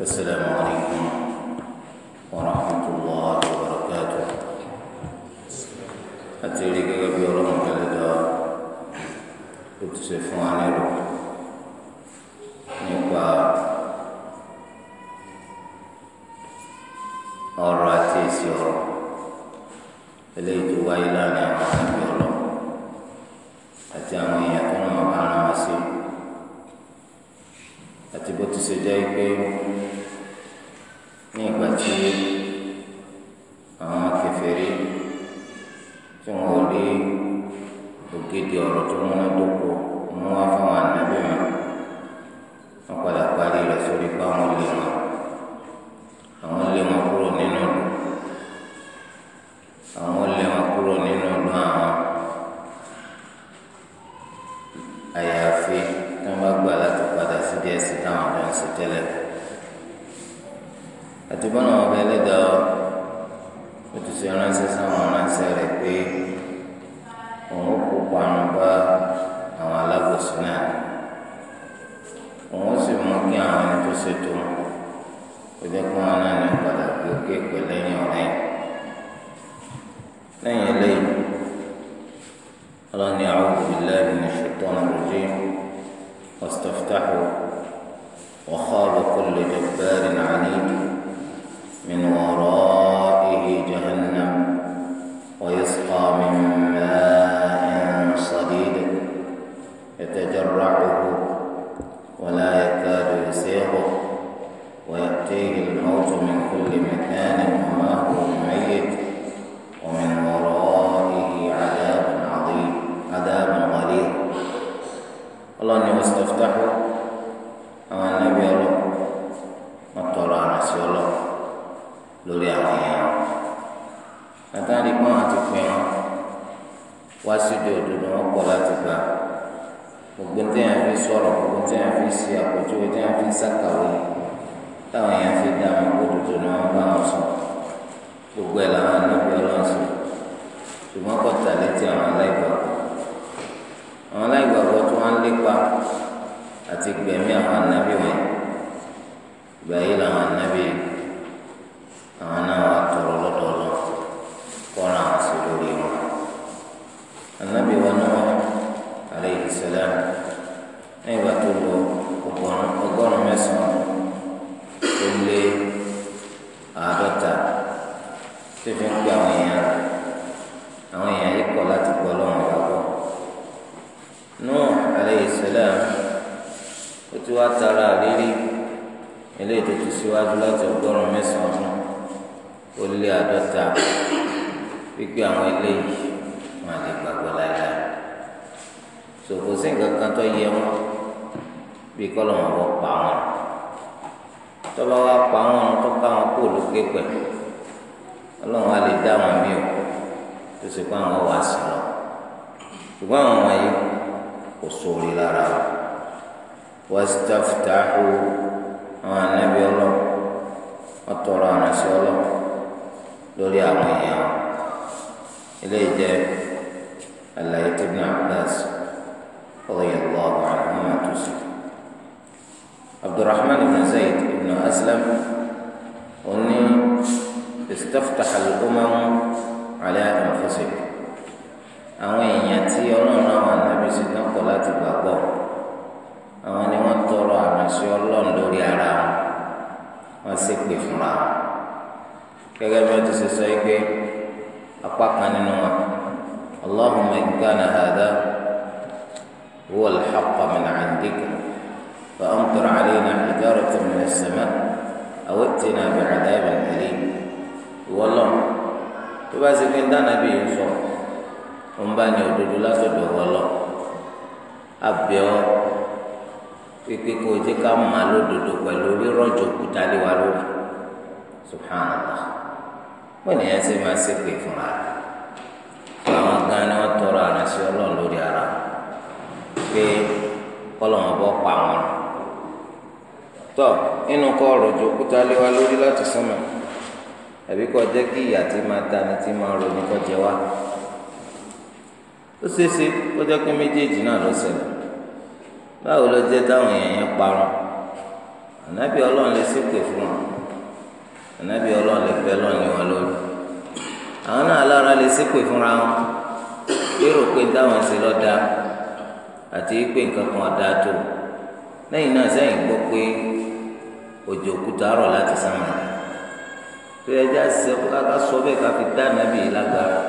السلام عليكم ورحمة الله وبركاته أتريك قبل رمك لدى قد سيفواني wọn wá sí lọ ṣùgbọ́n àwọn omo yii kò sóore lára o wàsítàfìtàhù àwọn anábì ọlọ wọn tọrọ àwọn àránṣẹ́ ọlọ lórí àwọn èèyàn eléyìí jẹ àlàyé tó ní Abbas radiyallahu anhuma tó sí Abdurrahman ibn Zayd ibn Aslam oní استفتح الأمم على أنفسهم àwọn èèyàn tí ọlọ́run náà wà lábẹ́ sí náà kọ́ láti gbàgbọ́ àwọn ni wọ́n tọrọ àránṣẹ́ ọlọ́run lórí ara wọn wọ́n sì pè fúnra wọn gẹ́gẹ́ bí wọ́n ti sọ yìí pé apá kan nínú wọn allahumma in kana hadha huwa al-haqqa min 'indika fa amtir 'alayna hijaratan min as-sama' aw atina bi'adhabin alim ìwọ́lọ́run tó bá ṣe pé dáná bí yìí sọ̀rọ̀ ń bá ní òdodo látọ̀dọ̀ wọn lọ abẹ́ọ́ pípé kò jẹ́ ká máa lódodo pẹ̀lú rírọ̀jò kúta lé wa lórí subhanallah wọ́n ní yẹn ṣe máa ṣe pé fúnra rẹ̀ fún àwọn gan ni wọ́n tọrọ àránṣẹ́ ọlọ́run lórí ara pé kọ́lọ́mọ bọ́ pa wọn tọ́ nínú kọ́ rọ̀jò kúta lé wa lórí láti sánmà àbí jẹ́ kí ìyà tí máa dání tí máa ronú kọ́ jẹ wá. ó ṣeéṣe kó jẹ́ pé méjèèjì náà ló ṣẹlẹ̀ báwo ló jẹ́ táwọn èèyàn yẹn parọ́ ànábì ọlọ́run lè ṣépè fún wọn ànábì ọlọ́run lè fẹ́ lọ́run wọn lórí àwọn náà lára lè ṣépè fúnra wọn lérò pé táwọn ṣe lọ́dà àti pé nǹkan kan ọ̀dà tó lẹ́yìn náà sẹ́yìn gbọ́ pé òjò òkúta rọ̀ láti sánmà tó ẹja sọ bẹ́ẹ̀ ká fi dá ànábì yìí lágbára.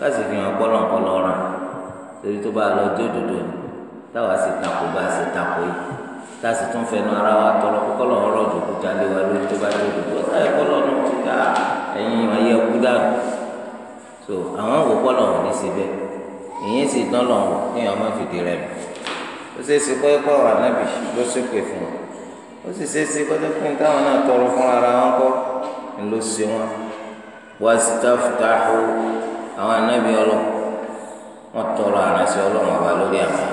káàsì fi hàn kọ́lọ̀ kọ́lọ̀ ràn torí tó bá lọ dé òdòdó táwa sì tako bá sì tako yìí tá a sì tún fẹnu ara wa tọrọ kọ́lọ̀ ọ̀rọ̀ òdòdó ta lé wa lórí tó bá dé òdòdó ọ̀tá ẹ̀ kọ́lọ̀ ọ̀nà ti ká ẹ̀yìn ayé ẹkú dànù so àwọn wò kọ́lọ̀ wọn ní síbẹ̀ ìyẹn sì dán lọ wọn ní ọmọ fìdí rẹ ó ṣe é ṣe pé kọ́ ànábì ló ṣépè fún wọn ó sì ṣe é ṣe kọ́jọ́ pé táwọn náà tọrọ fún ara wọn kọ́ ń lọ sí wọn wàá sì tá àwọn anábì ọlọ wọn tọrọ àrànṣẹ Ọlọ́run ọba lórí àwọn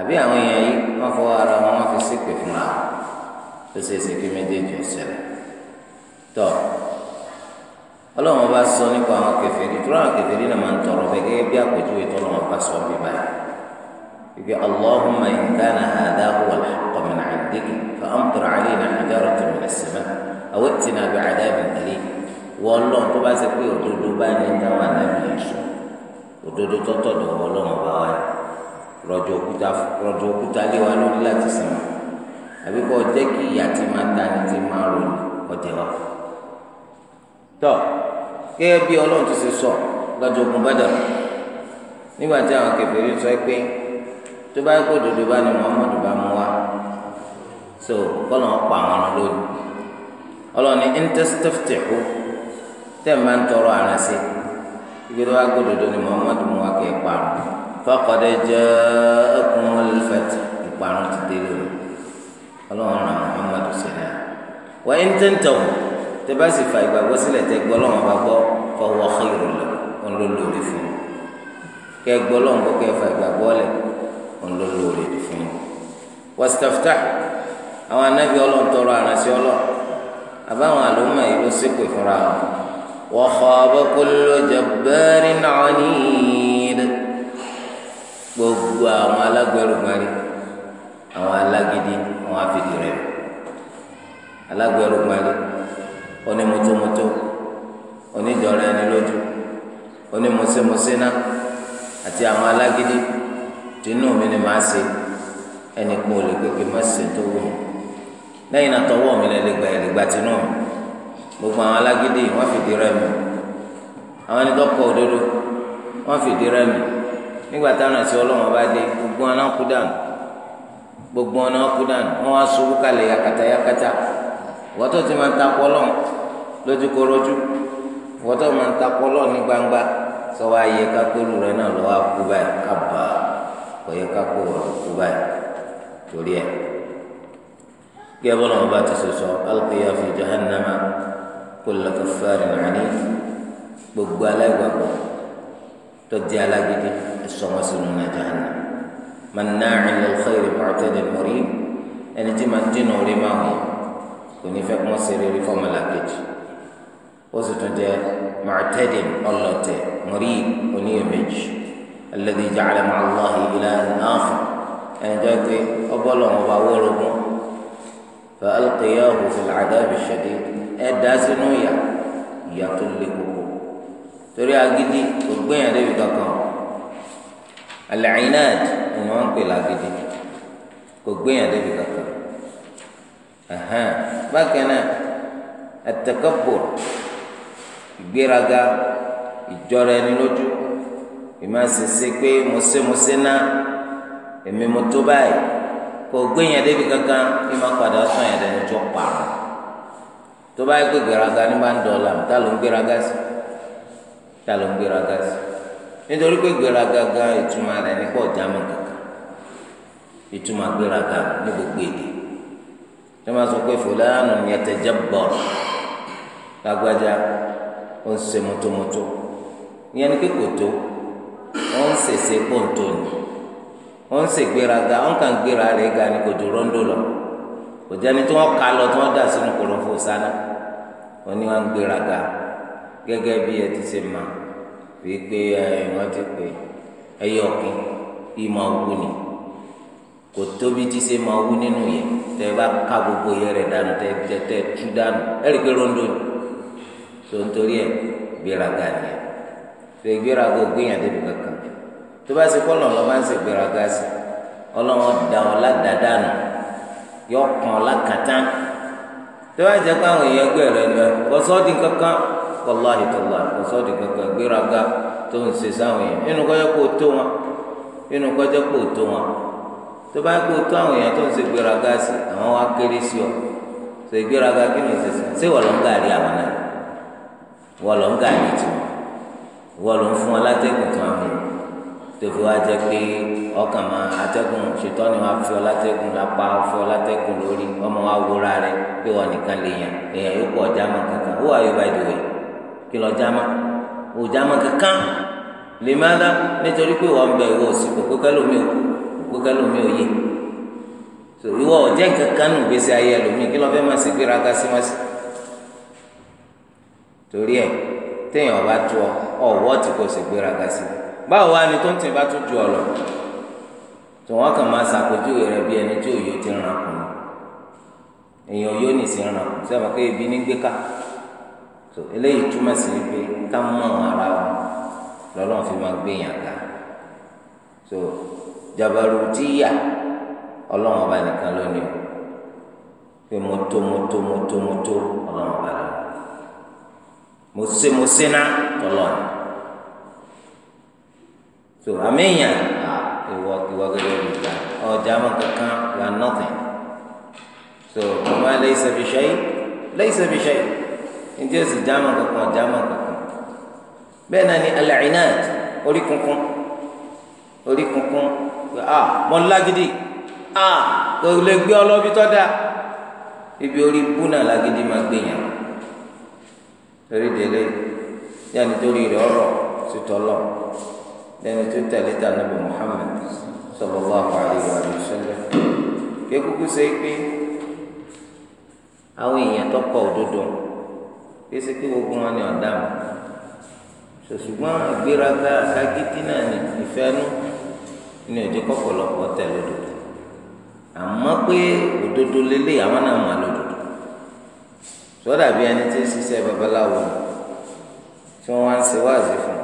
àbí àwọn èèyàn yìí wọn fọwọ́ ara wọn wọn fi sípè fún wọn tó ṣe é ṣe kí méjèèjì ọ̀ṣẹ̀lẹ̀ tọ Ọlọ́run ọba sọ nípa àwọn kèfèrí tó àwọn kèfèrí náà máa ń tọrọ bẹ́ẹ̀ gẹ́gẹ́ bí àpèjúwe tó lọ́wọ́ bá sọ bí báyìí ibi allahumma in kana hadha huwa al-haqq min 'indika fa amtir 'alaina hijaratan awo tina bi aw atina bi'adabin alim wọ́n lọ tó bá ṣe pé òdodo bá ní táwọn anábì yẹn sọ òdodo tọ́tọ̀dọ̀ wọ́n lọ́wọ́ bá wà rọ̀jò òkúta rọ̀jò òkúta lé wa lórí láti sìn wọn àbí kò jẹ́ kí ìyá ti máa ta ni ti máa ro ọ̀jẹ̀ wa. tọ́ gẹ́gẹ́ bí ọlọ́run ti ṣe sọ gbàjọ ogun bàdà nígbà tí àwọn kèfèrí sọ pé tó bá kó òdodo bá ní Muhammadu bá mú wa so kọ́ lọ́n pa àwọn lónìí ọlọ́run ní intesteftehu tẹ́ ẹ̀ máa ń tọrọ àrùn sí ibi tó wá gbódòdó ni muhammad mú wa kẹ́ ìparun faqad ja'akumul fath ìparun ti dé lórí ọlọ́run ràn muhammad sílẹ̀ wa in tantahu tẹ́ bá sì fa ìgbàgbọ́ sílẹ̀ tẹ́ gbọ́ lọ́wọ́ bá gbọ́ fa huwa khairul lakum ń lò lórí fún un kẹ́ gbọ́ lọ́wọ́ bó kẹ́ fa ìgbàgbọ́ lẹ̀ ń fún un àwọn anábì ọlọ́run tọrọ àrùn àbáwọn àlùmọ̀ yìí ló ṣépè fúnra wọn. وخاب كل جبار عنيد gbogbo àwọn alágbẹrùgbẹrì àwọn alágídí àwọn afidìrẹ alágbẹrùgbẹrì onímọtòmọtò oníjọra ẹni lójú onímọsẹmọsẹná àti àwọn alágídí tinú mi ni màá ṣe ẹnì kan ò lè gbé pé má ṣe tó wù mí lẹ́yìn àtọwọ́ mi lẹ lè gbà mi. gbogbo àwọn alágídí wọ́n fìdí rẹmi àwọn ẹni tó kọ òdodo wọ́n fìdí rẹmi nígbà táwọn ẹsẹ Ọlọ́run bá dé gbogbo wọn náà kú dànù gbogbo wọn náà kú dànù wá yakata yakata ti máa ń takọ lọ́n lójú korojú wọ́n máa ń takọ lọ́n ní gbangba rẹ náà báyìí báyìí torí ẹ kí ẹ bọ́ كل كفار عنيف gbogbo aláìgbàgbọ́ tó di alágídí ẹsọ wọn sínú nàjà hànà manáàcì lọlọkẹyìrì pàtẹlẹ mọrí ẹni tí màá dínà orí máa wọn kò ní fẹ́ kún sí rere fọmọlá kejì ó sì tún jẹ màtẹdì ọlọtẹ mọrí oníyèméjì alẹ́dí jàcálẹ màláhi ilà náàfà ẹni jẹ́ pé ọbọ̀ lọ́wọ́ bá wọ́ọ̀rọ̀ gùn fẹ́ alqiyáhu fi làdábì ṣẹ́dí. ẹ dá sínú ìyà ìyà tó le koko torí kò gbẹ̀yàn débi kankan al-inad ń pè lágídí kò gbẹ̀yàn débi kankan bákan náà at ìgbéraga ìjọra ẹni lójú ìmásese pé mọ̀sẹ́mọ̀sẹ́ náà èmi mo báyìí kò gbẹ̀yàn kankan ìmọ̀ padà pààrọ̀. tó bá yẹ pé gbéraga ní bá ń dọ̀la ta ló ń gbéraga sí ta ló ń gbéraga sí nítorí pé gbéraga ga ìtumọ̀ rẹ̀ ní pọ̀ jámọ̀ kankan ìtumọ̀ gbéraga ní gbogbo èdè tó máa sọ pé fòlànà yatajabbar lágbájá ó ń ṣe mọ́tòmọ́tò ìyẹn ni pé kò tó ó ń ṣèṣe pọ̀ntò ni ó ń ṣègbéraga ó ń kàn gbéra rẹ̀ ga ní kò rọ́ńdò lọ kò jẹ́ni tí wọ́n kà lọ tí wọ́n dà sínú kòròfò sáná wọ́n ní wọ́n ń gbéraga gẹ́gẹ́ bí ẹ ti ṣe mọ̀ wípé wọ́n ti pè ẹyẹ ọ̀kìn yìí máa wú ni kò tóbi ti ṣe máa wú nínú yẹn tẹ bá ká gbogbo yẹn rẹ̀ dànù tẹ tẹ tẹ tú dànù ẹ rí i pé rondo tó ń torí ẹ gbéraga ni ẹ tó ìgbéraga ò gbéyàn débi kankan tó bá ṣe kọ́ lọ́nà lọ́ bá ń ṣe gbéraga sí ọlọ́wọ́n da ọ ládàá dànù yọ kàn lákàtà tó bá jẹ́ pé àwọn èèyàn ẹgbẹ́ rẹ̀ ni kọ́sọ́ọ̀dì kankan wàláhì tọ́lá kọ́sọ́ọ̀dì kankan gbéraga tó ń ṣe sáwọn èèyàn nínú kọjá kó tó wọn nínú kọjá kó tó wọn tó bá kó tó àwọn èèyàn tó ń ṣe gbéraga sí àwọn wá kéré sí ọ ṣe gbéraga kí ni ṣẹṣẹ ṣé wọ́n lọ ń gàrí àwọn náà wọ́n lọ ń gàrí tiwọn wọ́n lọ ń fún ọ látẹ̀kùn tó àwọn tó fi wá jẹ́ pé ọkàn máa atẹ́gùn ṣètọ́ ni wọ́n fi ọ látẹ́gùn lápá fi ọ látẹ́gùn lórí ọmọ wa wúra rẹ pé nìkan lè yàn èèyàn yóò pọ̀ jámà kankan who kí lọ jámà ò jámà kankan lè má dá nítorí pé wọ́n bẹ̀ wọ́n ìwọ kankan nù gbèsè ayé kí lọ fẹ́ sí torí ẹ téèyàn bá tu ọ ọwọ́ kò báwo wá ni tó ń bá tún ju ọ lọ. tí wọ́n kàn máa ṣàpèjúwe rẹ bí ẹni tí òye ti ràn kùn èèyàn yóò ní sí ràn kùn sẹ́wọ̀n pé ibi ní gbé ká tó eléyìí túmọ̀ sí pé ká mọ̀ ara wọn lọ́lọ́run fi máa gbé yàn ká tó jabarutiya ọlọ́run ọba nìkan lónìí pé mo tó mo tó mo tó mo tó ọlọ́run ọba lọ mo sé mo sé ná tọ́lọ́run tó àmì yàn á. ìwọ ìwọ gẹ́gẹ́ olùgbà ọjà mọ kankan wà nothing so ọmọ ẹ lẹ́yìn sẹbi sẹyìn lẹ́yìn sẹbi sẹyìn ntí o sì já mọ kankan ọjà mọ kankan bẹ́ẹ̀ náà ni alẹ́rìnàt orí kunkun orí kunkun a mọ lágídí a kò lè gbé ọlọ́bí tọ́ da ibi orí búnà lágídí máa gbé yẹn délé yẹn nítorí rẹ ọ̀rọ̀ sí tọ́lọ̀ lẹ́ni tó tẹ̀lé ta nàbì Muhammad sallallahu alayhi wa sallam kékuku ṣe pé àwọn èèyàn tó kọ òdodo pèsè pé gbogbo wọn ni ọ̀daràn ṣùgbọ́n ìgbéraga agídí náà ní ìfẹ́nu ní òde kọ́pọ̀lọpọ̀ tẹ̀lé òdodo àmọ́ pé òdodo lélẹ̀ àwọn náà mà lódodo sọ́dà bíi ẹni tí ń ṣiṣẹ́ babaláwo tí wọ́n wá ń ṣe wáàzì fún un.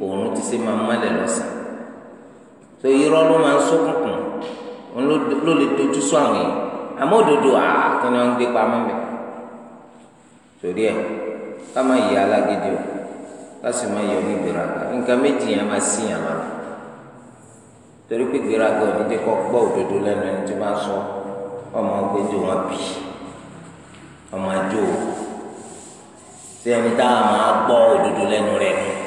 òun ti se máa mọ́lẹ̀ lọ́sàn tó irọ́ ló máa ń sókùnkùn òun ló lè dojú sọ àwọn èèyàn àmọ́ òdodo àkínní wọn ń gbé pamọ́ mẹ́ torí ẹ̀ ká máa yẹ alágídí o ká sì máa yẹ onígbèraga nǹkan méjì yẹn máa sí yàn lọ́la torí pé gbèraga ò ní dé kọ́ gbọ́ òdodo lẹ́nu ẹni tó máa sọ ọmọ gbẹdẹ wọn bì ọmọ àjò tí ẹni tá a máa gbọ́ òdodo lẹ́nu rẹ̀ nù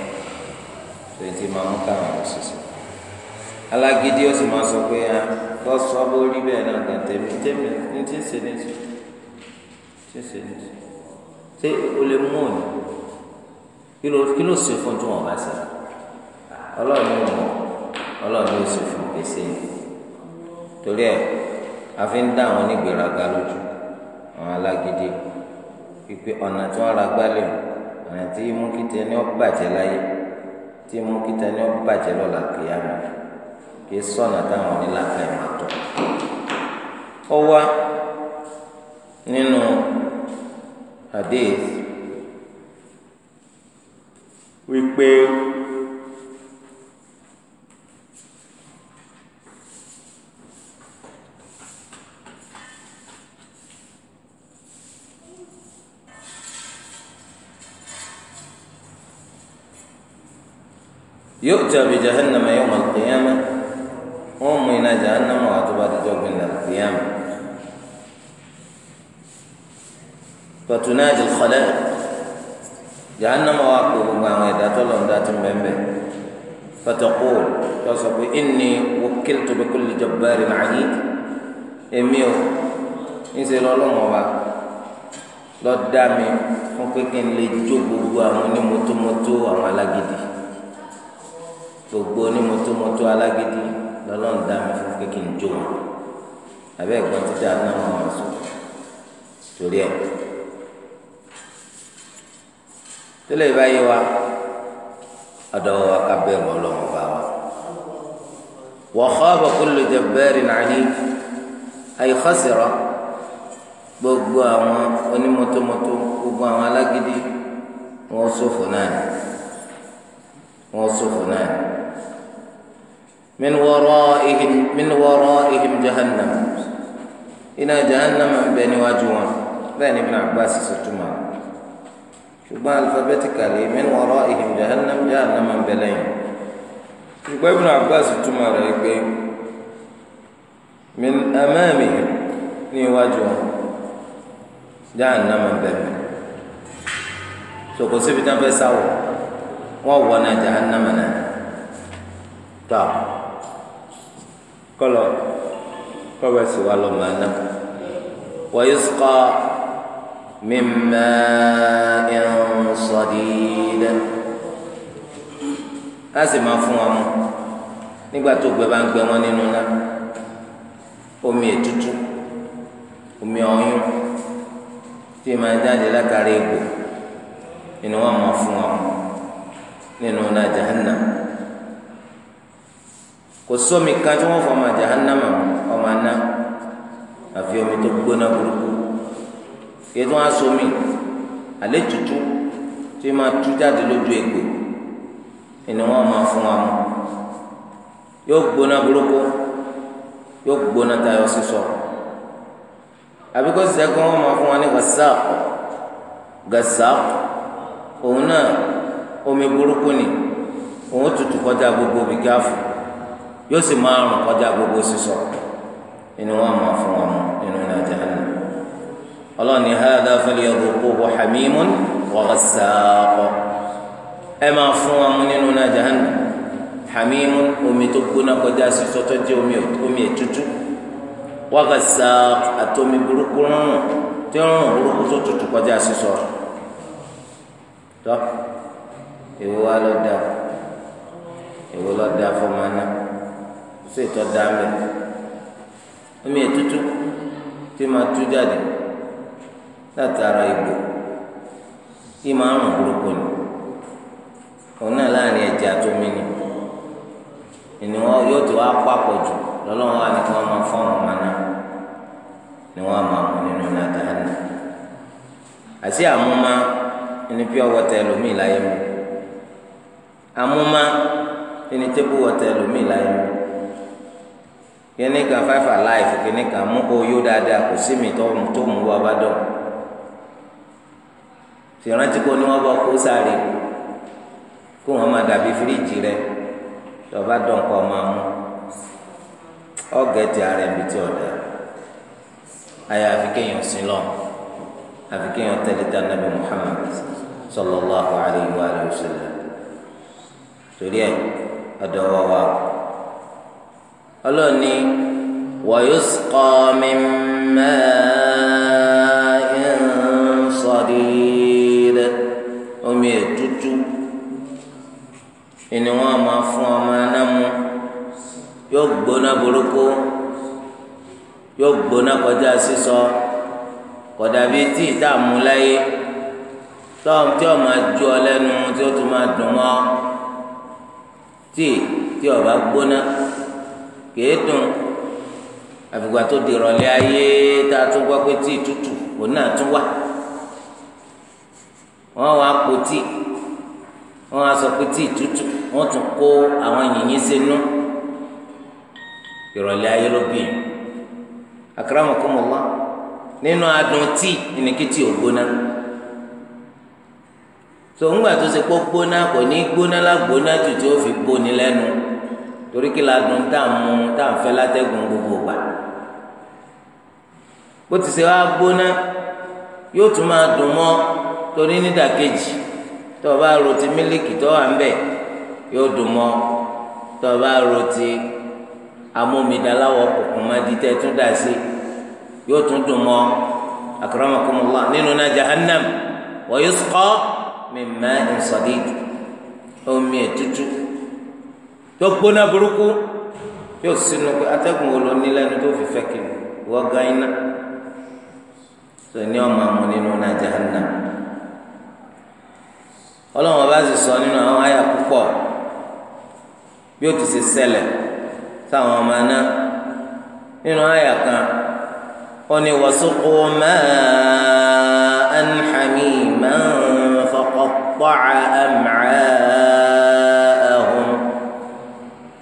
tètè máa mú káwọn ọ̀rọ̀ ṣiṣẹ́ alágídí ó sì máa sọ pé a ah, lọ sọ bó rí bẹ́ẹ̀ náà gàn tèmi tèmi ní tí ń ṣe ní ṣe tí ń ṣe ní ṣe ṣé o lè mú òní kí ló kí ló ṣe fún tí wọn bá ṣe ọlọ́run ní wọn ọlọ́run ṣe fún gbèsè torí ẹ a fi ń dá àwọn onígbèraga lójú àwọn alágídí pípé ọ̀nà tí wọ́n ra gbálẹ̀ ọ̀nà tí mú kí tẹ ní ọ́ tí mú kíta ní ọ̀bù bàjẹ́ lọ́la kìyàmù kì í sọ̀nà táwọn onílàkà ẹ̀ máa tọ̀. ó wá nínú hadith wípé. yu'ta bi jahannama yawm al-qiyamah wọ́n mú iná jahannama wà tó bá ti jọ́ gbin al-qiyama. fatunadi al-khalaiq jahannama wà kó gbogbo àwọn ẹ̀dá tó lọ́n dá tó ń bẹ́ẹ̀ bẹ́ẹ̀ fataqul tọ́sọ̀ pé inni wukiltu bi kulli jabbarin 'anid èmi ò ń ṣe wa lọ́ọ́ dá mi fún pé kí n lè jó gbogbo àwọn onímọ́tómọ́tó àwọn alágídí gbogbo onímọ̀tòmọ̀tò alágídí lọ́lọ́run dá mi fún pé kí n jó wọn abẹ́ ẹ̀gbọ́n ti dá náà wọn sọ torí ẹ̀ tẹ́lẹ̀ ìbáyé wa ọ̀dọ̀ wa ká bẹ́ẹ̀ bá wa. وخاب كل جبار عنيد أي خسر gbogbo àwọn onímọ̀tòmọ̀tò gbogbo àwọn alágídí wọn ṣòfò náà wọn ṣòfò náà. من ورائهم من ورائهم جهنم إن جهنم بين واجوان بين ابن عباس ستما شبه الفابيتيكالي من ورائهم جهنم جهنم بلين شبه ابن عباس ستما رأيك من أمامهم ni جهنم jahannama bẹrẹ soko síbi tí wọn fẹẹ sáwọ wọn wọ náà jahannama náà tọ. kọlọ kọlọ sì wà lọ màá ná wa yusqa min ma'in sadid á sì ma fún wọn mu nígbà tó bá omi omi tí ma jáde látàrí egbò ni wọn máa fún wọn nínú jahannam. kò sómi kan tí wọ́n fọ ọmọ jahannama ọmọ aná àfi omi tó gbóná burúkú kí tí wọ́n sómi àlẹ́ tutù tí máa tú jáde lójú egbò máa fún wa yóò gbóná burúkú yóò gbóná tayọ sísọ máa fún wa ní òun yóò sì máa rùn kọjá gbogbo sísọ inú wọn máa fún wọn nínú iná jahannam ọlọ́ọ̀ni hadha falyadhuquhu hamimun wa ghassaq ẹ máa fún wọn nínú iná jahannam hamimun omi tó gbóná kọjá sísọ tó jẹ́ omi ètútù wa ghassaq burúkú rún tí ó burúkú tó tutù kọjá sísọ tọ́ èwo wa lọ da èwo lọ da fọmọ náà. sí ìtọ́ da mẹ́ omi ètútù tí máa tú jáde látara ìgbò tí máa rùn burúkú ni òun náà láàrin ẹ̀jẹ̀ àtòmí ni ènìwọ̀n yóò ti wá papọ̀ jù wa ni kí wọ́n máa fọ́ọ̀rùn máa náà ni wọ́n máa mú nínú nàdánù àti àmúmá ẹni pure water ẹlòmíì láyé mu àmúmá ẹni ẹlòmíì láyé mu. kíní kan five alive kíní kan mú kó yó dáadáa kò sí mi tó tó mú wá bá dọ̀ wọn bọ kó sáré kó wọn dàbí fíríjì rẹ tó bá dọ̀ nǹkan máa mú ọ̀gẹ̀tì ara tí lọ àfi kéèyàn tẹ̀lé sallallahu alayhi wa sallam torí ọlọ́ọ̀ni wa yusqa min ma'in sadid omi ètútú ìní wọn máa fún ọmọ anámu yóò gbóná burúkú yóò gbóná kọjá sísọ kódà bíi tí ìta àmúláyé tọ́m tí ọ̀ máa jó ọ lẹ́nu tí ó tún máa dùn mọ́ tí tí ọ̀ bá gbóná. kèé dùn àfìgbà tó di ìrọ̀lẹ́ ayé tá a tún gbọ́ pé tíì tútù òun náà tún wà wọ́n wá po wọ́n sọ pé tútù wọ́n tún kó àwọn yìnyín sínú ìrọ̀lẹ́ ayé ló bì nínú adùn tíì ìnìkìtì ò gbóná tó gbà tó ṣe pé gbóná kò ní gbóná lágbóná torí kí la dùn tá à ń mu tá à ń fẹ́ látẹ́gùn gbogbo gbà bó ti ṣe wá gbóná yóò tún máa dùn mọ́ torí nídàkejì tó o bá ro ti mílíkì tó wà ń bẹ̀ yóò dùn mọ́ tó o bá ro ti kòkòrò má di tẹ́ dà sí yóò tún dùn mọ́ akramakumullah nínú náà jahannam wa yusqa min ma'in sadid omi ètútù tó gbóná burúkú yóò sínú pé atẹ́gùn wo ló ní lẹ́nu tó fi fẹ́ kiri wọ́n ga iná tó ní ọmọ àwọn nínú nàjà ńnà ọlọ́wọ́n bá sì sọ nínú àwọn àyà púpọ̀ bí ó ti ṣe ṣẹlẹ̀ sáwọn ọmọ aná nínú àyà kan ó ní wàsókò máa ń hàmì máa ń fọkọ̀ pọ̀ àmàlà.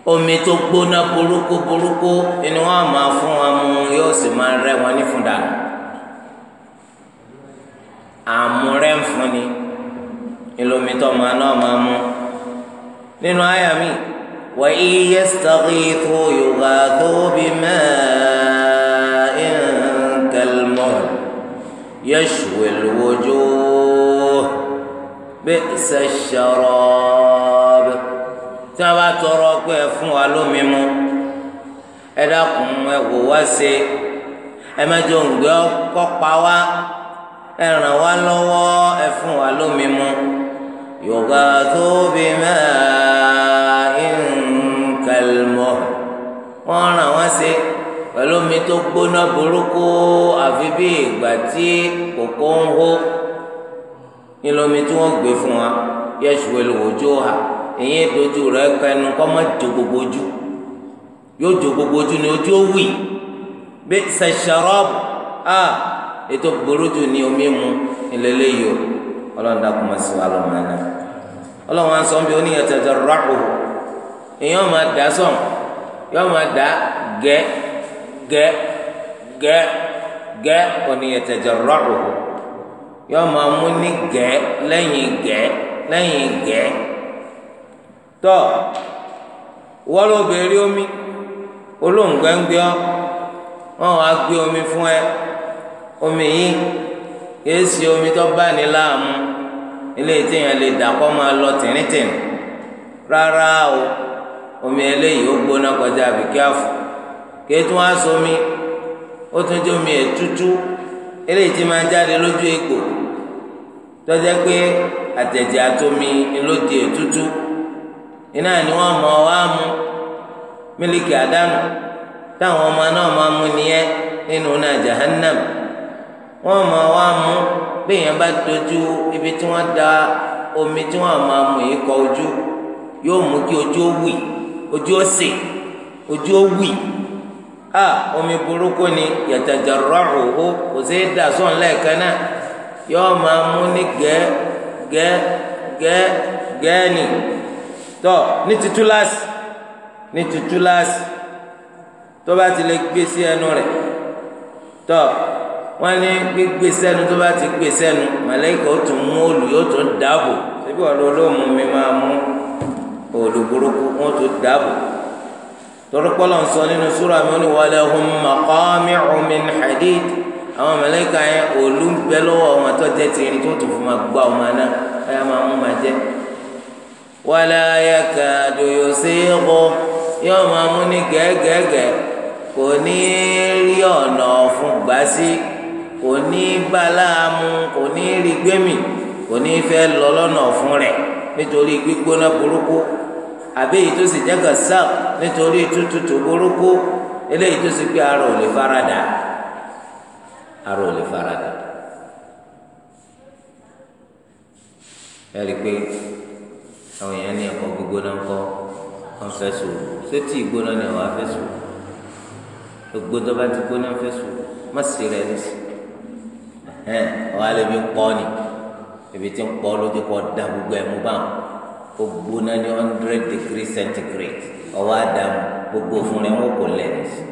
omi tó gbóná burúkú burúkú ni wọn máa fún wọn mu yóò sì máa rẹ wọn ní fúnda àmúrẹ́ ń fún ni ìlòmítọ́ máa náà máa mú nínú àyà mi wa in yastaghithu yughathu bima'in kalmahl yashwi alwujuh bi'sa ash-sharab tí wọn bá tọrọ pé ẹ fún wa lómi mu ẹ dákun ẹ wò wá ṣe ẹ má jẹ òǹgbẹ kọpa wá ẹ ràn wá lọ́wọ́ ẹ fún wa lómi mu yorùbá tó bí mẹ́ẹ̀ẹ́ nkàlmọ́ wọ́n ràn wá ṣe pẹ̀lú omi tó gbóná burúkú àfi bí ìgbà tí kòkó ń hó nílò omi tí wọ́n gbé fún wa yẹ́sùwẹ̀lì òjò hà èyí dojú rẹ kẹnu kọ́mọ́ jo gbogbo ojú yóò jo gbogbo ojú ni ojú ó wì bí sẹ̀ṣọ̀rọ̀bù a ètò burúkú ni omi mu ìlẹ́lẹ́ yìí o ọlọ́run dákun ma sí wa lọ́mọ ẹ̀ náà ọlọ́run wa ń sọ bí oníyẹn tẹ̀tẹ̀ rọ́ọ̀kù èyí ọ̀ máa dà sọ̀n yọ̀ máa dà gẹ́ gẹ́ gẹ́ gẹ́ oníyẹn tẹ̀tẹ̀ rọ́ọ̀kù yọ̀ máa mú ní gẹ́ lẹ́yìn gẹ́ lẹ́yìn gẹ́. tọ wọ́n ló béèrè omi olóńgbẹ́ngbẹ́ wọn wá gbé omi fún ẹ omi yìí kìí ṣe omi tó bá ní láàmú ilé lè dà kọ́ máa lọ rárá o omi eléyìí ó gbóná kọjá àbíkẹ́ àfọ̀ kìí tún wá sómi ó omi etutu tí máa jáde lójú egbò pé àtomi ló di iná ni wọ́n mọ̀ wá mú mílíkì àdánù táwọn ọmọ náà máa mú nìyẹn nínú náà jahannam wọ́n wá mú bá ibi tí da omi tí wọ́n máa mú yìí kọ ojú yóò mú kí ojú ó wì ojú ó sè ojú ó wì a omi burúkú ni yàtàjàrọ̀rù ó kò sí dà lẹ́ẹ̀kan náà yóò máa mú ní tọ ní ti túláàsì ní ti túláàsì tó bá ti lè gbé sí ẹnu rẹ̀ tọ wọn ní gbígbé sẹ́nu tó bá ti gbé sẹ́nu màlẹ́kà ó tún mú òòlù yóò tún dáàbò síbí ọ̀dọ̀ olóòmù mi máa mú òòlù burúkú wọn tún dáàbò torípọ́lọ̀ ń nínú súra mi ó ní wa lahum maqami'u min hadid àwọn màlẹ́kà yẹn òòlù ń bẹ lọ́wọ́ wọn tó jẹ́ tìrín tó fún ma gbọ́ àwọn náà ẹ̀ máa mú ma jẹ́ wala yakadu yusighu yóò máa mú ní gẹ́gẹ́gẹ́ kò ní rí ọ̀nà ọ̀fun gbà sí kò ní balamu kò ní rí gbẹ́mì kò ní fẹ́ lọ lọ́nà ọ̀fun rẹ̀ nítorí gbígbóná burúkú àbí èyí tó sì nítorí burúkú eléyìí tó sì àwọn èèyàn ní ẹ̀kọ́ gbígbóná ńkọ́ wọ́n fẹ́ sòrò sétí ìgbóná ni àwọn afẹ́ sòrò gbogbo tó bá ti gbóná fẹ́ sòrò má sì rẹ̀ lẹ́sìn ẹ̀hẹ́n ọ̀hà lèmi ń pọ́ ni ebi tí ń pọ́ lójú kọ́ da gbogbo ẹ̀ mú bá wọn ó gbóná ní hundred degree centigrade ọwọ́ àdàmú gbogbo fún rẹ̀ wọ́n kò lẹ̀ lẹ́sìn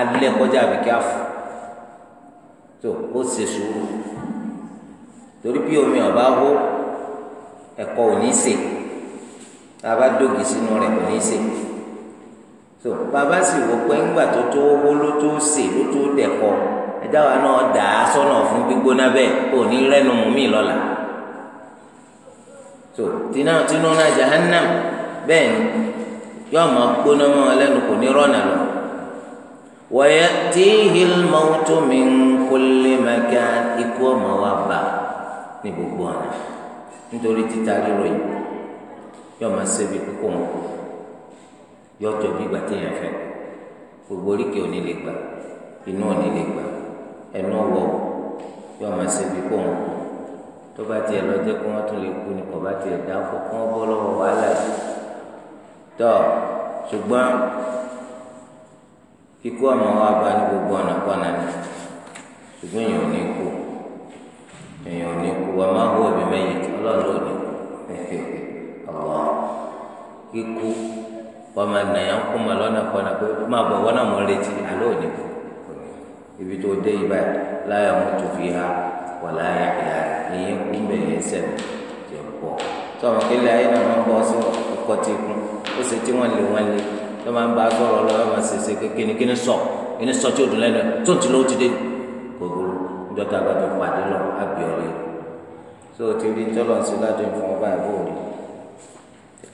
alẹ́ kọjá àbíkẹ́ àfọ̀ tó ó ṣe sùúrù torí bí omi ọ̀bá hó ẹ̀kọ́ ò ní sè tá a bá dògì sínú rẹ̀ kò ní sè so bàbá sì wò pé ńgbà tó tó owó ló tó sè ló tó dẹ̀kọ́ ẹ̀dá wa náà dà á sọ́nà fún gbígbóná bẹ́ẹ̀ kò ní rẹ́nu mú mi so tinú tinú náà jahannam bẹ́ẹ̀ ni yóò máa gbóná mọ́ ọ kò ní rọ́nà lọ. ويأتيه الموت من كل مكان إكوما وابا نبقوانا nítorí títa ríro yìí yóò máa ṣe bí kókó wọn yóò tó bí ìgbà téèyàn fẹ́ gbogbo oríkèé òní lè gbà inú òní lè gbà ẹnu ọwọ́ yóò máa ṣe kókó wọn tó bá tiẹ̀ lọ jẹ́ kó wọ́n tún lè kú ni kò bá tiẹ̀ dá fọ kó wọ́n bọ́ lọ́wọ́ wàhálà yìí tọ́ ṣùgbọ́n kíkú àmọ́ wa bá ní gbogbo ọ̀nà kọ́nà ni ṣùgbọ́n èèyàn ò ní kú èèyàn ní kú wa máa hó ẹ̀mí mẹ́yìn ọlọ́run ò ní ọ̀rọ̀ kíkú wọ́n máa nàyà kú ma lọ́nà kọ́nà pé máa bọ̀ wọ́n náà mọ̀ létí àlọ́ ò ní ibi tó dé ibà láyà mú tó fi ha wà láyà ìyá ìyẹn kú bẹ̀rẹ̀ ẹsẹ̀ jẹ̀ pọ̀ tó àwọn akéèlè ayé náà máa ń bọ́ sí ọkọ̀ tí kú ó ṣe tí wọ́n lé wọ́n lé tó máa ń bá a sọ̀rọ̀ lọ́wọ́ máa ṣe kékeré kí ni sọ kí ni sọ tí ò dùn lẹ́nu tó ti lọ́wọ́ ti dé dọ́tà bá tó pàdé lọ abíọ́lé tó ti rí tọ́lọ̀ sí ládùn fún ọba ìbòrí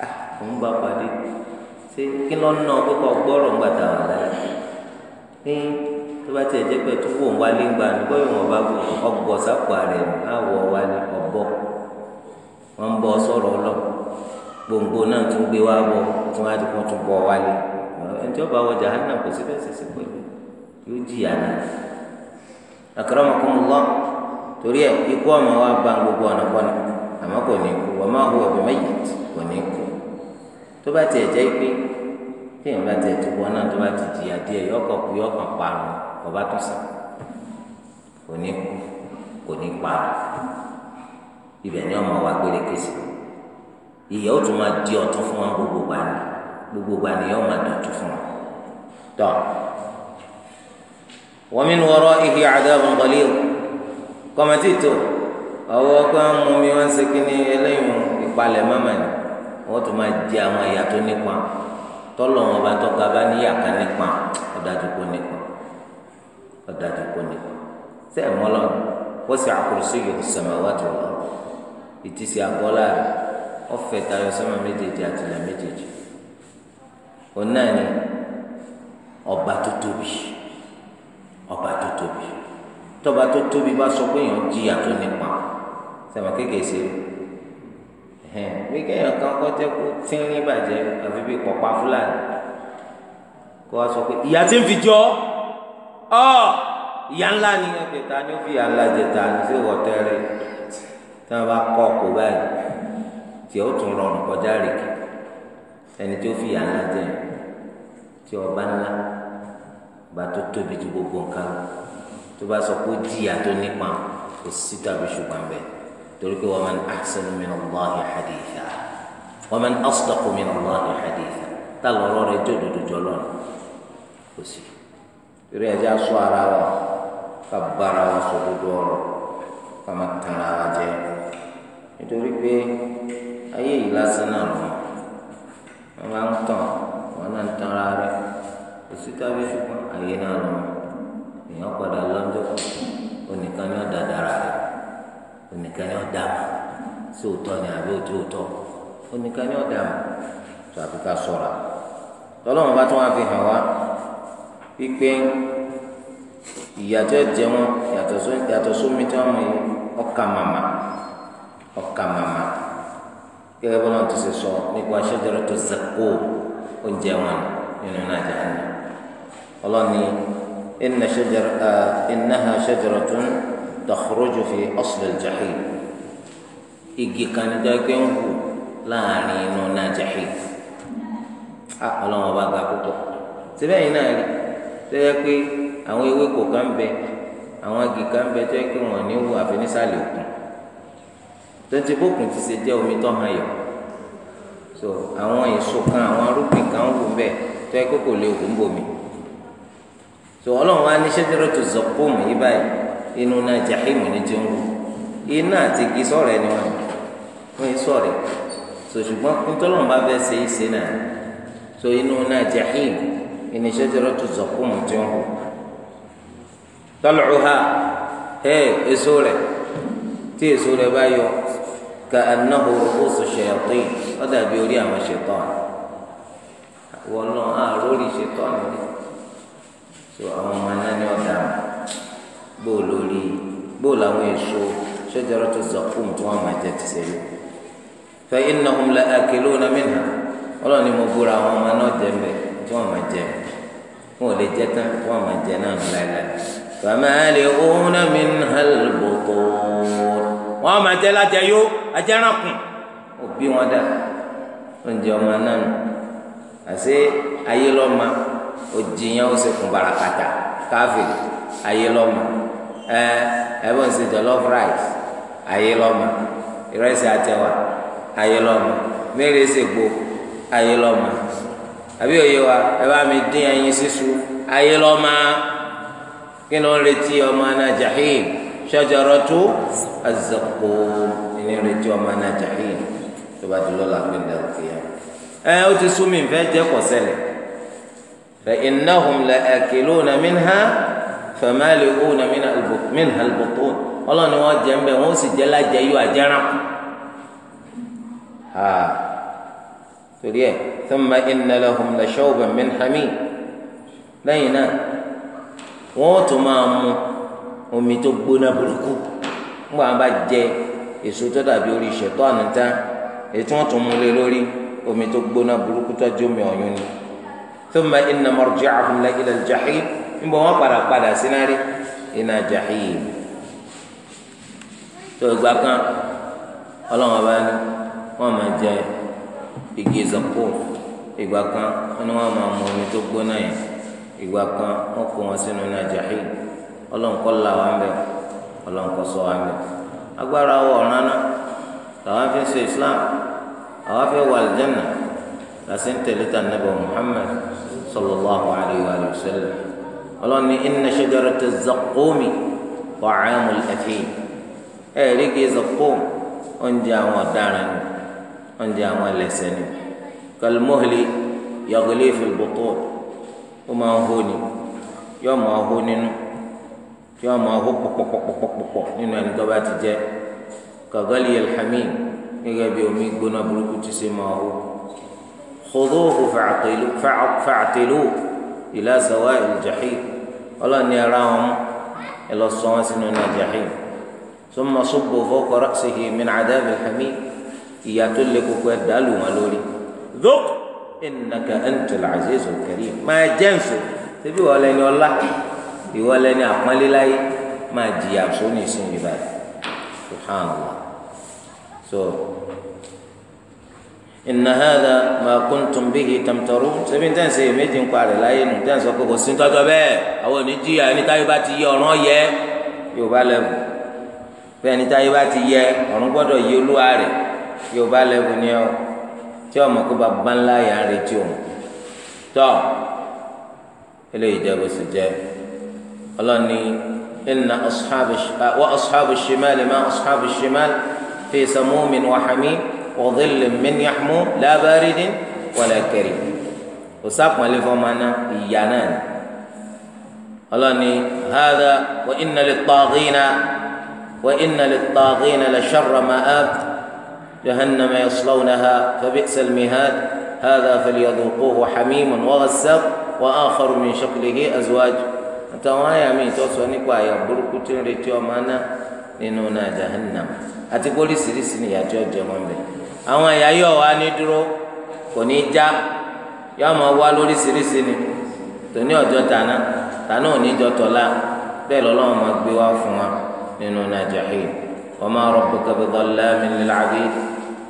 à ń bá pàdé ṣé kí ló náà ná gbọ́rọ̀ ń gbàtà wà láyé ní tó bá tiẹ̀ jẹ́ pé túbọ̀ ń wálé ńgbà ní bóyá wọn bá bọ̀ ọgbọ̀ rẹ̀ àwọ̀ wa tí bá wọ akramakumullah torí ẹ ikú ọmọ wa bá gbogbo ọ̀nà kọ́nà àmọ́ kò ní ma huwa bimayyit kò ní kú tó bá tiẹ̀ jẹ́ pé bá tiẹ̀ tó wọ́n náà tó bá ti jìyà díẹ̀ yọkọ̀ kú yọkàn parun kò tó sàn kò ní kú kò ní parun ibẹ̀ ni ọmọ wa gbére gbogbo gbani gbogbo gbani máa dọ̀tún fún tọ́. ومن ورائه عذاب غليظ كما تيتو أو كان مؤمن سكني إليه يقبل ممن وتما جاما يتنقى tọ́lọ̀ wọn bá tọ́ka bá níyà kan nípa ọ̀dájú kó nípa ọ̀dájú kó nípa ṣé ẹ̀ mọ́ lọ́nà wasi'a kursiyyuhu samawati wal ard ìtìsí àgọ́lá rẹ̀ ọ̀fẹ́ tayọ sọ́mọ méjèèjì àtìlẹ̀ méjèèjì òun náà ni ọba tó tóbi ọba tó tóbi tọba tó tóbi bá sọ pé èèyàn jìyà tó nípa sẹmọ kékeré ṣe ẹhìn bí kéèyàn kan kọ́ jẹ́ kó tínrín bàjẹ́ àfi bí pọ̀pá fúlàní kó wá sọ pé ìyá tí ń fi jọ ọ ìyá ńlá ni ẹgbẹ́ ta ni ó fi ìyá ńlá jẹ ta ni sí ìwọ́tẹ́rẹ́ tí wọ́n bá kọ́ ọkọ̀ báyìí tí ó tún rọrùn kọjá rèké ẹni tí ó fi ìyá ńlá jẹ tí ọba ńlá ìgbà tó tóbi ju gbogbo nǹkan tó bá sọ pé jìyà tó nípa kò sí tàbí ṣùgbọ́n bẹ́ẹ̀ torí pé wa man ahsanu min Allahi haditha wa man asdaqu min Allahi haditha tá lọ́rọ́ rẹ jòdòdò jọlọ́ kò sí torí ẹ̀jẹ̀ aṣọ ara wa ká bára wa sọ dodo ọ̀rọ̀ ká má tàn ara jẹ nítorí pé ayé yìí lásán náà lọ́wọ́ wọn máa ń tàn wọn náà ń tan ara rẹ̀ kò sí káwé ṣùgbọ́n àyè náà lọ èèyàn padà lọ́jọ́ onìkan ni ó da dára rẹ̀ onìkan ni ó dà mọ́ sí òótọ́ ni àbí òtí òótọ́ onìkan ni ó dà mọ́ tó àfi ká sọ̀ra lọ́lọ́run bá tún wá fi hàn wá wípé ìyàtọ̀ jẹ wọn yàtọ̀ sómi tí wọ́n mú yìí ọkà màmá ọkà màmá gẹ́gẹ́ bọ́lá ti ṣe sọ nípa ṣẹ́jọ́rọ́ tó zẹ́kó oúnjẹ wọn nínú náà ọlọ́ni inna shajar innaha shajaratun takhruju fi aslil jahim igi kan ní dágbé ń hù láàrin inú náà jahim a ọlọ́run ọba ga púpọ̀ síbẹ̀ yìí náà rí tẹ́lẹ̀ pé àwọn ewéko kan bẹ àwọn igi kan bẹ tẹ́lẹ̀ pé wọ́n ní wù àfi nísàlẹ̀ òkun tẹ́tí bókun ti ṣe jẹ́ omi tó hàn yọ so àwọn èso àwọn arúgbìn kan wù bẹ́ẹ̀ tẹ́lẹ̀ pé lè hù ń bomi tó ọlọ́run wa ní shajaratu zaqqum yìí báyìí inú náà jahimu ni ti ń wù iná àti igi sọ̀rọ̀ ẹni wọn wọn yìí sọ̀rọ̀ tó ṣùgbọ́n kúntọ́lọ́run bá fẹ́ ṣe é ṣe náà tó inú náà jahimu inú shajaratu zaqqum ti ń wù tal'uha ẹ èso rẹ̀ tí èso rẹ̀ bá yọ ka'annahu ru'usu shayatin ó dàbí orí àwọn ṣètọ́n wọn náà àròrí ṣètọ́n nìyẹn so àwọn ọmọ náà ní ọ̀dà bó lórí bó làwọn èso ṣẹjọrọ tó zọkùn tí wọn máa jẹ ti ṣe yìí fẹ iná hùm la àkèlò náà mìíràn ọlọ́ọ̀ni mo búra àwọn ọmọ náà jẹ mbẹ tí wọn máa jẹ wọn ò lè jẹ tán tí wọn máa jẹ náà láéláé fàmà òun náà mìíràn lòtò wọn máa jẹ lájẹyó ajẹrànkùn òbí wọn dà oúnjẹ ọmọ náà àṣé ayé òjì yẹn ó barakata Ɛ jollof rice ayé lọ́mọ ìrẹsì àtẹwà ayé lọ́mọ mẹ́rin wa mi dín ẹyin sisu ayé lọ́mọ kí retí ọmọ náà jahim shajaratu az-zaqum ní retí ọmọ náà jahim tó bá dúró làgbé dàrú kìí ẹ ó ti sún mi فإنهم لآكلون منها فمالئون من منها البطون والله ni wọn jẹ ń bẹ wọn ó sì jẹ lájẹ yóò àjẹrán ha torí ẹ ثم إن لهم لشوبا من حميم lẹ́yìn náà wọn ó tún máa mu omi tó gbóná burúkú nígbà wọn bá jẹ èso tó dàbí orí ṣètò ànútá ètò wọn tún mu lé lórí omi tó gbóná burúkú tó jómi ọyún ni thumma inna marji'ahum la ila al-jahim níbo wọn padà padà sínárì iná jahim tó ìgbà kan ọlọ́wọ́n bá ní wọ́n máa jẹ igi zapo ìgbà kan wọn ni wọ́n máa mú omi tó gbóná yẹn ìgbà kan wọ́n kó wọn sínú iná jahim ọlọ́wọ́n kọ́ la wa ń ọlọ́wọ́n kọ́ sọ wa ń agbára wọ̀ ọ̀ràn làwọn fi ń ṣe islam àwọn fi wà aljanna làṣẹ ń tẹ̀lé ta nàbẹ̀ muhammad sallallahu alayhi wa sallam ọlọ́run ní inna shajarata zaqqumi ta'amul athim ẹ̀ẹ́dì kì í zaqqum oúnjẹ àwọn ọ̀daràn ni oúnjẹ àwọn ẹlẹ́sẹ̀ ni kalmuhli yaghli fil butun ó máa ń hó ni yóò máa hó nínú yóò máa hó pọ̀pọ̀pọ̀pọ̀pọ̀ nínú ẹni tó ti jẹ́ kaghli alhamim gẹ́gẹ́ bí omi gbóná burúkú ti ṣe máa hó khudhuhu fa'aqilu fa'atilu ila sawa'il jahim ọlọ́ni ẹ̀rọ àwọn mú ẹ lọ sọ wọn sínú iná jahim summa subbu fawqa ra'sihi min 'adhabil hamim ìyà tó lé koko ẹ̀ dàlù wọn lórí dhuq innaka antal azizul karim máa jẹ́ nsọ ṣebí wọ́n lẹ́ni ọlá ìwọ lẹ́ni àpọ́nléláyé máa jìyà sóní ìsinyìí báyìí subhanallah so inna hadha ma kuntum bihi tamtarun ṣebí ní tẹ̀sí méjì ń parẹ̀ láyé nù tẹ̀sí ọkọ̀ kò sí tọ́jọ́ bẹ́ẹ̀ àwọn oníjìyà ẹni táyé bá ti yẹ ọ̀ràn yẹ yorùbá lẹ́bù bẹ́ẹ̀ ẹni táyé bá ti yẹ ọ̀ràn gbọ́dọ̀ yẹ olúwa rẹ̀ yorùbá lẹ́bù ni ọ tí ọmọ kó bá bá ńlá yà ń òun tọ́ eléyìí jẹ́ bó ṣe jẹ́ ọlọ́ni inna ashabu wa وظل من يحمو لا بارد ولا كريم وساق مانا يانان الله هذا وإن للطاغين وإن للطاغين لشر مآب جهنم يصلونها فبئس المهاد هذا فليذوقوه حميم وغساق وآخر من شكله أزواج àtàwọn àyà mi ìtọ́sọ nípa àyà burúkú مانا لنونا جهنم ọmọ سيدي يا náà jahannam àwọn ẹ̀yà yọ̀ wá ní dúró kò ní já yọ ọmọ wá lóríṣiríṣi ni tòní ọjọ́ tàná tàná ò ní jọ tọ̀la bẹ́ẹ̀ lọ́lọ́wọ́ máa gbé wá fún wa nínú nàjàhí wa ma rabbuka bidhallamin lil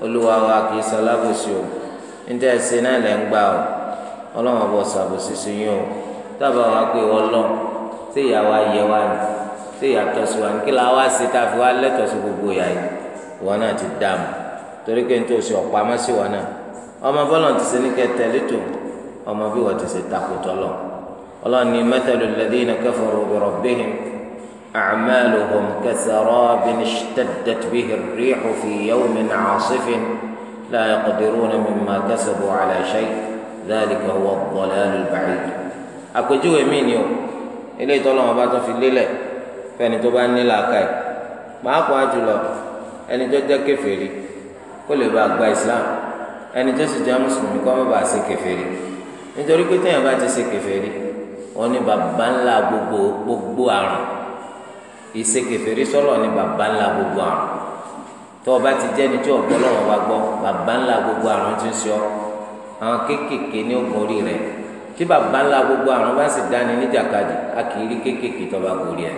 olúwa wa kì í ṣalábòsí o níta ẹsẹ náà lẹ́ ń gbà o ọlọ́wọ́n bọ̀ ṣàbòsí sí yín o dábàá wa pé ọlọ́ọ̀ tí ìyá wa yẹ wa ni tí ìyá tọ́sí ní kí la wá ṣe tá a gbogbo ìyá yìí wọn náà ti dá a torí ké ntò tó ṣe ọ̀pá má sí wa náà ọmọ bọ́lọ̀ ti ṣe ní kẹ tẹ̀lé tó ọmọ bí wọ́n ti ṣe lọ tọ́lọ̀ ní mẹ́tẹ̀lú lẹ́dínà kafaru bi rabbihim a'maluhum kasarabin ishtaddat bihi ar-rihu fi yawmin 'asifin la yaqdiruna mimma kasabu 'ala shay dhalika huwa ad-dalalu al-ba'id àpèjúwe mi ni o ilé ìtọ́lọ́ wọn bá tó fi lélẹ̀ fẹ́ni tó bá nílà káì kọ́ àjùlọ ẹni tó jẹ́ kèfèrí kó lè bá gba islam ẹni tó sì jẹ́ mùsùlùmí kó má bàa ṣe kèfèrí nítorí pé téèyàn bá ti ṣe kèfèrí wọn ní bàbá ńlá gbogbo gbogbo àrùn ìṣe kèfèrí sọ́lọ̀ ní bàbá ńlá gbogbo àrùn tó o bá ti jẹ́ ni tí ọ̀gbọ́n lọ́wọ́ bá gbọ́ bàbá ńlá gbogbo àrùn ti ń sọ àwọn kéékèèké ní ogun orí rẹ̀ tí bàbá ńlá gbogbo àrùn bá sì dání níjàkadì a kì í rí kéékèèké tó bá gorí ẹ̀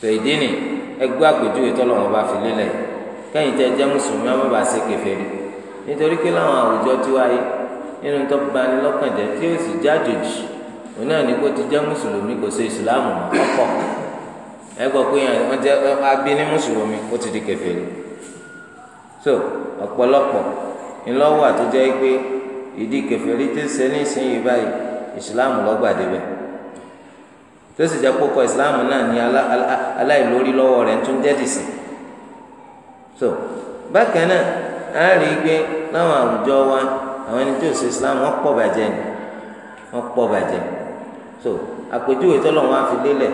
tó ìdí ni ẹgbẹ́ àpèjúwe tọ́lọ́wọ́n bá fi lélẹ̀ yìí kẹ́yìn tẹ́ jẹ́ mùsùlùmí ọmọ bá ṣe kèfèrí nítorí pé láwọn àwùjọ tí wáyé nínú tó bani lọ́kàn jẹ́ tí ó sì jájòjì òun náà ní kó ti jẹ́ mùsùlùmí kò ṣe ìsìláàmù ọ̀pọ̀ ẹ pé wọ́n jẹ́ abí ní mùsùlùmí ó ti di kèfèrí so ọ̀pọ̀lọpọ̀ ńlọ́wọ́ àtúnjẹ́ pé ìdí kèfèrí ti ṣe ní ìsinyìí báyìí ìsìláàmù lọ́gbàdé bẹ́ẹ̀ tó sì jẹ́ kókó ìsìláàmù náà ní aláìlórí lọ́wọ́ rẹ̀ tún jẹ́ dìsìn So, bákan náà a rí i pé láwọn àwùjọ wa àwọn ẹni tí ò ṣe islam wọn pọ̀ bàjẹ́ ni wọn pọ̀ bàjẹ́ so àpèjúwe tọ́lọ̀ wọn á fi lélẹ̀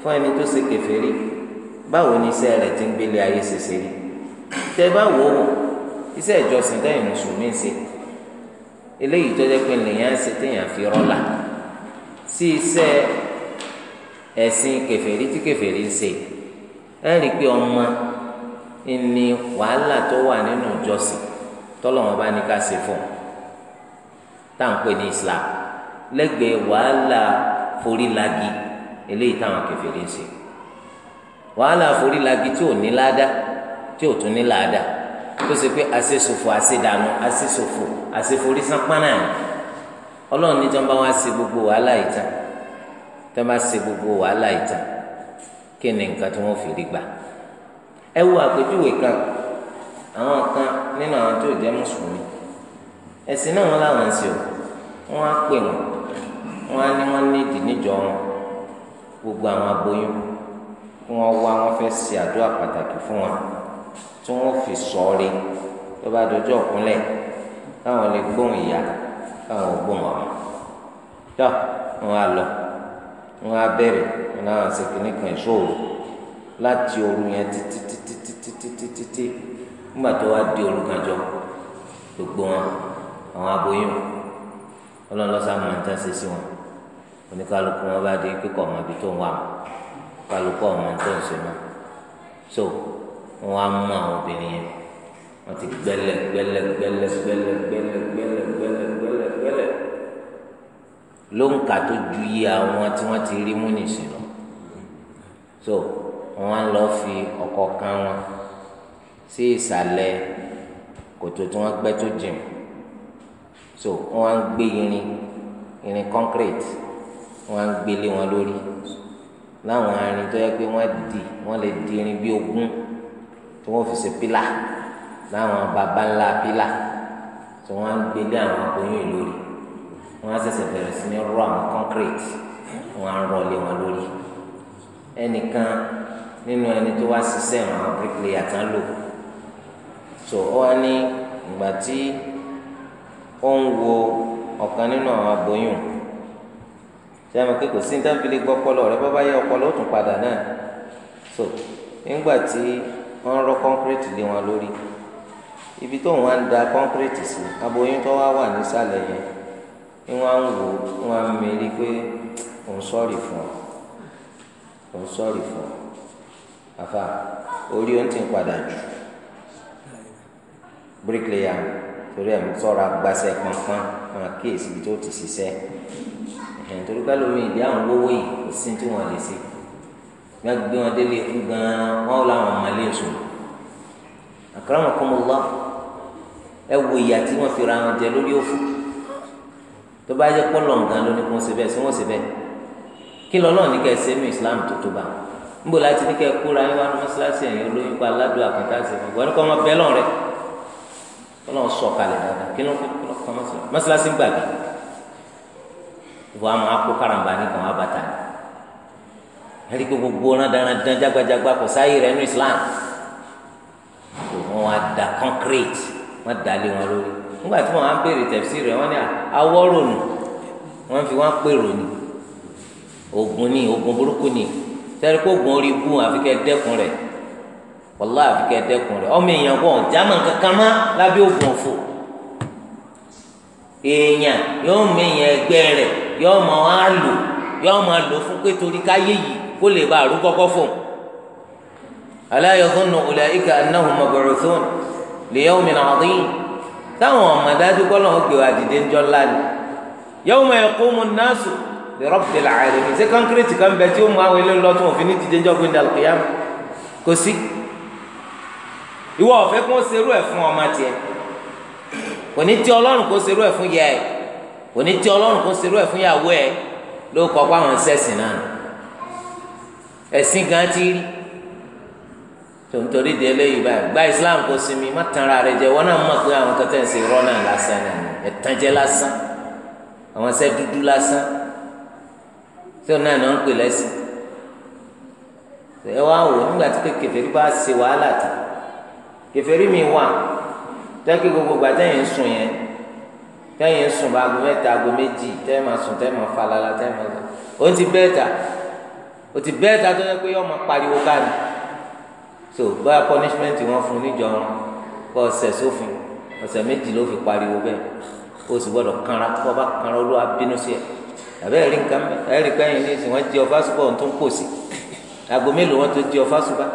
fún ẹni tó ṣe kèfèrí báwo ni iṣẹ́ rẹ̀ ti ń gbélé ayé ṣe ṣe rí tẹ bá wò ó iṣẹ́ ìjọsìn tẹ́yìn mùsùlùmí ń ṣe eléyìí tó jẹ́ pé lèyàn ṣe téèyàn fi rọ́lá sí iṣẹ́ ẹ̀sìn kèfèrí tí kèfèrí ń ṣe ẹ rí i pé ọmọ ìní wàhálà tó wà nínú ìjọsìn tọ́lọ́wọ́n bá ní ká ṣe fún un tá à ń pè ní Islam lẹ́gbẹ̀ẹ́ wàhálà forílagi eléyìí táwọn kèfèrí ń ṣe wàhálà forílagi tí ò ní ládàá tí ò tún ní ládàá tó ṣe pé aṣèṣòfò aṣèdànù aṣèṣòfò aṣèforísán pánà ni ọlọ́run ní jọba wa ṣe gbogbo wàhálà ìtàn jọba ṣe gbogbo wàhálà ìtàn kí ni nǹkan tí wọ́n fi rí gbà. ẹ wo àpèjúwe kan àwọn kan nínú àwọn tó jẹ́ mùsùlùmí ẹ̀sìn náà wọn làwọn ń o wọn á pè wọn wọn á ní wọn gbogbo àwọn aboyún kí wọn wá wọn fẹ́ ṣe àdúrà pàtàkì fún wọn tí wọn fi sọọre tó bá dojú ọkùnlẹ káwọn lè gbóhùn ìyá káwọn ò gbóhùn ọmọ tó wọn lọ wọn á wọn náà ṣe kìnnìkan ìṣòro. láti òru yẹn títí títí títí títí títí nígbà tó wá di òru kanjọ gbogbo wọn àwọn aboyún ọlọ́lọ́sà máa ń tán ṣe sí wọn oníkálukú wọn bá di kíkọ̀ ọmọ ibi tó ń wà mọ́ kálukú ọmọ tó ń ṣe mọ́ so wọn á mú àwọn obìnrin yẹn wọn ti gbẹlẹ gbẹlẹ gbẹlẹ gbẹlẹ gbẹlẹ gbẹlẹ gbẹlẹ gbẹlẹ gbẹlẹ ló ń kà tó ju iye àwọn tí wọn ti rí mú nìsín lọ so wọn á lọ fi ọ̀kọ̀ọ̀kan wọn sí ìsàlẹ̀ kòtò tí wọ́n gbẹ́ tó jìn so wọn á gbé irin irin concrete wọn á gbé lé wọn lórí láwọn arin tó yẹ pé wọ́n di wọ́n lè di irin bí ogún tí wọ́n fi ṣe pílà láwọn baba ńlá pílà tí wọ́n á gbé lé àwọn oyún lórí wọ́n á ṣẹ̀ṣẹ̀ sí ní rọ àwọn concrete wọ́n á rọ lé wọn lórí ẹnìkan nínú ẹni tó wá ṣiṣẹ́ àwọn bíríkìlì àtàlò so ó wá ní ìgbà tí ó ń wo ọ̀kan nínú àwọn aboyún tí a máa ké kò sí ní tábìlì gbọ́ rẹ bábá yẹ ọpọlọ ó tún padà náà so nígbà tí wọ́n rọ kọ́ńkírẹ́tì lé wọn lórí ibi tó wọn ń da kọ́ńkírẹ́tì sí aboyún tó wá wà nísàlẹ̀ yẹn ni wọ́n á ń wò ó wọ́n á mẹ́rin pé òun sọ̀rì fún ọ òun sọ̀rì fún ọ afa orí ohun tí ń padà jù bíríkìlẹ̀yà torí ẹ̀ sọ̀rọ̀ agbáṣẹ pọnpọ́n máa kíyèsí ibi tó ti ṣiṣẹ́ ẹ̀hìn torí pẹ́ lómi ìdí àwọn owó yìí kò sí tí wọ́n lè ṣe wọ́n gbé wọn délé ikú gan-an wọ́n làwọn ọmọ ilé sùn àkàràwọn kọ́ mọ wá ẹ wo ìyà tí wọ́n fi ra wọn jẹ lórí òfò tó bá yẹ pọ́ lọ̀ǹgàn lónìí kó ń ṣe bẹ́ẹ̀ sí wọ́n ṣe bẹ́ẹ̀ kí lọ́lọ́ọ̀ ní kẹ́ ẹ ṣe é mú Islam tó tó bá wọn níbo láti ní kẹ́ ẹ kóra yín wá ní mọ́ṣáláṣí ẹ̀yìn olóyún pa aládùn àkàntà sí i wọ́n ní kọ́ ọmọ bẹ́ẹ̀ lọ́n rẹ̀ wọ́n lọ́n sọ kalẹ̀ dáadáa kí ló ń kọ́ mọ́ṣáláṣí ń gbàgbé ìwọ àmọ́ akó karamba ní kàn wá bàtà ẹ̀rí pé gbogbo ọ̀nà dáradára jágbajàgba kò sáyé rẹ̀ nínú Islam kò wọ́n wá da concrete wọ́n da lé wọn lórí nígbà tí wọ́n á béèrè tẹ̀sí rẹ̀ wọ́n ní awọ́ rònú wọ́n fi wọ́n pè burúkú ní sẹ́ni kó gun orí ibú àfi kẹ́ dẹ́kun rẹ̀ wàlá àfi kẹ́ dẹ́kun rẹ̀ ọmọ èèyàn gbọ́n jámà kankan má lábẹ́ òògùn ọ̀fọ̀ èèyàn yóò mọ èèyàn ẹgbẹ́ rẹ̀ yóò mọ á lò yóò mọ lò fún pé torí káyé yìí kó lè bá àrùn kọ́kọ́ fún un. táwọn gbé wa dìde ńjọ́ li rabbil alamin ṣé kọ́ńkírẹ́tì kan bẹ tí ó mú àwọn ilé ńlọ tó wọn fi ní dìde ńjọ́ gbé dàlùkìyà kò sí ìwọ ọ̀fẹ́ kó serú ẹ̀ fún ọmọ tiẹ̀ kò ní tí ọlọ́run kó serú ẹ̀ fún yẹ ẹ̀ kò ní tí ọlọ́run kó serú ẹ̀ fún yàwó ẹ̀ ló kọ́ pa àwọn sẹ́sìn náà ẹ̀sìn gan ti rí tontori di eléyìí báyìí gba islam kò sinmi má tanra rẹ jẹ wọn náà mọ̀ pé àwọn kẹtẹ ń ṣe irọ́ náà lásán náà ẹ̀tànjẹ lásán àwọn sẹ́ dúdú lásán tí òun náà ni wọ́n ń pè lẹ́sìn ẹ wá wò nígbà tí kèfèrí bá ṣe wàhálà tà kèfèrí mi wà tẹ́kí gbogbo gbà tẹ́yìn ń sùn yẹn tẹ́yìn ń sùn bá aago mẹ́ta aago méjì tẹ́yìn máa sùn tẹ́yìn máa falala tẹ́yìn máa sùn ó ti bẹ́ẹ̀ ta ó ti bẹ́ẹ̀ ta tó yẹ pé ọmọ pariwo káàdì so bá punishment wọn fún níjọ wọn kọ ọ̀sẹ̀ sófin ọ̀sẹ̀ méjì ló fi pariwo bẹ́ẹ̀ o sì gbọ́dọ̀ kanra kó o bá kanra olúwa bínú sí ẹ̀ àbẹ́ ẹ̀rí nǹkan mẹ́ ẹ̀rí kẹ́yìn ní ìsìn wọ́n jí ọ fásùbọ̀ tó ń pòsì àgọ́ mélòó wọ́n tó jí ọ fásùbà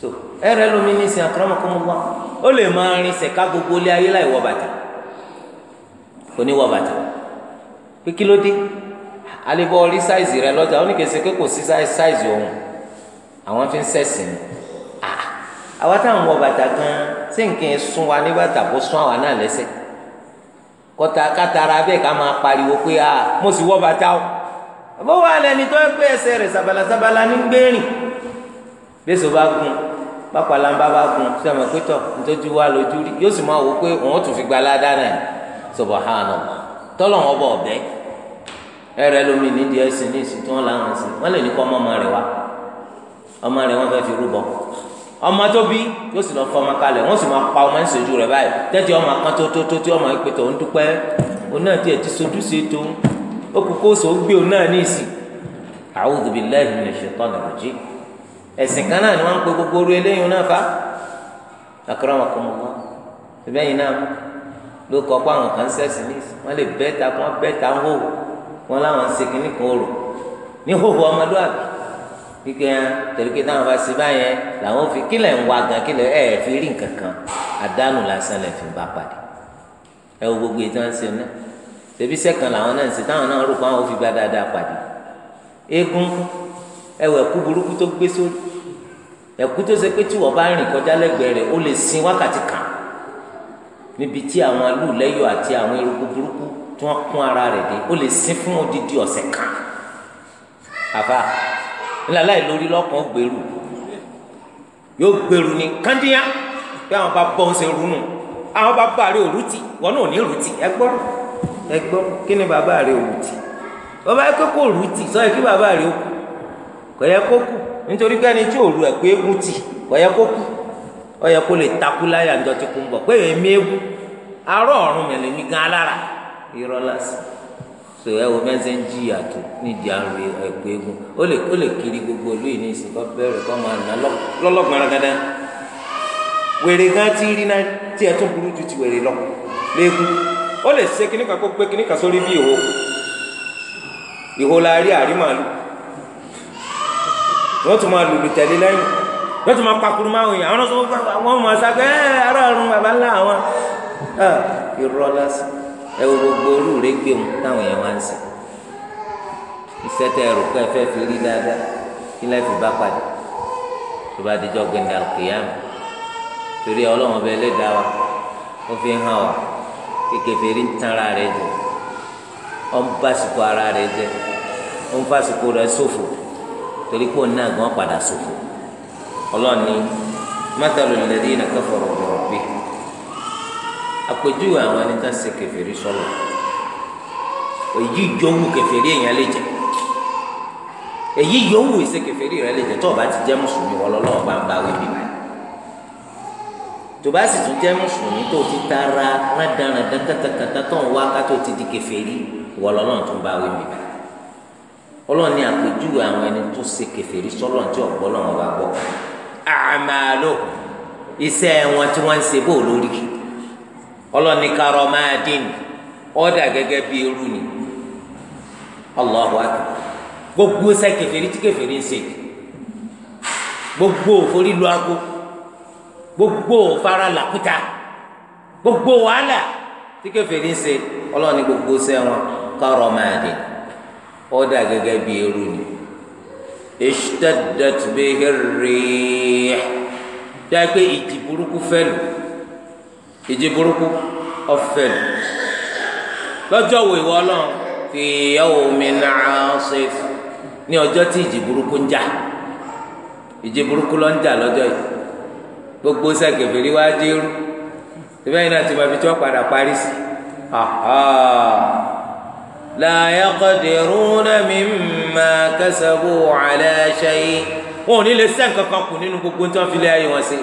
so ẹ̀rẹ́ lómi ní ìsìn àkọ́rọ́mọkọ́mọ́wá ó lè máa rin sẹ̀ká gbogbo ilé ayé láì wọ bàtà kò ní wọ bàtà pé kí ló dé alebọ rí sáìzì rẹ lọ́jà ó ní kèsì pé kò sí sáìzì òun àwọn fi ń sẹ̀sìn ni àwa táwọn wọ bàtà gan-an sún wa ní bàtà bó sún àwa náà lẹ́sẹ̀ẹ́ kọta kátara ka ká máa pariwo pé a ah, mo sì wọ́ bàtà o bó wà lẹni tó ń sabalasabala ní gbẹ́rìn bẹ́sẹ̀ bá gun pápálánbá bá gun sí ọmọ pétọ̀ nítorí wà lójú rí yóò sì máa wò pé òun tún fi gba aládàá náà subahana tọ́lọ̀ wọn bọ̀ ọ̀bẹ lómi nídìí ẹsìn ní ìsìn tí ọmọ tó bí yóò sì lọ fọ ọmọ kalẹ̀ wọ́n sì máa pa ọmọ ìṣèjú rẹ̀ báyìí tẹ́tí ọmọ kan tó tó tó tí ọmọ ìpè tó ń dúpẹ́ òun náà tiẹ̀ ti sojú sí ètò ó kú kó gbé òun náà ní ìsìn a'udhu billahi minash shaitani rajim ẹ̀sìn kan náà ni wọ́n ń pe gbogbo orí náà fa akramakumullah ìbẹ́yìn náà ló kọ́ pé àwọn kan ní wọ́n lè bẹ́ẹ̀ kíkẹ́ tẹ̀lékẹ́ táwọn bá ṣe báyẹn làwọn fi kílẹ̀ ń wá gan kílẹ̀ ẹ̀ fi rí nǹkan kan àdánù lásán lẹ̀ fi bá pàdé ẹ wo gbogbo ètò àǹsẹ̀ náà tẹ̀bí sẹ́kàn làwọn náà ń ṣe táwọn náà rò pé àwọn ò fi gba dáadáa pàdé eégún ẹwọ ẹ̀kú burúkú tó gbé sórí ẹ̀kú tó ṣe pé tí wọ́n bá rìn kọjá lẹ́gbẹ̀ẹ́ rẹ̀ ó lè sin wákàtí kan níbi tí àwọn alúlẹ́yọ̀ àti àwọn eruku burúkú tí wọ́n kún ara rẹ̀ dé ó lè sin fún odidi ọ̀sẹ̀ kan àbá ńlá ìlórí lọ́kàn gbèrú yóò gbèrú ní kándiya bí àwọn bá bọ́ ń ṣe runú àwọn bá bá rí òrùtì wọn náà ní òrùtì ẹ gbọ́ ẹ gbọ́ kí ni bàbá rí òrùtì bàbá yẹ kó òrùtì sọ yẹ kí bàbá rí òkú kò yẹ kó kú nítorí pé ẹni tí òru ẹ̀ pé egun tì kò yẹ kó kú ó yẹ kó lè takú láyà ńjọ ti kú ń bọ̀ pé èmi egun arọ́ ọ̀run mẹ̀lẹ́mí gan alára irọ́ lásìkò. so ẹ wo mẹsẹ̀ ń jìyà tó nídìí àrùn ẹ̀kọ́ egun ó lè kiri gbogbo olú yìí ní kọ bẹ̀rẹ̀ kọ́ máa nà lọ́lọ́gbọ̀n gada wèrè gan ti rí náà tí ẹ tún burú ju ti wèrè lọ léegun ó lè ṣe kíní kan kó gbé kíní kan sórí bí ìhó ìhó la rí tún máa lùlù tún máa pakuru máa àwọn bàbá ńlá ah, ẹ wo gbogbo orú rẹ gbé mu táwọn èèyàn wá ń sìn iṣẹ́ tẹ ẹrù kọ́ ẹ fẹ́ fi rí dáadáa kí lẹ́ẹ̀ fi bá padà tó bá dijọ́ gbẹ̀ndà kìyàmù torí ọlọ́run ọba ẹlẹ́dàá wa ó fi hàn wá kékeré ń tan ara rẹ jẹ ó ń básìkò ara rẹ jẹ ó ń fásìkò rẹ ṣòfò torí pé òun náà gan padà ṣòfò ọlọ́run ní mátàlú lẹ́dí ìnàkẹ́fọ̀rọ̀ ọ̀rọ̀ àpèjúwe àwọn ẹni tá a ṣe kẹfìrí sọlọ èyí yòówù kẹfìrí èèyàn lè jẹ èyí yòówù ìṣe kẹfìrí rẹ lè jẹ tó o bá ti jẹ mùsùlùmí wọn lọ́wọ́ bá ń bá wí bíbá tó bá sì tún jẹ mùsùlùmí tó o ti tara rádaràdá kátàkátà tó ń wá kátó ti di kẹfìrí wọn lọ́wọ́ tó ń bá wí bíbá ọlọ́ọ̀ni àpèjúwe àwọn ẹni tó ṣe kẹfìrí sọlọ tí ọ̀gbọ́n lọ́wọ́ bá gbọ́ àmàlò iṣẹ́ wọn tí wọ́n ń ṣe bó lórí kìí ọlọ́ni karọ máa dín ọ̀dà gẹ́gẹ́ bí irú ni Allahu akbar gbogbo sẹ́ tí kẹfẹ́rí ń gbogbo òforí lu aago gbogbo òfara làkúta gbogbo wàhálà tí kẹfẹ́rí ń ṣe ọlọ́ni gbogbo sẹ́ karọ máa dín gẹ́gẹ́ bí irú ni ishtaddat bihi rrih dáa pé ìjì burúkú fẹ́ lò. ìjì burúkú ọ̀fẹ́ lọ́jọ́ wo ìwọ ọlọ́run fi yawmin 'asif ní ọjọ́ tí ìjì burúkú ń jà ìjì burúkú ló ń jà lọ́jọ́ yìí gbogbo sẹ́gẹ̀fẹ̀rí wá dé rú síbẹ̀ yìí náà ti máa fi tí wọ́n padà parí sí la yaqdiruna mimma kasabu ala shay wọn ò ní lè sẹ́ǹkankan kù nínú gbogbo tí wọ́n fi lé ayé wọn sí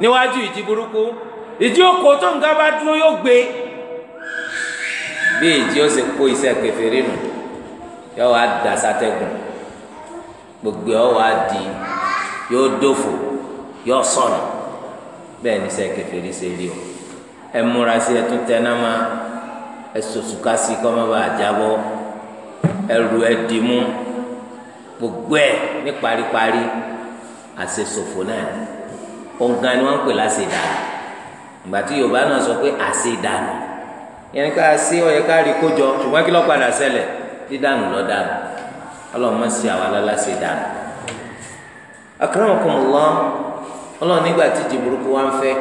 níwájú ìjì burúkú ìdí òkò tó nǹkan bá dúró yóò gbé bí ìdí ó sì kó iṣẹ́ kẹfẹ́rẹ́ nù yóò wá dà sátẹ́gùn gbogbo ọ wá di yóò dófò yóò sọnù bẹ́ẹ̀ ni iṣẹ́ kẹfẹ́rẹ́ ṣe rí o ẹ múra sí ẹ tún tẹná máa ẹ sòsùká sí kọ́ má bàa jábọ́ ẹ rù ẹ dì mú gbogbo ẹ ní paríparí àṣẹ náà òǹkà ni wọ́n ń pè láṣẹ ìgbà tí yorùbá náà sọ pé àṣe dànù yẹn ká ṣe ó yẹ ká rí kójọ ṣùgbọ́n kí ló padà ṣẹlẹ̀ dídànù lọ dànù ọlọ́run má ṣe àwa lọ́la ṣe dànù. akramakumullah ọlọ́run nígbà tí ìjì burúkú wá ń fẹ́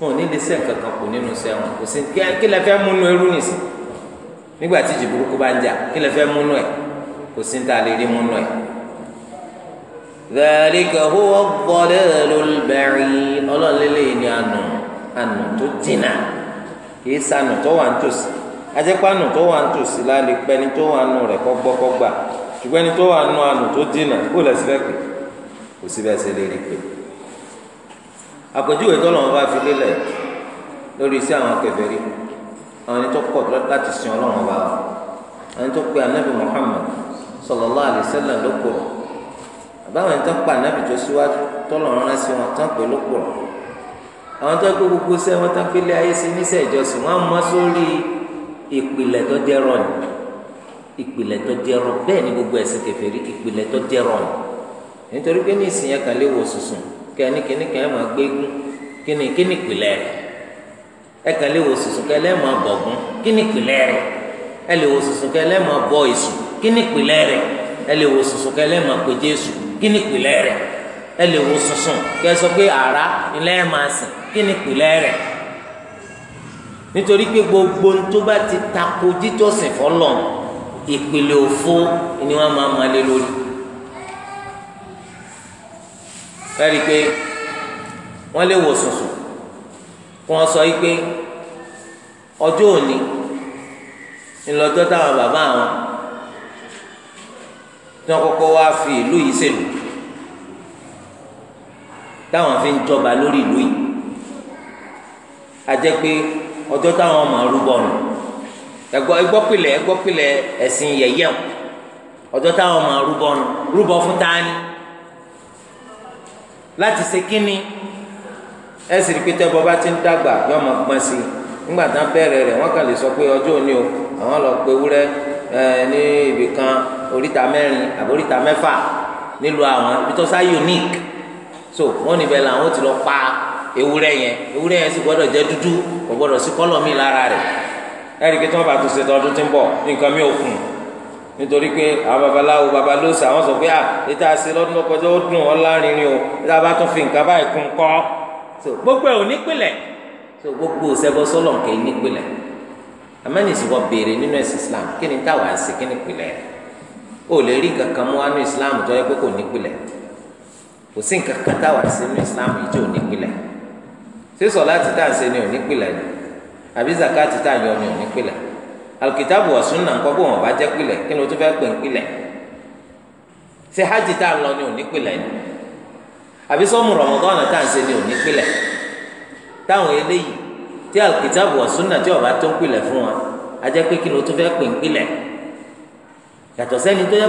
wọn ò ní lè sẹ́ǹ kankan kù nínú sẹ́wọ̀n kò sí kí lẹ fẹ́ múnú ẹrú nìsí nígbà tí ìjì bá ń jà kí lẹ fẹ́ múnú ẹ kò sí ta lè rí múnú ẹ. dhalika huwa ad-dalalul ba'id ọlọ́run ànà tó jìnnà kìí sànù tó wà nítòsí ajẹ́pánu tó wà nítòsí lálẹ́ pẹ́ni tó wà nù rẹ̀ kọ́gbọ́kọ́gbà ṣùgbọ́n ẹni tó wà nù ànà tó dina. kó síbẹ̀ rí àpèjúwe tó lọ́wọ́ bá fi lélẹ̀ lórí àwọn àwọn ẹni tó kọ̀ láti bá ẹni tó pe anabi àwọn tó gbé gbogbo sẹ wọn tán fílẹ ayé sí níṣẹ́ ìjọsìn wọn mọ sórí ìpìlẹ̀ tó dẹrọ ni ìpìlẹ̀ tó dẹrọ bẹ́ẹ̀ ni gbogbo ẹ̀sìn kèfèrí ìpìlẹ̀ tó dẹrọ ni nítorí pé ní ìsìn yẹn kàn lè wò sùsùn kẹni kẹni kẹ ẹ máa gbégún kíni kíni ìpìlẹ̀ rẹ̀ ẹ kàn lè wò sùsùn kẹ lẹ máa bọgún kíni ìpìlẹ̀ rẹ̀ ẹ lè wò sùsùn kẹ lẹ máa bọ èṣù kíni ìpìlẹ̀ rẹ̀ ẹ lè wò sùsùn kẹ lẹ máa pe Jésù kíni ìpìlẹ̀ rẹ̀ ẹ lè wo sunsun kẹ sọ pé ara ilẹ̀ máa sìn kí ni ìpìlẹ̀ rẹ̀ nítorí pé gbogbo tó bá ti tako jíjọsìn fọlọ ìpìlẹ̀ òfo ni wọ́n máa máa lé lórí lẹ́rìí pé wọ́n lè wo sunsun kí wọ́n sọ pé ọjọ́ òní ńlọjọ́ táwọn bàbá àwọn tí wọ́n kọ́kọ́ wá fi ìlú yìí ṣèlú. táwọn fi ń jọba lórí ìlú yìí àjẹ pé ọjọ́ táwọn ọmọ rúbọ nù ẹgbọ́pìlẹ̀ ẹgbọ́pìlẹ̀ ẹ̀sìn yẹ̀yẹ̀ ọjọ́ táwọn ọmọ rúbọ nù rúbọ fún tání láti ṣe kínni ẹ rí ti ń dàgbà yọ ọmọ gbọ́n sí i kàn lè sọ pé òní o àwọn lọ pé ẹ ní oríta so wọn níbẹ̀ làwọn ti lọ pa ewúrẹ́ yẹn ewúrẹ́ yẹn sì gbọ́dọ̀ jẹ́ dúdú kò gbọ́dọ̀ sí kọ́lọ̀ mi lára rẹ̀ ẹ̀rí kí tí wọ́n bá tún ṣe tọdún tí ń bọ̀ nǹkan mi ò kùn nítorí pé àwọn babaláwo babalóṣà àwọn sọ pé à ètò àṣẹ lọ́dún lọ́kọjọ́ ó dùn ọ́n lárinrin o ètò àbá tún fi nǹkan báyìí kún kọ́ so gbogbo ẹ̀ ò nípìnlẹ̀ so gbogbo ṣẹbọ sọlọ nǹkan ẹ̀ nípìnlẹ̀ amẹ́nìsì wọ́n béèrè nínú ẹ̀sìn Islam kí ni táwa ṣe kí ni pìlẹ̀ o lè rí kankan mú wá Islam tó yẹ pé kò nípìnlẹ̀ kò sí nǹkan kan táwa sínú islam yìí tí ò ní pilẹ̀ ṣé ń ṣe ni ò ní pilẹ̀ ni àbí ni ò ní pilẹ̀ bó wọn bá jẹ́ pilẹ̀ kí ni o tún fẹ́ pè ń pilẹ̀ ṣé hajj ń lọ ni ò ní pilẹ̀ ni àbí sọ́mu rọ̀mọ́dọ́nà tá ni ò ní pilẹ̀ táwọn ọba tó ń pilẹ̀ fún o tún fẹ́ pè ń pilẹ̀ yàtọ̀ sẹ́ni tó yẹ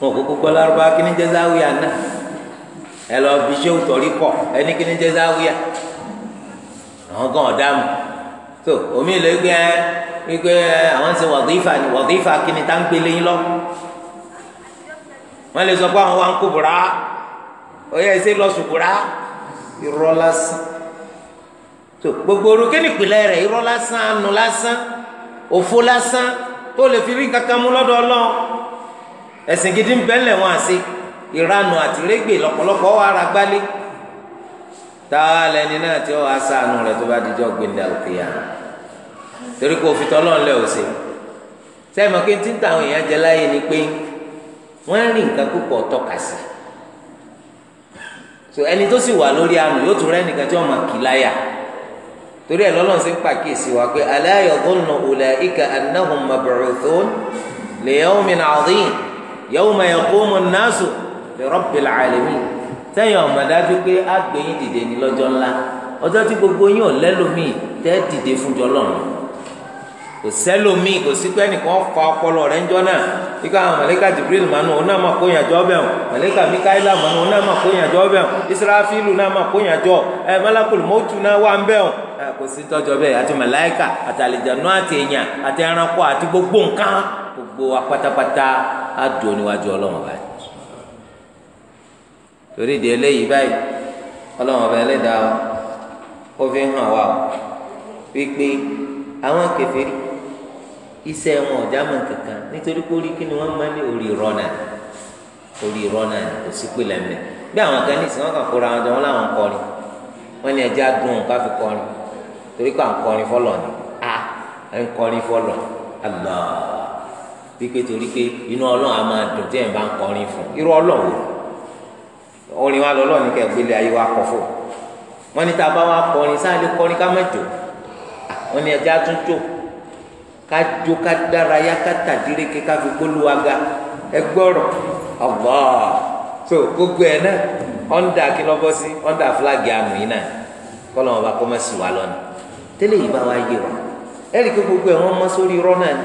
wọn kò kó gbọ́dọ̀ arúgbó kí ni jẹ́ záwíyà náà ẹ lọ bí ṣé òtọ̀rí kọ̀ ẹ ní kí ni jẹ́ záwíyà àwọn gan ọ̀dá mu tó omi ìlú ẹgbẹ́ ẹ wípé àwọn ń ṣe wọ̀dífà ni wọ̀dífà kí ni tá ń gbélé yín lọ wọn lè sọ pé àwọn wa ń kó bùrá ó ẹsẹ lọ sùn bùrá lásán tó gbogbo oru kí ni ìpìlẹ̀ rẹ̀ irọ́ lásán anu lásán òfo lásán tó lè fi rí kankan mú lọ́dọ̀ Ọlọ́run ẹ̀sìn gidi ń bẹ́lẹ̀ wọn àṣe ìranù àti rẹ́gbẹ̀ lọ́pọ̀lọpọ̀ wà ra gbálẹ̀ tá a lẹni náà tí ó wàá sànù rẹ̀ tó bá dijọ́ gbẹ̀ndẹ̀ àlùkìyà torí kò fi tọ́lọ́run lẹ̀ ò ṣe sẹ́yìn kí ń ta àwọn èèyàn jẹ láyé ni pé wọ́n rí nǹkan púpọ̀ tọ́ka sí so ẹni tó sì wà lórí àánú yóò tún rẹ́ nìkan tí wọ́n mọ̀ kí láyà torí ẹ̀ lọ́lọ́run sì ń pàkíyèsí wa pé ala yadhunnu ulaika annahum mab'uthun li yawmin 'adhim yawma yaqumu an-nasu li rabbil alamin sẹ́yìn ọ̀mọ̀ dájú pé á gbé yín dìde ní lọjọ ńlá ọjọ́ tí gbogbo yín ò lẹ́lòmíì tẹ́ dìde fún jọlọ́run kò sẹ́lòmíì kò sí pé ẹnìkan fa ọpọlọ náà àwọn jibril òun náà máa o mọ̀lẹ́kà mikaela mànú òun náà máa kóyàn jọ o israfilu náà máa kóyàn jọ ẹ náà wà ń kò sí àti àti àti gbogbo wa pátápátá á dùn níwájú ọlọ́run ọba yìí torí ìdí eléyìí báyìí ọlọ́run ọba ẹlẹ́dàá ó fi hàn wá o wípé àwọn kèfèrí iṣẹ́ wọn ọ̀já mọ̀ kankan nítorí pé orí kí ni wọ́n máa ní orí ìrọ́nà orí ìrọ́nà kò sí pé lẹ́mẹ̀ bí àwọn kan ní ìsìn wọn kàn kóra wọn jọ wọn làwọn kọrin wọn ní ẹjẹ adùn ká fi kọrin torí pé à ń kọrin fọlọ ni à ń kọrin fọlọ Allah wípé torí pé inú ọlọ́run á máa dùn tí ẹ̀ bá ń kọrin fún irú ọlọ́run orin wa lọ́lọ́ ní kẹ́gbélé ayé wa kọ fún wọn ní tá a bá wa kọrin sáà lè kọrin ká má jò wọn ní ẹja tún jò ká jó ká dárayá ká tàdíreke ká fi gbólúwaga ẹ gbọ́rọ̀ ọ̀gbọ́ so gbogbo ẹ̀ náà ọ̀ndà kí lọ́ bọ́ sí ọ̀ndà fúlàgì àmì yìí náà kọ́ lọ́wọ́ bá kọ́ mọ́ sí wa lọ́nà tẹ́lẹ̀ yìí bá wa yé wa ẹ̀rí pé gbogbo ẹ̀ wọ́n mọ́ sórí irọ́ náà ni.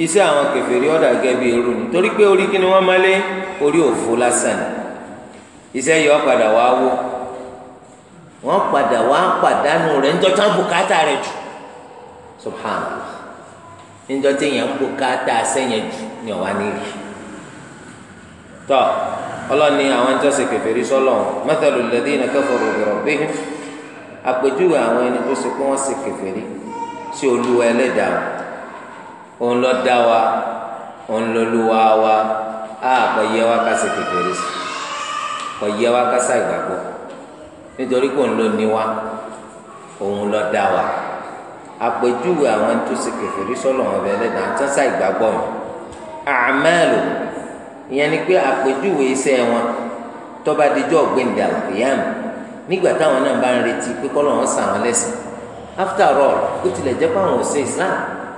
iṣẹ́ àwọn kèfèrí ọ̀dà gẹ́gẹ́ bí irú ni torí pé orí kíni wọ́n máa lé orí òfo lásán ni iṣẹ́ yìí wọ́n padà wá wó wọ́n padà wá pàdánù rẹ̀ ńjọ́tán bùkátà rẹ̀ jù subhanallah ńjọ́tán yẹn ń bùkátà sẹ́yìn jù ni ọ̀wá nílì tọ́ ọlọ́ni àwọn jọ́sìn kèfèrí sọ́lọ́ mathalul ladina kafaru bi rabbihim àpèjúwe àwọn ẹni tó ṣe pé wọ́n ṣe kèfèrí sí olúwa ẹlẹ́dàá òun ló dá wa òun ló lu wa wa á kò yẹ wa ká ṣe kékeré sí kò yẹ wa ká ṣe ìgbàgbọ́ nítorí pé òun ló ní wa òun ló dá wa àpèjúwe àwọn tó ṣe kékeré sọlọ wọn bẹ lẹdàá tó ṣe ìgbàgbọ́ yìí àmàlù ìyẹn ni pé àpèjúwe iṣẹ́ wọn tó bá dijọ́ gbẹ̀ǹdà nígbà táwọn náà bá ń retí pé kọ́lọ́ wọn sàn wọn lẹ́sìn after all ó tilẹ̀ jẹ́ pé àwọn ò ṣe Islam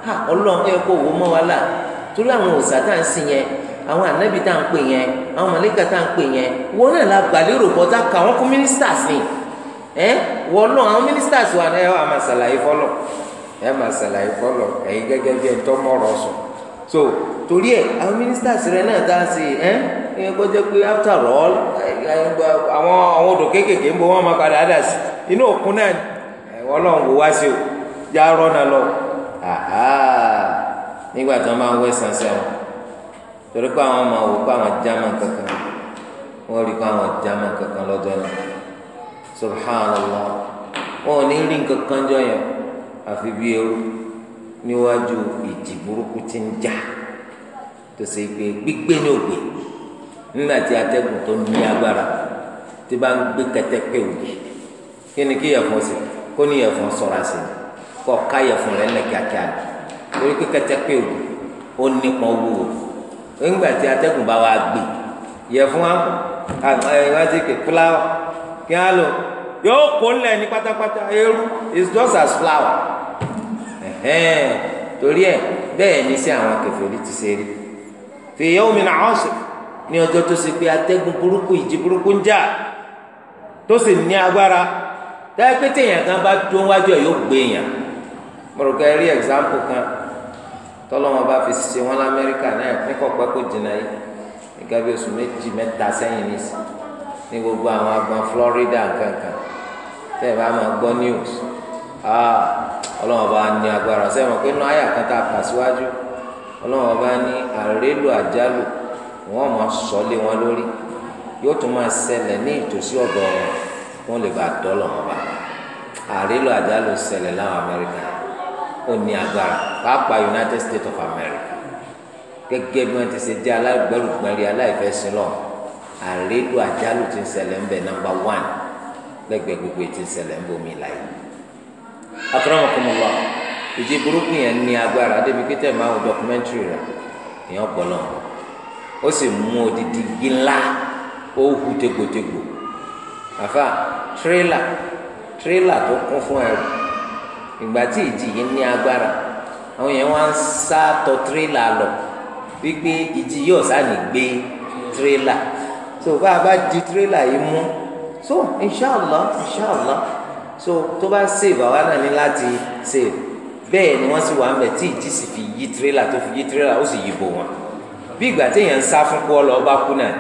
ha ọlọ́run ẹ kó mọ́ wa là torí àwọn òòsà tá à ń sìn yẹn àwọn ànábì tá à ń pè yẹn àwọn tá wọn náà la gbàlérò bọ́tà kà wọ́n kó ministers ni ẹ wọ́n náà àwọn ministers wà ẹ máa ṣàlàyé ẹ máa ṣàlàyé gẹ́gẹ́ bí so torí ẹ àwọn rẹ náà tá ẹ ẹ pé after all àwọn àwọn odò kéékèèké Aha, nígbà tí wọ́n máa ń wé sànsẹ́ wọn torí pé àwọn máa wò pé àwọn jámà kankan wọ́n rí pé àwọn jámà kankan lọ́jọ́ náà subhanallah wọn ò ní rí nǹkan kan jọ yẹn àfi bí ewu níwájú ìjì burúkú ti ń jà tó ṣe pé gbígbé ní ògbè nígbà tí atẹ́gùn tó ní agbára tí bá ń gbé kẹtẹ́pẹ́ òye kí ni kí yẹ̀fọ́ sí kó ní yẹ̀fọ́ sọ̀rọ̀ àṣẹ ni kọ́ káyọ̀ fún rẹ̀ lẹ̀ kíákíá lórí pé kẹ́tẹ́pẹ́ òwò ó nípa owó o nígbà tí atẹ́gùn bá wa gbé yẹ fún wa wọ́n ti pè flower kí á lò yóò kó lẹ̀ ní pátápátá eérú it's just as flower torí ẹ bẹ́ẹ̀ ní sí àwọn kẹfẹ́rí ti ṣe rí fi yawmin 'asif ní ọjọ́ tó ṣe pé atẹ́gùn burúkú ìjì burúkú ń jà tó sì ní agbára tẹ́lẹ̀ pé kan bá tó wájú ẹ̀ yóò gbé èèyàn mọ̀rọ̀kọ ẹ̀rí ẹ̀xámpù kan tọ́lọ́wọ́n bá fi ṣe wọn lamẹ́ríkà náà níkọ̀pẹ́ kò jìnnà yìí nígbà bí oṣù méjì mẹ́ta sẹ́yìn nísì ní gbogbo àwọn agbọn Florida kankan tẹ́ ẹ bá máa gbọ́ news ah, ọlọ́wọ́n bá ní agbára ṣe mọ̀ pé náà àyà kan tá a kà síwájú ọlọ́wọ́n bá ní àrélò àjálù wọ́n máa sọ lé wọn lórí yóò tún máa ṣẹlẹ̀ ní ìtòsí ọ̀dọ̀ wọn wọn lè bá dọ́lọ̀ bá àrélò àjálù ṣẹlẹ̀ láwọn Amẹ́ríkà ó ní agbára pàápàá United States of America gẹ́gẹ́ bí wọ́n ti ṣe jẹ́ alágbẹ̀rùgbẹ̀rì aláìfẹsìn lọ àrédò àjálù ti ń ṣẹlẹ̀ ń bẹ̀ nọ́mbà one lẹ́gbẹ̀ẹ́ gbogbo ti ń ṣẹlẹ̀ ń bomi láyé. akọ́nàmọ́kọ́mọ́lá ìdí burúkú yẹn ní agbára débi pété máa wọ dọkumẹ́ntìrì rẹ̀ èèyàn gbọ́lọ̀ ó sì mú odidi gíńlá ó hu tegbòtegbò àfa tírélà tírélà tó kún fún ẹrù ìgbà tí ìjì yìí ní agbára àwọn yẹn wọ́n ń sá tọ tírélà lọ wípé ìjì yóò sáni gbé tírélà so bá a bá di tírélà yìí mú so inshàlá inshàlá so tó bá save àwa náà ní láti save bẹ́ẹ̀ ni wọ́n sì wà ń bẹ̀ tí ìjì sì fi yí tírélà tó fi yí tírélà ó sì yí bò wọ́n bí ìgbà téèyàn ń sá fún kó lọ bá kú náà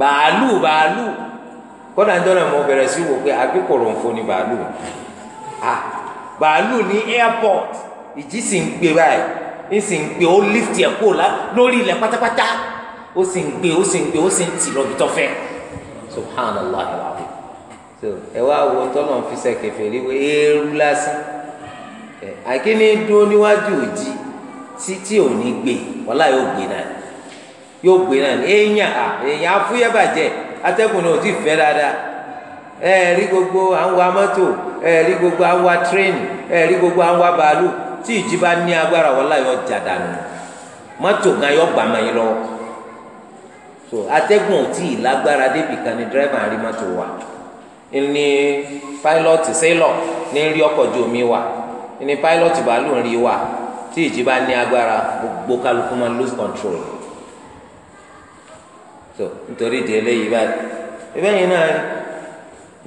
bàálù bàálù kọ́dà ń jọ́ bẹ̀rẹ̀ sí wò pé àbí kòròǹfò ni bàálù ah bàálù ní airport ìjì sì ń gbé báyìí ń sì ń gbé ó lift ẹ̀ kó la lórí ilẹ̀ pátápátá ó sì ń gbé ó sì ń gbé ó sì ń tì lọ́bi tó fẹ́ subhanallah alazim so ẹ wá wo tọ́lọ̀ ń fi sẹ́kẹ̀ fèrè wé eérú lásán ẹ àkíní dúró níwájú òjì títí ò ní gbé wàhálà yóò gbé náà yóò gbé náà ní èèyàn atẹ́kùn náà ò tí fẹ́ dáadáa. ẹ gbogbo àwọn wa mọ́tò ẹ gbogbo àwọn wa tírẹ́nì gbogbo àwọn wa bàálù tí ìjì ní agbára wọlá yọ jà dànù mọ́tò gan yọ gbà mọ́ yín lọ so atẹ́gùn ò tí ì lágbára débì kan ní dírẹ́fà rí mọ́tò wa ní pilot sailor ní rí ọkọ̀ ju omi wa ní pilot bàálù ń rí wa tí ìjì ní agbára gbogbo kálukú máa lose control so nítorí ìdí eléyìí báyìí ìbẹ́yìn náà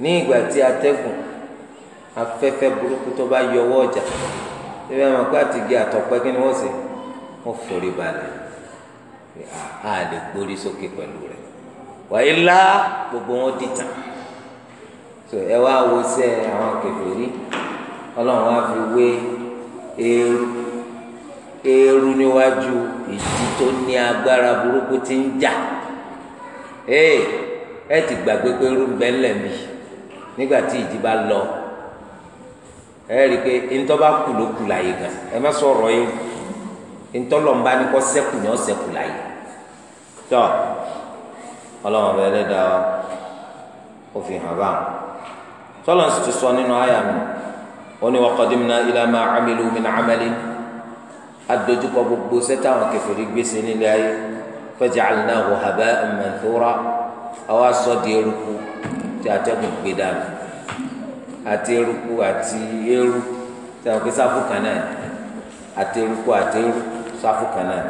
ní ìgbà tí atẹ́gùn afẹ́fẹ́ burúkú tó bá yọ ọwọ́ ọjà ebi àwọn akpé àtìgé àtọ̀pẹ́ kí ni wọ́n sè wọ́n forí balẹ̀ a lè gbórí sókè pẹ̀lú rẹ̀ wàyí lá gbogbo wọn dìtàn so ẹ wá wo sẹ àwọn kèfèrí ọlọ́run wá fi wé eérú eérú níwájú ìjì tó ní agbára burúkú ti ń jà ẹ ẹ ti gbàgbé pé eérú ń bẹ́ẹ̀ lẹ̀ mí nígbà tí ìjì bá lọ ẹ rí i pé ntọ́ bá kù ló kù láyé gan ẹ má sọ̀rọ̀ yín ntọ́ lọ́n bá ní kọ́ sẹ́kù ní ọ̀sẹ̀ kù láyé tọ́ ọlọ́run ọ̀bẹ ẹlẹ́dàá wa ó fi hàn báwọn tọ́lọ̀ ń ti sọ nínú àyà mi ó ní wa qadimna ila ma amilu min amalin adójúkọ gbogbo sẹ́tà àwọn kẹfìrí gbèsè nílé ayé faja'alnahu haba'an manthura àwa sọ di eruku tí atẹ́gùn gbé dànù àti eruku àti eru tí wọn fi sáfù kan náà àti eruku àti eru sáfù kan náà.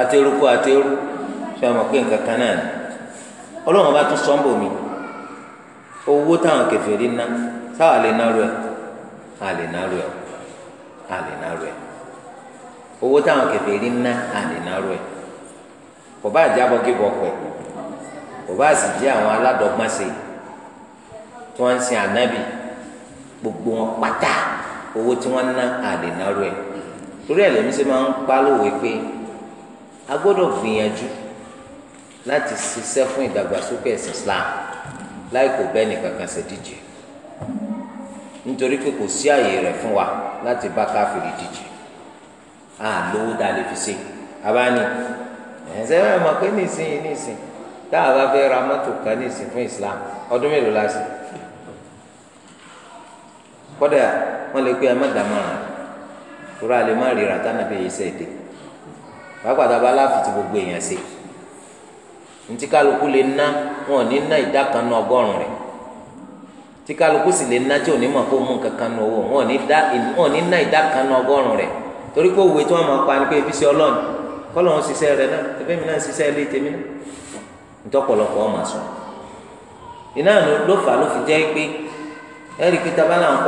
àti eruku àti eru tí wọn mọ̀ pé nǹkan kan náà ọlọ́run bá tún sọ́ńbò mi owó táwọn kẹfẹ́ rí ná sáà lè ná rẹ̀. a lè owó táwọn kẹfẹ́ rí ná a lè náró kò bá àjábọ̀ kí bọ̀ pẹ̀ bá sì jẹ́ àwọn sí tí gbogbo wọn pátá owó tí wọ́n ná a lè náró torí ẹ̀ lèmi máa ń láti ṣiṣẹ́ fún ìdàgbàsókè ẹ̀sìn Islam láì kò bẹ́ẹ̀ nítorí pé kò sí àyè wa láti bá káfíìrì jìjì a lówó dá lè fi se abáni ẹ̀sẹ̀ bẹ́ẹ̀ mọ̀ pé nísìnyí nísìnyí tá a bá ra kan nísìnyí Islam ọdún mélòó la sí kọ́dà wọ́n lè pe ẹ má tura lè má ríra tá nàbẹ́ yìí gbogbo èèyàn ṣe ntí kálukú lè ná wọn ní ná tí kálukú sì lè ná tí ò ní mọ̀ kó mú nǹkan kan nu owó wọn ò ní ná ìdá kan nu ọgọ́rùn rẹ̀ torí pé òwe tí wọ́n máa pa ni pé fífi ọlọ́ọ̀ni wọn ṣiṣẹ́ rẹ̀ náà tẹ́fẹ́ mi náà ṣiṣẹ́ ilé tèmi náà ntọ́pọ̀lọpọ̀ ló fà ló fi jẹ́ pé ẹ̀rí pé tabalà ń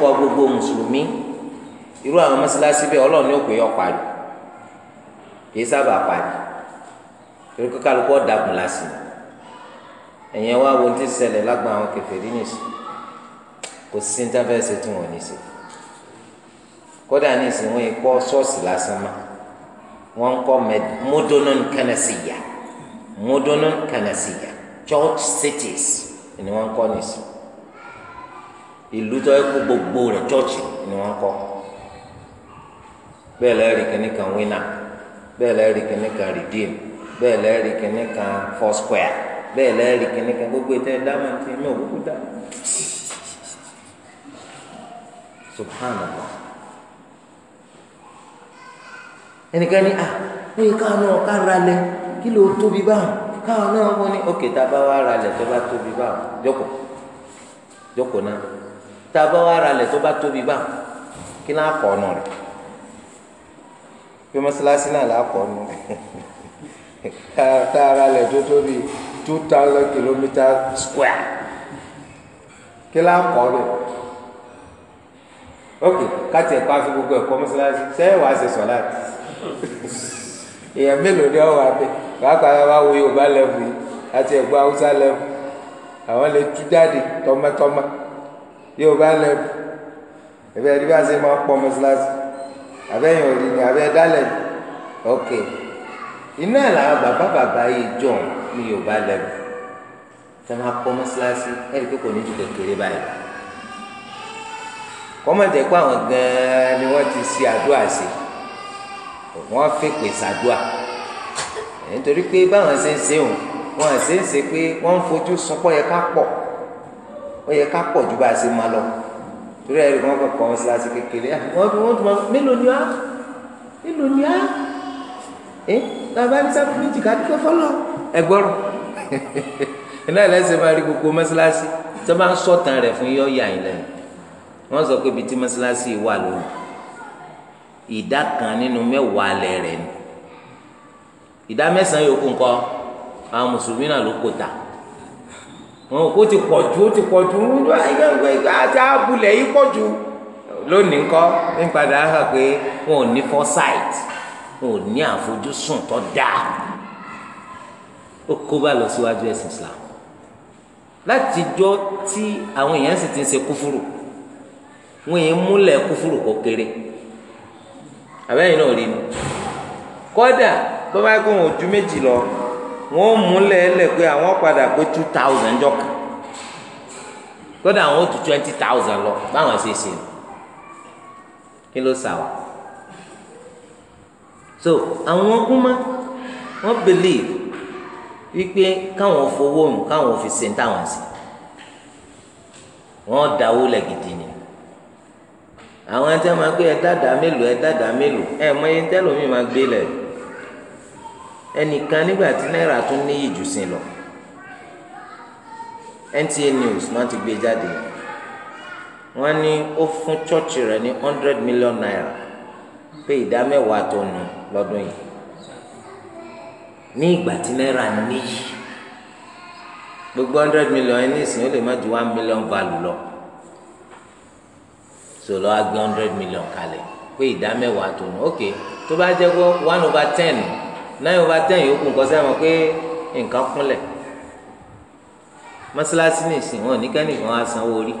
kọ́ gbogbo mùsùlùmí irú àwọn mọ́ṣáláṣí bẹ́ẹ̀ ọlọ́ọ̀ni ò pé ọ kì ẹ̀yẹn wá wo ti ṣẹlẹ̀ lágbà àwọn kèfèrí nìṣó kò sí ní tábẹ́ ẹsẹ̀ tí wọ́n ní sí kódà ní ìsìn wọn kọ́ ṣọ́ọ̀ṣì lásán má wọ́n kọ́ mọ́dónán kánásìyà mọ́dónán kánásìyà church cities ni wọ́n kọ́ ní sí ìlú tó yẹ kó gbogbo rẹ̀ church ni wọ́n kọ́ bẹ́ẹ̀ lẹ́rìí kìíní kan winner bẹ́ẹ̀ lẹ́rìí kìíní kan redeem bẹ́ẹ̀ lẹ́rìí kìíní kan foursquare. bẹ́ẹ̀ lẹ́ẹ̀rì kìnnì kan gbogbo ètò ẹ̀dá máa ti inú òkúkú dá. subhanallah ẹnìkan ní ah ó káwọn náà ká ra lẹ kí ló tóbi báwọn káwọn náà wọn ní òkè tá a bá wá ra lẹ tó bá tóbi báwọn náà tá a bá wá ra lẹ tó bá tóbi báwọn kí náà kọ ọ̀nà rẹ bí mọ́sálásí náà là á two thousand kilometer square kí la kọ́ lẹ̀ ok káti ẹ̀kọ́ afi gbogbo ẹ̀kọ́ mọ́sálásí sẹ́yìn wàá ṣe sọ̀lá èèyàn mélòó ni ọ wà bẹ́ẹ̀ pàápàá wá wo Yorùbá lẹ́wù yìí àti ẹ̀gbọ́n Haúsá lẹ́wù àwọn lè tú jáde tọmọtọmọ Yorùbá lẹ́wù ẹ̀bẹ̀ ẹ̀rí bá ṣe máa pọ̀ mọ́sálásí abẹ́yìn òrì ni abẹ́ dálẹ̀ ok Ina la bàbá bàbá yìí jọ̀ọ́ ní yorùbá lẹ́bù tẹ́ máa kọ́ mọ́ṣáláṣí ẹ̀rí pé kò ní ju kékeré báyìí kọ́mọ̀jẹ̀ pé àwọn gan-an ni wọ́n ti ṣe àdúrà sí wọ́n fèpè sàdúà nítorí pé báwọn ṣe ń ṣe òun wọn àṣẹ ń ṣe pé wọ́n ń fojú sunkọ́ yẹ ká pọ̀ ó yẹ ká pọ̀ ju bá a ṣe máa lọ torí ẹ̀rí wọn kọ̀ kọ́ mọ́ṣáláṣí kékeré ah, wọ́n fi wọ́n tún máa mélòó ni wá mélòó ni wá ẹ bàbá mi sábà méjì ká dúpẹ́ fọlọ́ ẹgbọ́rọ̀ iná ẹlẹ́sẹ̀ máa rí gbogbo mọ́sálásí tó máa ń sọ̀tàn rẹ̀ fún yọ́ yà yín lẹ́yìn wọ́n sọ pé ibi tí mọ́sálásí wà lónìí ìdá kan nínú mẹ́wàá alẹ́ rẹ̀ ni ìdá mẹ́sàn-án yòókù ńkọ́ àwọn mùsùlùmí náà ló kó ta wọn kò ti pọ̀ ju ó ti pọ̀ ju àti abúlé yìí pọ̀ ju lónìí ńkọ́ nípadà hàn pé wọn ò ní foresight wọn ò ní àfojúsùn tó dáa ó kó bá lọ síwájú ẹ̀sìn islam látijọ́ tí àwọn èèyàn sì ti ń ṣe kúfúrú wọn èèyàn múlẹ̀ kúfúrú kò kéré àbẹ́yìn náà rí nu kọ́dà bó bá kó wọn ojú méjì lọ wọn ó múlẹ̀ lẹ̀ pé àwọn padà pé two thousand jọ kan kọ́dà àwọn ó tu twenty thousand lọ báwọn ṣe ṣe kí ló sà wá so àwọn ọkùnrin wọn believe wípé káwọn fowó nù káwọn fi ṣe táwọn sí wọn dáwó lẹ gidi ni àwọn ẹni tẹ máa gbé ẹdáàdá mélòó ẹdáàdá mélòó ẹ mọ ẹni tẹ lómi máa gbé lẹ ẹnìkan nígbà tí náírà tún ní ìjù sí lọ NTA News náà ti gbé jáde wọn ní ó fún chọọchì rẹ ní hundred million naira pé ìdá mẹ́wàá tó nù lọ́dún yìí ní ìgbà tí náírà níyì gbogbo hundred million ẹni ìsìn ó lè má ju one million value lọ sọlọ á gbé hundred million kalẹ̀ pé ìdá mẹ́wàá tó nù ok tó bá jẹ́ pé one over ten nine over ten yòókù nǹkan sẹ́wọ̀n pé nǹkan kúnlẹ̀ mọ́sálásí nìsín wọn ní kẹ́nìkan á sanwó orí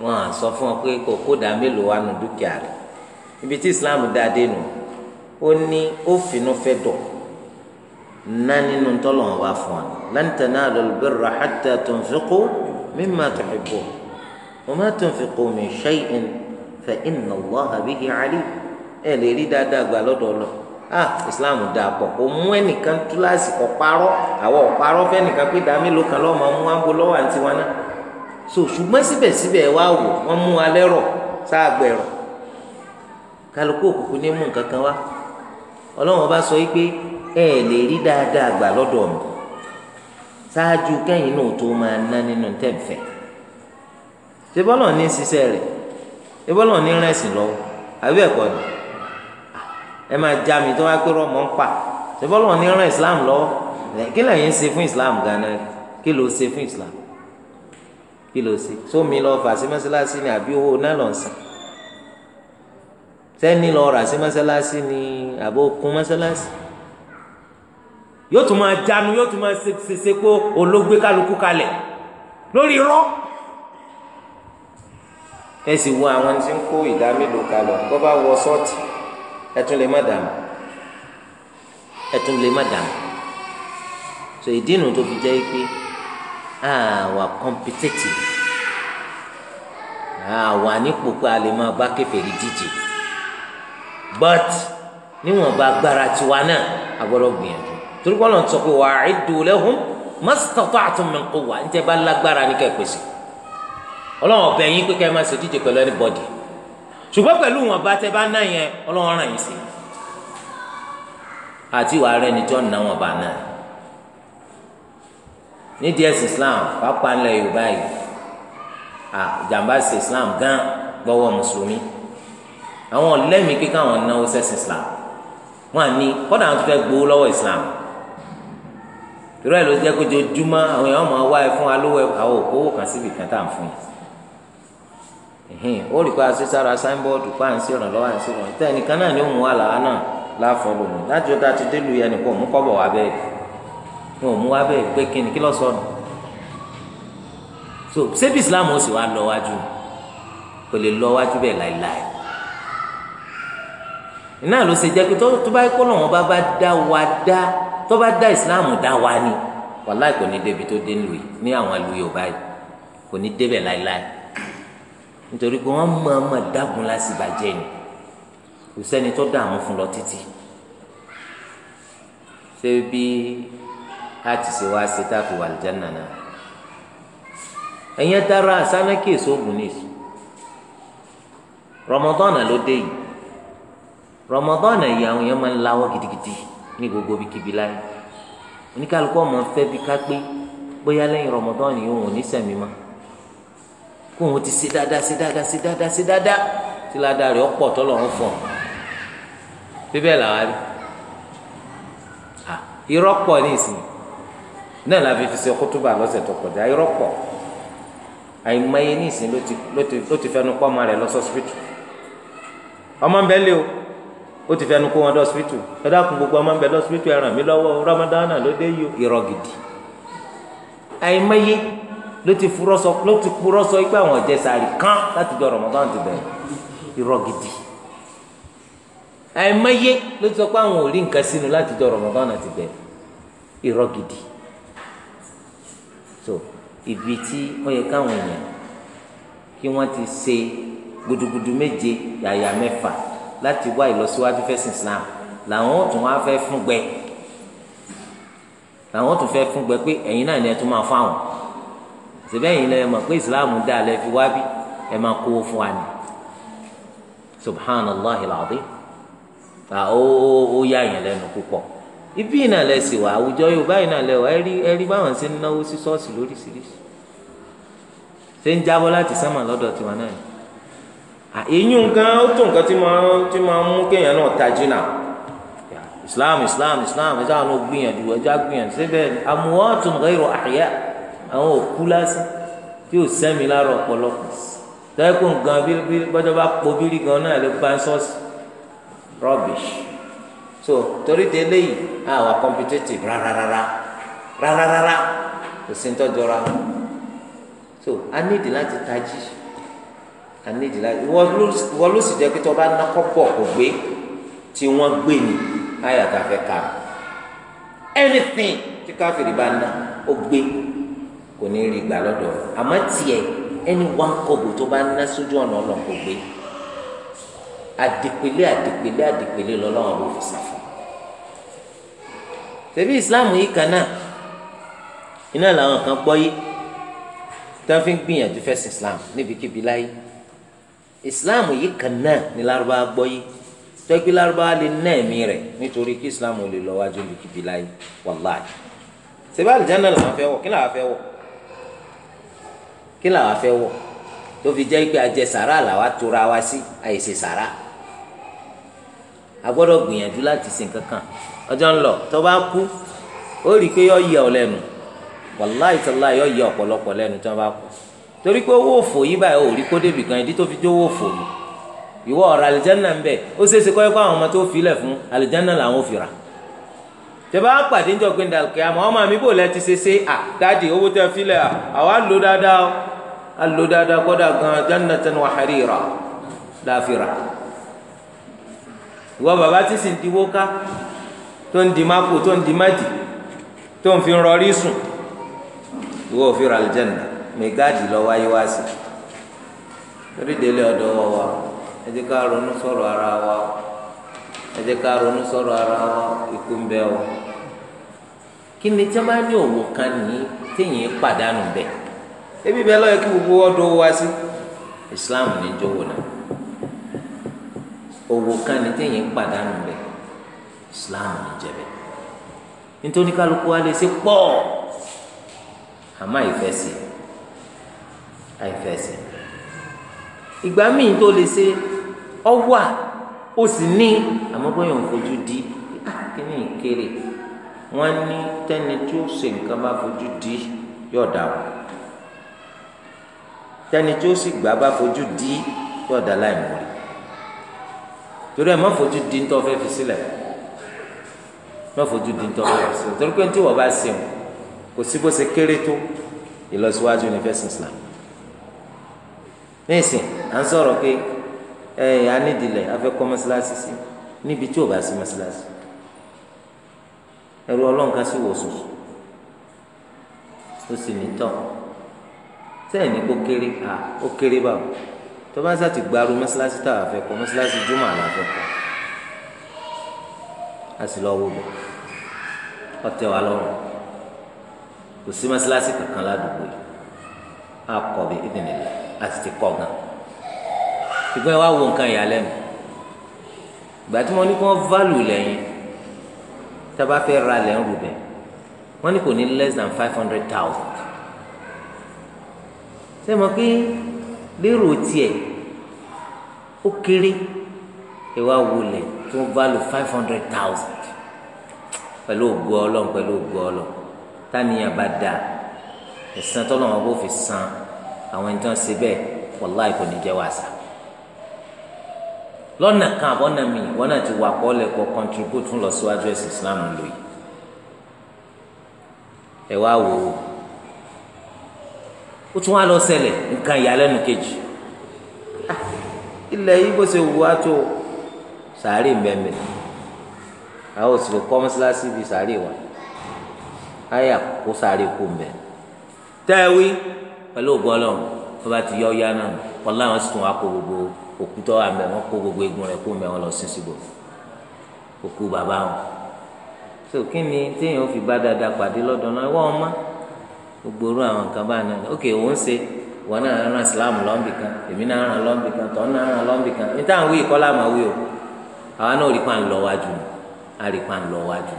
wọn à sọ fún ọ pé kò kódà mélòó wà nù dúkìá rẹ ibi tí Islam dáadé nù ó ní ó finú fẹ́ dọ̀ ná nínú tọ́lọ̀ wọn bá fún wa lan tanalul birra hatta tunfiqu mimma tuhibbun wa ma tunfiqu min shay'in fa inna Allaha bihi alim ẹ lè rí dáadáa gbà lọ́dọ̀ ọlọ́ ah Islam dáa pọ̀ kò mú ẹnìkan túláàsì kò parọ́ àwọn ò parọ́ fẹ́nìkan pé dàmí ló kan lọ́ọ́ máa mú wá ń bo lọ́wọ́ àǹtí wa so ṣùgbọ́n síbẹ̀síbẹ̀ wá wò wọ́n mú alẹ́ rọ̀ sáàgbẹ̀rọ̀ kálukú òkùnkùn ní mú nǹkan kan wá ọlọ́run ọba sọ yìí pé ẹ lè rí dáadáa gbà lọ́dọ̀ mi ṣáájú kẹ́yìn náà tó máa ná nínú tẹ̀fẹ̀ ṣé bọ́lọ̀ ní ṣiṣẹ́ rẹ̀ ṣé bọ́lọ̀ ní rẹ̀sìn lọ́wọ́ àbí ẹ̀kọ́ ni ẹ máa já mi tó wá pé rọ́ọ̀mù ń pa ṣé bọ́lọ̀ ní rẹ̀ Islam lọ́wọ́ kí lẹ́yìn ń ṣe fún Islam gan-an kí ló ṣe fún Islam kí ló ṣe sómi lọ fà sí mọ́ṣáláṣí ni àbí owó náà lọ sí sẹ́ni lọ rà sí mọ́ṣáláṣí ni àbó kún mọ́ṣáláṣí yóò tún máa jánu yóò tún máa ṣeṣe pé olóògbé kálukú kalẹ̀ lórí irọ́ ẹ sì wo àwọn tí ń kó ìdá mélòó kalọ̀ bó bá wọ sọ́ọ̀tì ẹ tún lè má dàmú ẹ tún lè má dàmú so ìdínú tó fi jẹ́ pé àwa competitive àwa nípò pé a lè máa bá kèfèrí díje but níwọ̀nba agbára tiwa náà a gbọ́dọ̀ gbìyànjú torí kọ́ lọ́n sọ pé wa'iddu lahum mastata'tum min quwwa ní tẹ́ bá lágbára ní kẹ́pẹ́sì ọlọ́run ọ̀bẹ yín pé kẹ́ ẹ máa ṣe díje pẹ̀lú anybody ṣùgbọ́n pẹ̀lú wọn bá tẹ́ bá náà yẹn ọlọ́run ràn yín sí àti wàá rẹ ni tí wọ́n ná wọn bá náà nídìí ẹ̀sìn Islam pàápàá ńlẹ̀ Yorùbá yìí ìjàmbá ṣe Islam gan gbọ́wọ́ mùsùlùmí àwọn ọ̀lẹ́mìí kíkà wọn náwó sẹ́sìn Islam wọn à kọ́dà wọn ti fẹ́ gbowó lọ́wọ́ Islam. irú ẹ̀ ló jẹ́ kó jojúmọ́ àwọn èèyàn máa wá ẹ fún wa lówó àwọn òkòwò kan síbi kan tá à ń fún yìí ó rí pa à ń à ń ni ó mú wa náà láfọlù mi láti àti délùú yẹn nìkan òmú ni òmú pé kí ni kí lọ so ṣébi Islam ó sì wá lọ wájú kò lè lọ wájú iná ló ṣe pé tó bá tó bá dá islam dá wa ni wàláì kò ní débi tó dé nílùú ní àwọn ìlú yorùbá yìí kò ní débẹ̀ láéláé nítorí pé wọ́n mọ̀ ọmọ dágun láti bàjẹ́ ni kò sẹ́ni tó dààmú fún lọ títí ṣé bí a ti ṣe wá ṣe tá a fi wà lìjẹ́ nàná ẹ̀yẹn dára sánákì èso ní ìsú rọmọdọ́nà ló dé yìí rọmọdọ́nà yìí àwọn yẹn máa ń láwọ́ gidigidi ní gbogbo bíkíbi láyé oníkálukú ọmọ fẹ́ bí ká gbé bóyá lẹ́yìn rọmọdán ni òun ò ní sẹ̀mí ma kó òun ti ṣe dáadáa ṣe dáadáa ṣe dáadáa ṣe dáadáa tí ládàá rẹ̀ ọ̀pọ̀ tọ́lọ́run fọ̀ bíbẹ̀ làwa rí irọ́ pọ̀ ní ìsìn náà la fi fi ṣe kútúbà lọ́sẹ̀ tó kọjá irọ́ pọ̀ àìmọye ní ìsìn ló ti fẹnu pọ́ ọmọ rẹ̀ lọ sọ́sibítù ọmọ bẹ́ẹ̀ lé o ó ti fẹnu kó wọn dọ́sítù ẹ dákun gbogbo ọmọ nbẹ dọ́sítù ẹ ràn mí lọ́wọ́ ramadana ló dé yìí irọ́ gidi àìmọye ló ti purọ́ sọ ló ti purọ́ sọ pé àwọn ọ̀jẹ̀ sàárì láti jọ ramadan ti bẹ̀rẹ̀ irọ́ gidi àìmọye ló ti sọ pé àwọn ò rí nǹkan sínú láti jọ ramadan ti bẹ̀rẹ̀ irọ́ so ibi tí ó yẹ káwọn èèyàn kí wọ́n ti ṣe gudugudu méje yàyà mẹ́fà láti wá ìlọsíwájú fẹ́sìn islam làwọn ò tún wá fẹ́ fún gbẹ làwọn ò tún fẹ́ fún gbẹ pé ẹ̀yin náà ni ẹ tún máa fún àwọn síbẹ̀ ẹ̀yin lẹ mọ̀ pé islam dá lẹ fi wá bí ẹ máa kówó fún wa ni subhanallah alazim ta ó ó yá yẹn lẹ́nu púpọ̀ ibi náà lẹ sì wá àwùjọ yorùbá yìí náà lẹ wá ẹrí ẹrí báwọn ṣe ń náwó sí ṣọ́ọ̀ṣì lóríṣiríṣi ṣe ń jábọ́ láti sánmà lọ́dọ̀ tiwọn náà yìí èyí nǹkan ó tó nǹkan tí máa tí máa mú kéèyàn náà tají náà islam islam islam ẹja àwọn gbìyànjú ẹja gbìyànjú síbẹ̀ amwatun ghayru ahya àwọn òkú lásán tí ò sẹ́mi lára ọ̀pọ̀lọpọ̀ tẹ́kù nǹkan bí bọ́jọ́ bá po bírí gan náà lè gba sọ́ọ̀sì rubbish so torí de eléyìí àwa competitive rárára rárára kò sí ń tọ́jọ́ra so a need láti tají anídìí láti wọ́n ló sì jẹ́ pé tó bá ná kọ́pọ̀ kò gbé tí wọ́n gbé ni àyà a fẹ́ ka anything tí káfíìrì bá ná ó gbé kò ní rí gbà lọ́dọ̀ àmọ́ tiẹ̀ ẹni wá kọ̀bù tó bá ná sójú ọ̀nà ọ̀nà kò gbé àdìpẹ̀lẹ̀ àdìpẹ̀lẹ̀ àdìpẹ̀lẹ̀ lọ́lọ́run ló fi sàfọ̀ tẹ̀bí ìsìláàmù yìí kan náà iná làwọn kan gbọ́ yìí tí wọ́n fi ń gbìyànjú fẹ́sìn ìsìláàmù níbikíbi láyé islam yìí kan náà ni lárúbáwá gbọ́ yìí tọ́gbí lárúbáwá lè ná ẹ̀mí rẹ̀ nítorí kí islam ò lè lọ wájú olùkìbí láyé wàláì ṣebí àlùjáná làwọn fẹ́ wọ̀ kí làwọn fẹ́ wọ̀ kí làwọn fẹ́ wọ̀ tó fi jẹ́ pé ajẹ sàrà làwa tora wa sí àìsè sàrà a gbìyànjú láti sìn kankan ọjọ́ ń lọ tó bá kú ó rí i pé yọ yẹ ọ lẹ́nu wàláì tó láì yọ ọ̀pọ̀lọpọ̀ lẹ́nu tó bá kú torí pé owó òfò yìí báyìí ò rí kó débì kan ìdí tó fi jó owó òfò mi ìwọ ọ̀rọ̀ àlìjáná ń bẹ̀ ó ṣeé ṣe kọ́ ẹ̀kọ́ àwọn ọmọ tó filẹ̀ fún àlìjáná làwọn ò fi rà tẹ́bá pàdé ńjọ pé ndàlùkẹ́ àmọ́ ọmọ mi bò lẹ́ ti ṣe ṣe à dáàdì owó tẹ́ filẹ̀ à àwa lò dáadáa á lò dáadáa kọ́dà gan jannatan wa harira láàfin rà ìwọ bàbá tí sì ń di wó ká tó ń di máko tó ń di májì tó ń fi rọrí sùn ìwọ ò rà àlìjáná mẹgáàdì lọ wáyé wá sí torí délé wa ẹ ká ronú ara wa ẹ jẹ́ ká ronú ara wa ikú ń bẹ kí ni tí wọn ní òwò kan téèyàn pàdánù bẹ ebi bẹ lọ́yọ̀ kí gbogbo ọdún wá sí Islam ní jọ̀wọ́ náà òwò kan ní téèyàn bẹ Islam ní jẹbẹ nítorí kálukú wa lè ṣe sí i. àìfẹsẹ̀ ìgbà míì tó lè ṣe ọwà ó sì ní àmọ́ bóyá òun fojú di ah, kíní ìkéré wọ́n ní tẹ́ni tí ó ṣe nǹkan bá fojú di yóò dà o tẹ́ni tí ó sì gbà bá fojú di yóò dà láì mọ̀ rí torí ẹ̀ má fojú di ń tọ́ fẹ́ fi sílẹ̀ má fojú di ń tọ́ fẹ́ fi sílẹ̀ torí pé ní tí wọ́n bá ṣe o kò sí bó ṣe kéré tó ìlọsíwájú ní fẹ́sìn Islam. meesi à ń sọ̀rọ̀ pé ẹ ẹ anídìlẹ̀ afẹ́kọ́ mọ́sálásí sí níbi tí ò bá sí mọ́sálásí ẹrú ọlọ́run kan sì wò ó sì ní tán sẹ́yìn ní kó kéré à ó kéré báwò tó bá sá ti gbaru tá a fẹ́ kọ́ a sì ọtẹ wa kò sí kankan ládùúgbò yìí a a sì ti kọ́ gan ṣùgbọ́n ẹ wá wo nǹkan ìyàlẹ́nu ìgbà tí wọ́n ní kí wọ́n válù lẹ́yìn tá a bá fẹ́ ra lẹ́yìn rúbẹ̀ wọ́n ní kò ní less than five hundred thousand ṣé mo pé lérò tiẹ̀ ó kéré ẹ wá wulẹ̀ tí wọ́n válù five hundred thousand pẹ̀lú ògbó ọlọ́run pẹ̀lú ògbó ọlọ́run táníyàn bá dáa ẹ̀san tọ́lọ́run bó fi san àwọn ẹni tí wọ́n ṣe bẹ́ẹ̀ wàláì kò ní jẹ́ wàsà lọ́nà kan àbọ̀nà mi wọ́n náà ti wà kọ́lẹ̀ kọ́ contribute fún lọ síwájú ẹ̀sìn Islam lò yìí ẹ wá wò ó ó tún wá lọ ṣẹlẹ̀ nǹkan ìyàlẹ́nu kejì ah, ilẹ̀ yìí bó ṣe wù wá tó sàárè mbẹ́mbẹ́ àwọn òsì kọ́ mọ́ṣáláṣí bíi sàárè wa ayé àkókò sàárè kò mbẹ́ tẹ́wí. pẹ̀lú ògbọ́lọ̀ tó bá ti yọ ọ́ yá náà wàlá wọn sì tún wá gbogbo òkútọ́ wọn kó gbogbo egun rẹ̀ kó mẹ́ wọn lọ sí síbò òkú bàbá wọn. so kí ni téèyàn fi bá dada pàdé lọ́dọ̀ náà wọ́n ọmọ gbogbo àwọn nǹkan bá náà òun ṣe wọn náà Islam kan èmi náà kan tọ́ náà o àwa náà ń lọ a ń lọ wájú ń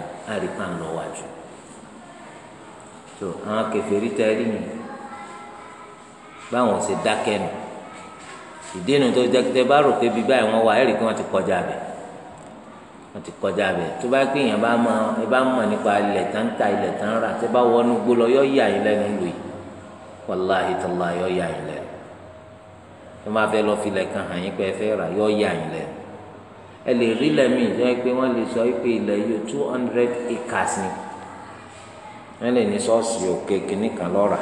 so àwọn báwọn ṣe dákẹ́ nù ìdí nu tó jẹ́kítẹ́ bá rò pé bíi báyìí wọ́n wà ẹ̀rí kí wọ́n ti kọjá bẹ̀ wọ́n ti kọjá bẹ̀ tó bá pé èèyàn bá mọ ẹ bá mọ̀ nípa ilẹ̀ tá ń ta ilẹ̀ tá ń rà tẹ́ bá wọnú gbó lọ yọ yà yín lẹ́nu lò yìí wàláhì tàlá yọ yà yín lẹ́nu tó máa fẹ́ lọ filẹ̀ kan hàn yín pé ẹ fẹ́ rà yọ yà yín lẹ́nu ẹ lè rí lẹ́mìí tó pé wọ́n lè sọ pé ilẹ̀ yóò two hundred acres ni wọ́n lè ní sọ́ọ̀sì òkè kìnnìkan lọ́ra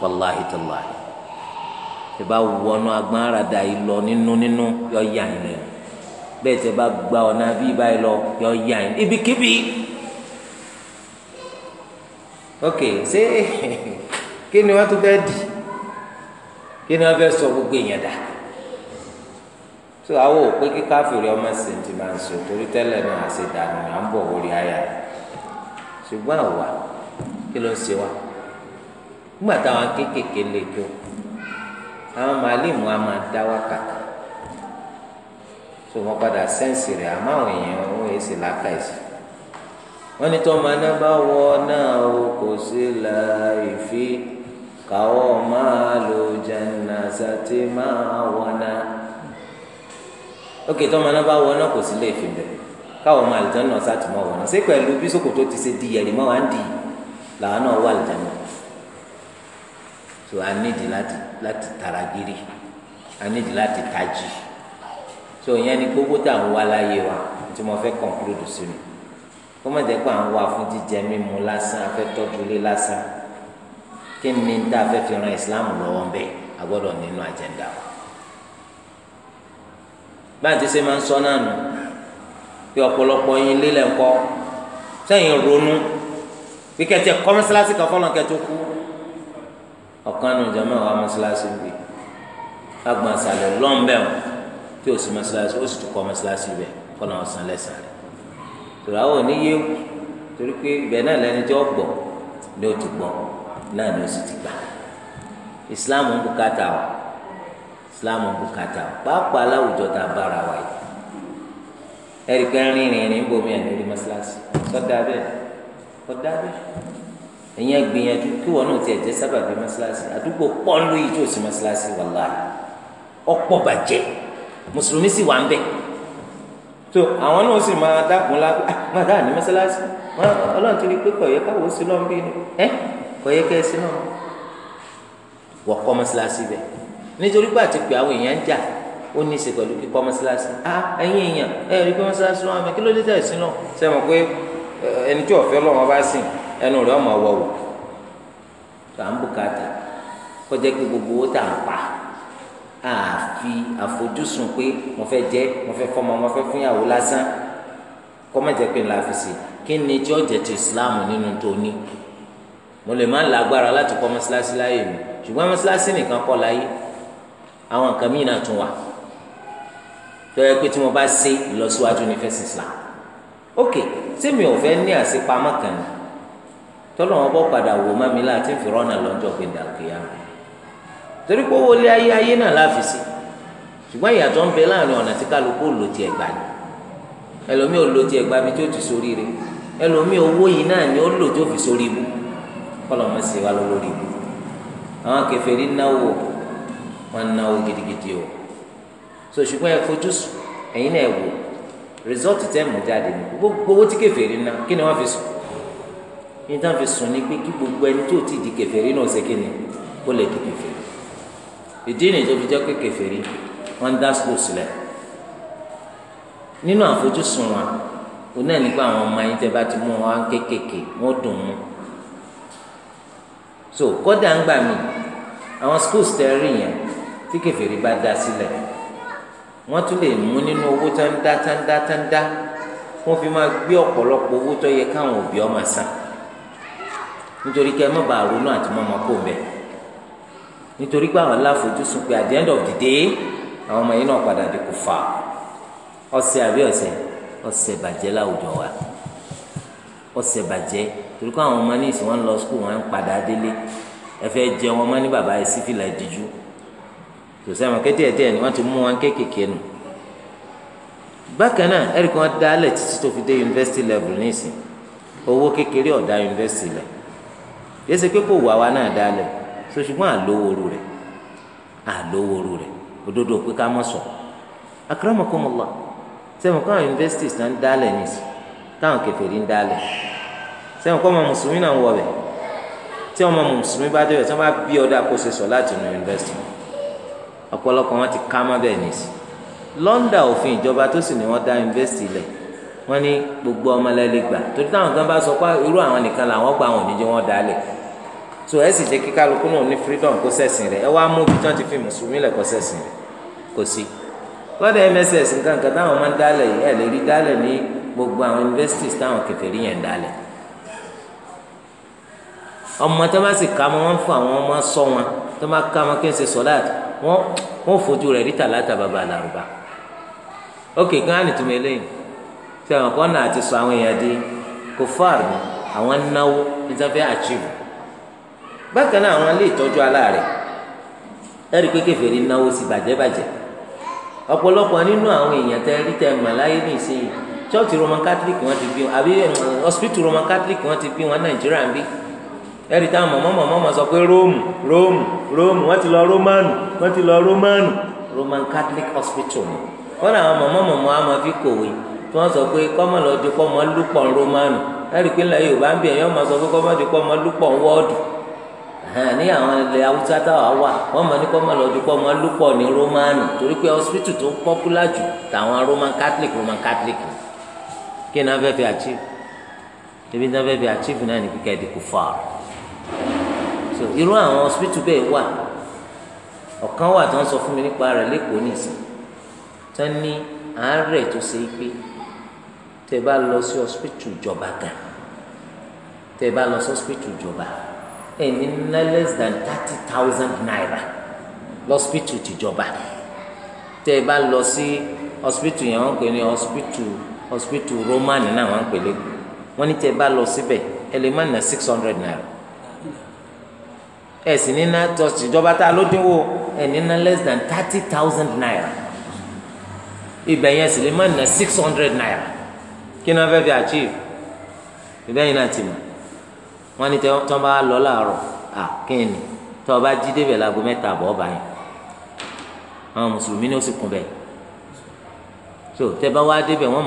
wàláhi tàláhi tẹ bá wọnú agbọn arada yìí lọ nínú nínú yọ ya yín lẹ́nu bẹ́ẹ̀ tẹ bá gba ọ̀nà bí báyìí lọ yọ ya yín ibikíbi ok ṣé kí ni wọ́n tún fẹ́ di kí ni sọ gbogbo èèyàn dà tó àwọn òpé kí káfíìrì ọmọ ṣèǹtì máa ń sọ torí tẹ́lẹ̀ náà àṣetà ni à ń bọ̀ wọlé àyà ṣùgbọ́n àwa kí ló ń ṣe wa. nígbà táwọn kéékèèké lè jó àwọn màálìmù a máa dá wákàtí tó wọn padà sẹ́ǹsì rẹ̀ àmọ́ àwọn èèyàn wọn èyí sì lákàìsì wọn ní tó máa ná bá wọ náà o kò sí la ìfi káwọ́ máa lo jẹnàṣà tí máa wọ̀ ókè tó máa ná bá wọ náà kò sí lè fi bẹ̀rẹ̀ káwọn ọmọ àlìjáná náà sátìmọ́ wọ̀ náà ṣé pẹ̀lú bí sòkòtò ti ṣe di yẹ̀rìmọ́ wa ń di làwọn náà wà àlìjáná so a nídìí láti láti tara gírí a nídìí láti tají so ìyẹn ni gbogbo tá à ń wá láyé wa tí mo fẹ́ conclude sínú kó má jẹ́ pé à ń wá fún jíjẹ mímu lásán afẹ́ tọ́jú ilé lásán kí ni tá a fẹ́ fi ran Islam lọ́wọ́ ń bẹ̀ a gbọ́dọ̀ nínú àjẹ́ndà wa bá a ti ṣe máa ń sọ náà nù pé ọ̀pọ̀lọpọ̀ yín lélẹ̀ ńkọ́ sẹ́yìn ronú bí kẹ́tẹ́ kọ́mẹ́sílásì kan fọ́nà kẹ́tó kú ọkanu jama wa mọ́sálásí bi agbọn asalẹ tí o si masalasi o si tún kọ́ mọ́sálásí bẹ́ẹ̀ kọ́nà ọ̀sán lẹ́sàrẹ́ tòlá wò iye yé torí pé ibẹ̀ náà lẹni tí ó gbọ́ ni ó ti gbọ́ náà ni ó ti gbà ń o ń o a ẹ̀yin agbìyànjú kí wọn náà tiẹ̀ jẹ́ sábàbí mọ́ṣáláṣí àdúgbò pọ́ńlú yìí tó sí mọ́ṣáláṣí wàláhì ọ̀pọ̀ bàjẹ́ mùsùlùmí sì wà ń bẹ̀ tó àwọn náà sì máa dákun lápẹ́ ah, máa dáhà ní mọ́ṣáláṣí ọlọ́run ti rí i pé kọ̀yẹ́ káwọ́ sí náà ń bí inú ẹ́ kọ̀yẹ́ kẹ́ ẹ sí náà wọ́n kọ́ mọ́ṣáláṣí bẹ̀ nítorí pé àti pé àwọn èèyàn ń jà ó ní í ṣe pẹ̀lú kíkọ́ mọ́ṣáláṣí á ẹ̀yin èèyàn ẹnu rẹ ọmọ wọwọ tó à ń bùkátà kọjá pé gbogbo owó tà ń pa àfi àfojúsùn pé mo fẹ́ jẹ mo fẹ́ fọmọ mo fẹ́ fún ìyàwó lásán kọmọjẹ pé la fi si kí ni tí ó jẹ ti islam nínú tó ní mo lè má lágbára láti kọ́ mọ́sálásí láyé mi ṣùgbọ́n mọ́sálásí nìkan kọ́ láyé àwọn nǹkan míì náà tún wà tó yẹ pé tí mo bá ṣe ìlọsíwájú ní fẹsẹ̀ islam ok sẹ́mi ò fẹ́ ní àṣepamọ́ kan ni tọ́lọ̀ wọn bọ́ padà wò má mi láti fi rọ́nà lọ́jọ́ pé dàkìyà torí pé owó lé ayé ayé náà láfi sí ṣùgbọ́n ìyàtọ̀ ń bẹ láàrin ọ̀nà tí kálukú ò lò ti ẹ̀gbá ni ò lò ti ẹ̀gbá mi tí ó ti sórí rẹ ẹlòmíì owó yìí náà ni ó lò fi sórí ibu kọ́lọ̀ lórí ibu àwọn gidigidi o so ṣùgbọ́n ẹ fojú sùn ẹ̀yin náà gbogbo owó tí ná kí níta fi sùn ní pé kí gbogbo ẹni tí ò ti di kèfèrí náà ṣe kíni ó lè di kèfèrí ìdí ni tó fi jẹ́ pé kèfèrí wọ́n ń dá skul sílẹ̀ nínú àfojúsùn wa òun náà nípa àwọn ọmọ yín tẹ́ bá ti mú wọn kéékèèké wọ́n dùn mú so kódà ń gbà mí àwọn skools tẹ́ rí yẹn tí kèfèrí bá dá sílẹ̀ wọ́n tún lè mú nínú owó tán dá tán dá tán dá wọ́n fi máa gbé ọ̀pọ̀lọpọ̀ owó tó yẹ káwọn òbí ọmọ san nítorí kẹ́ ẹ mọ̀ bá ronú àti mọ́ ọmọ kó bẹ̀ nítorí pé àwọn aláfojúsùn pé at the end of the day àwọn ọmọ yìí náà padà di kò fà ọ̀sẹ̀ àbí ọ̀sẹ̀ ọ̀sẹ̀ bàjẹ́ láwùjọ wa ọ̀sẹ̀ bàjẹ́ torí kọ́ àwọn ọmọ ní ìsìn wọn lọ skul wọn padà délé ẹ fẹ́ jẹ wọn mọ́ ní bàbá yìí sí ìdíjú kò sí àwọn kéde ẹ̀dẹ́ ni wọ́n ti mú wọn kéékèèké nù bákan náà ẹ̀rí kan dálẹ̀ títí tó fi dé yunifásitì level ní ìsìn owó kékeré ọ̀dà yunifásitì level yẹsẹ pé kò wà wá náà so ṣùgbọ́n àlówóoru rẹ àlówóoru rẹ òdodo pé ká mọ sọ akramakumullah sẹwọn káwọn universities náà ń dálẹ nìsí táwọn kèfèrí ń dálẹ sẹwọn kọ́ ọmọ mùsùlùmí náà ń wọ tí ọmọ mùsùlùmí bá tí bá bí àkóso sọ láti nu ọpọlọpọ wọn ti ká òfin ìjọba tó sì gbogbo ọmọlẹ́lẹ́gbà torí táwọn bá sọ so ẹ sì jẹ́ kí kálukú náà ní freedom kó sẹ̀sìn rẹ̀ ẹ wá mú bí tán ti fi mùsùlùmí lẹ̀ kó sẹ̀sìn rẹ̀ kò sí. lọ́dọ̀ mss nǹkan kan táwọn máa ń dálẹ̀ yìí ẹ̀ lè rí dálẹ̀ ní gbogbo àwọn universities táwọn kèfèrí yẹn dálẹ̀ ọmọ tó bá sì ká mọ wọn fún àwọn ọmọ sọ wọn tó bá ká mọ kí n ṣe sọláàtì wọn wọn fojú rẹ̀ rí tàlátà bàbá làrúbá ok kí wọn á bákan náà àwọn ilé ìtọ́jú aláàrẹ̀ ẹ̀rí pé kèfèrí náwó sí bàjẹ́bàjẹ́ ọ̀pọ̀lọpọ̀ nínú àwọn èèyàn tẹ́ rí tẹ́ mà láyé ní ìsìn chọ́ọ̀tì roman catholic wọ́n ti bí wọn àbí hospital roman catholic wọ́n ti bí wọn nàìjíríà ń bí ẹ̀rí táwọn mọ̀mọ́mọ́mọ́ sọ pé róòmù róòmù róòmù wọ́n ti lọ rómánù wọ́n ti lọ rómánù roman catholic hospital ni wọ́n làwọn mọ̀mọ́mọ́mọ́ àmọ́ fi kòwé tí wọ́n sọ pé kọ́mọ̀ lọ́ọ́ di pọ́ mọ́ lúpọ̀ rómánù ẹ̀rí pé ńlá yorùbá ń bì ẹ̀yọ́ mọ́ sọ pé kọ́mọ̀ lúpọ̀ wọ́ọ̀dù hàn ní àwọn ilẹ̀ haúsá táwa wà wọ́n mọ̀ ní kọ́ mọ̀ lọ́dún pọ̀ mọ́ lúpọ̀ ní rómánù torí pé hospital tó pọ́pùlà jù tàwọn roman catholic roman catholic kí ni wọ́n fẹ́ fi achieve ebi ní wọ́n fẹ́ fi achieve náà ní kíkẹ́ ìdìkú fà á so irú àwọn hospital bẹ́ẹ̀ wà ọ̀kan wà tó ń sọ fún mi nípa rẹ̀ lẹ́kọ̀ọ́ nìsín tó ń ní àárẹ̀ tó ṣe é pé tẹ bá lọ sí hospital ìjọba gan tẹ bá lọ sí hospital ìjọba ẹ̀ ní less than thirty thousand naira lọ́sibítù tìjọba tẹ́ ẹ bá lọ sí hospital yẹn wọ́n ń pè ní hospital hospital roman náà wọ́n ń pè lé wọ́n ní tẹ́ ẹ bá lọ síbẹ̀ ẹ lè má ná six hundred naira ẹ sì ní ná tìjọba tá a ló dínwó ẹ ní ná less than thirty thousand naira ibẹ̀ yẹn sì lè má ná six hundred naira kí ni wọ́n fẹ́ fi achieve ibẹ̀ yẹn náà ti mọ̀ wọ́n ní tí wọ́n bá lọ láàárọ̀ à kéènì tí wọ́n bá jí débẹ̀ láago mẹ́ta àbọ̀ ọba yẹn àwọn mùsùlùmí ni ó sì kún bẹ́ẹ̀ tó tẹ́ bá wá débẹ̀ wọ́n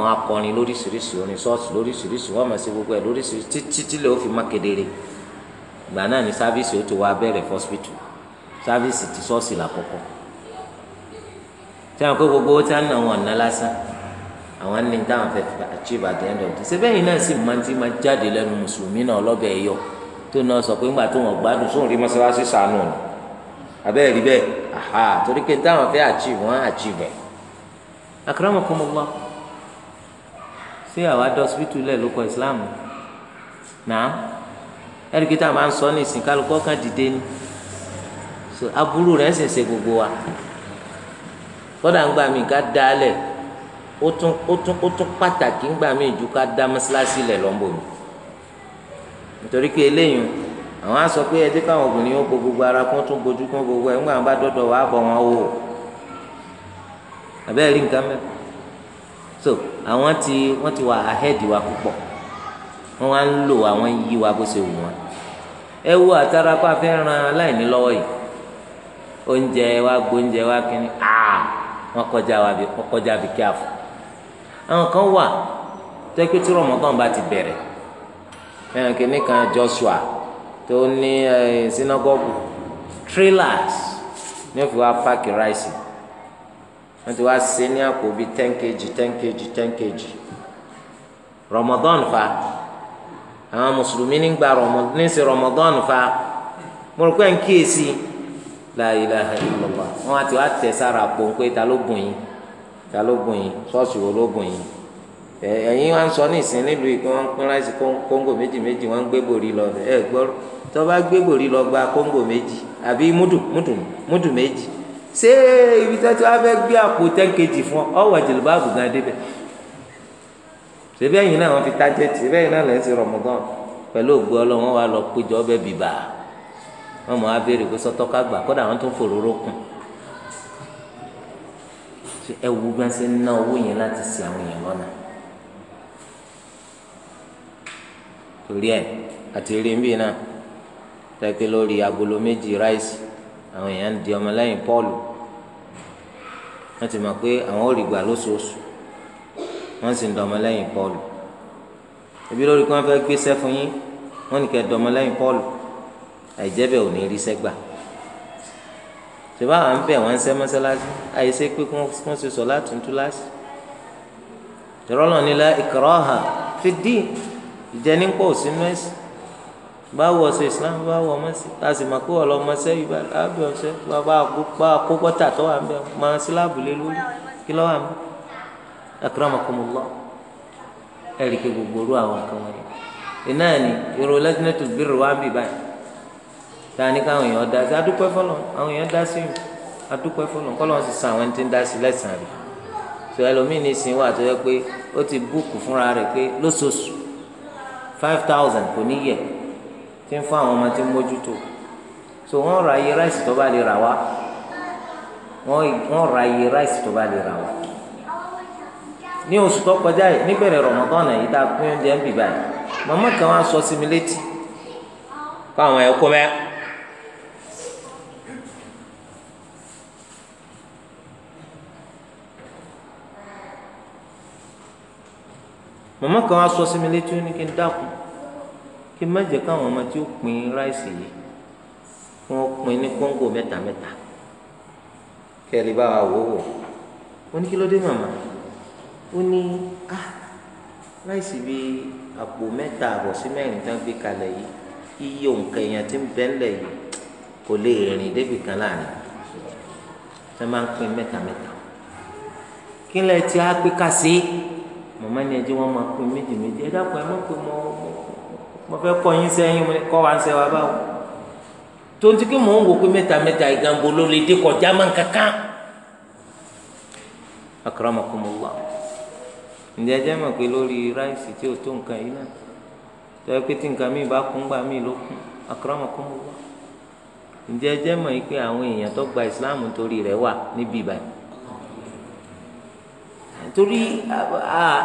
mọ̀ wá kọrin lóríṣiríṣi orin ṣọ́ọ̀ṣì lóríṣiríṣi wọ́n mọ̀ sí gbogbo ẹ̀ lóríṣiríṣi títí tílẹ̀ ó fi má kedere ìgbà náà ni sáfíìsì ó ti wá bẹ̀rẹ̀ fọ́sípítù sáfíìsì ti ṣọ́ọ̀ṣì làkọ́kọ́ tẹ́wọ̀n pé gbogbo ó ti á wọn ọ̀nà lásán àwọn ní táwọn fẹ́ achieve at the end of the day sẹ́bẹ̀yìn náà sì máa ti máa jáde lẹ́nu mùsùlùmí náà lọ́bẹ̀ ẹ̀yọ tó náà sọ pé ńgbà tó wọn gbádùn sóhun rí mọ́sálásí sànù ọ̀nà abẹ́rẹ́ rí bẹ́ẹ̀ aha torí pé táwọn fẹ́ achieve wọ́n achieve ẹ̀. akramakumullah ṣé àwa dọ́sítù lẹ̀ ló kọ ìsìláàmù náà ẹ̀ríkì tá a máa ń sọ ní ìsìn kálukọ́ kan dìde ni aburú rẹ̀ ń sèse gbogbo wa kọ́dà ń gbà mí ká dálẹ̀ ó tún ó tún ó tún pàtàkì ńgbà míì ju ká dá mọ́sálásí lẹ̀ lọ́nbó mi nítorí pé eléyìí àwọn á sọ pé ẹdí káwọn obìnrin ó bo gbogbo ara kún tún bojú kún gbogbo ẹ̀ ńgbà bá dọ́dọ̀ wàá bọ̀ wọn wò àbẹ́rẹ́ rí nǹkan mẹ́rin so àwọn ti wọ́n ti wà ahead wa púpọ̀ wọ́n wá ń lò àwọn yí wa bó ṣe wù wọ́n ẹ wo àtàrà pa fẹ́ ran aláìní lọ́wọ́ yìí oúnjẹ wa gbóúnjẹ wa kínní àà ah! wọ́n kọjá wa bí kọjá bí kí a fún àwọn kan wà tó pé tí Ramadan bá ti bẹ̀rẹ̀ ẹ̀hàn kìíní kan Joshua tó ní sinagogu trailers ní òfin wa páàkì ráìsì wọ́n ti wá sí ní àpò bíi ten kg ten kg ten kg Ramadan fa àwọn mùsùlùmí ní gba ní ṣe Ramadan fa mo rò pé à ń kíyèsí la ilaha illallah wọn àti wá tẹ̀ sára àpò ń pé ta ló gùn yín ta ló gùn wo ló gùn yín ẹ̀yin wá ń sọ ní ìsìn nílùú yìí pé wọ́n pín ráìsì kóńgò méjì méjì wọ́n ń gbé bòrí lọ ẹ gbọ́ tó bá gbé bòrí lọ gba kóńgò méjì àbí múdù múdù múdù méjì ṣé ibi tó ti wá fẹ́ gbé àpò tẹ́ńkejì fún ọ ọwọ́ jìlúbà àbùgá débẹ̀ ṣebí náà wọ́n fi tájẹ́tì ṣebí ẹ̀yin náà lẹ́yìn rọmọgán pẹ̀lú ògbó ọlọ́wọ́n wa lọ péjọ ọbẹ̀ bìbà wọ́n mọ̀ á béèrè pé sọ́tọ́ ká gbà kódà wọ́n tún fòróró kùn ẹ wo bí wọn ṣe ń ná owó yẹn láti ṣe àwọn èèyàn lọ́nà torí ẹ àti rìnbí náà tẹpẹ lórí agolo méjì ráìsì àwọn èèyàn ń di ọmọlẹ́yìn pọ́ọ̀lù wọ́n ti mọ̀ pé àwọn ò rí gbà lóṣooṣù wọ́n sì ń dọmọlẹ́yìn pọ́ọ̀lù ebi lórí kí wọ́n fẹ́ gbéṣẹ́ fún yín wọ́n ní kẹ́ dọmọlẹ́yìn pọ́ọ̀lù àìjẹ́bẹ̀ ò ní rí sẹ́gbàá tìbá wà ń bẹ̀ wọ́n ń sẹ́ mọ́sálásí àyè sẹ́ pé wọ́n ṣe sọ láti ń tú láti ni la ikraha fi dín ìjẹnipa ò sínú ẹ̀sìn báwo ọ̀sẹ̀ Islam báwo ọmọ sí a sì máa kó ọ̀lọ́ ọmọ sẹ́ yìí bá lábẹ́ ọ̀sẹ̀ bá a kó tó wà ń bẹ̀ máa síláàbù lé lórí kí lọ́wọ́ àmì akramakumullah ẹ̀rí kí gbogbo orú àwọn kan wọ̀nyí ìnáà ni ìrò lẹ́tínẹ́tù wá bì báyìí tá a ní káwọn èèyàn dá sí adúpẹ́ fọlọ́ àwọn èèyàn dá sí adúpẹ́ fọlọ́ kọ́ lọ́n sì san àwọn ẹni tí dá sí lẹ́sàn-án rẹ̀ tó ẹlòmíín ní ìsìn wà tó yẹ pé ó ti búùkù fúnra rẹ̀ pé lóṣooṣù five thousand kò ní yẹ tí ń fún àwọn ọmọ tí ń mójútó so wọ́n ra iye ráìsì tó bá lè rà wá wọ́n ra iye ráìsì tó bá lè rà wá ní oṣù tó kọjá yìí níbẹ̀rẹ̀ rọ̀mọ́tọ́nà yìí tá a pín oúnjẹ ń bì báyìí màmá kan wá sọ sí mi létí fáwọn ẹ̀kọ́ mẹ́rin. màmá kan á sọ sí mi létí ó ní kí n dákun kí n má jẹ́ káwọn ọmọ tí ó pín ráìsì yìí wọ́n pín ní kóńgò mẹ́ta mẹ́ta kẹ́lí bá wa wò wò ó ní kí ló dé màmá ó ní á ah, ráìsì bíi àpò mẹ́ta àbọ̀ sí mẹ́rin tán gbé kalẹ̀ yìí iye òǹkà èèyàn tí ń bẹ ńlẹ̀ yìí kò lè rìn débi kan láàrin ẹ máa ń pín mẹ́ta mẹ́ta kí lẹ ti á pé ká sí i màmá ni ẹjẹ wọn máa pè méjì méjì ẹ dákun ẹ má pè mọ mo fẹ́ kọ́ yín sẹ́yìn kọ́ wa ń sẹ wa báwo tonti kí mò ń wò pé mẹ́ta mẹ́ta ìgànbó ló lè dé kọjá máa ń kankan akramakumullah ǹjẹ́ ẹjẹ́ mọ̀ pé lórí ráìsì tí o tó nǹkan yìí náà tọ́wọ́ pé tí nǹkan míì bá kún gbà míì ló kún akramakumullah ǹjẹ́ ẹjẹ́ mọ̀ pé àwọn èèyàn tó gba ìsìláàmù torí rẹ̀ wà níbí báyìí torí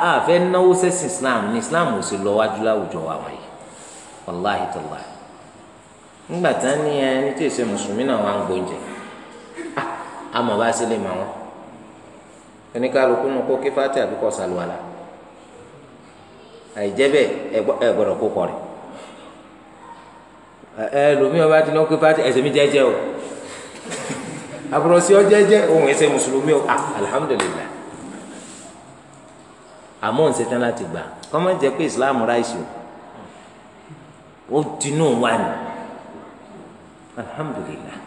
àfẹ́ náwó sẹ́sìn islam ní islam ò sì lọ wájú láwùjọ wa wáyé wàláhi tọ́lá nígbà tá a ní ẹni tí èsè mùsùlùmí náà wà ń gbóúnjẹ àmọ̀ ah, bá sílẹ̀ mọ́ wọn oníkàlùkù nù kó kí fati àbíkọ sàlùwàlà àìjẹ́bẹ̀ ẹ gbọ́dọ̀ kó kọrin ẹ lómi ọba tí náà kó ẹsẹ̀ mi jẹ́jẹ́ àmọ́ ń ṣetán láti gbà kọ́mọ́ jẹ́ pé islam ráìsì o ó dinú wa ni alhamdulilah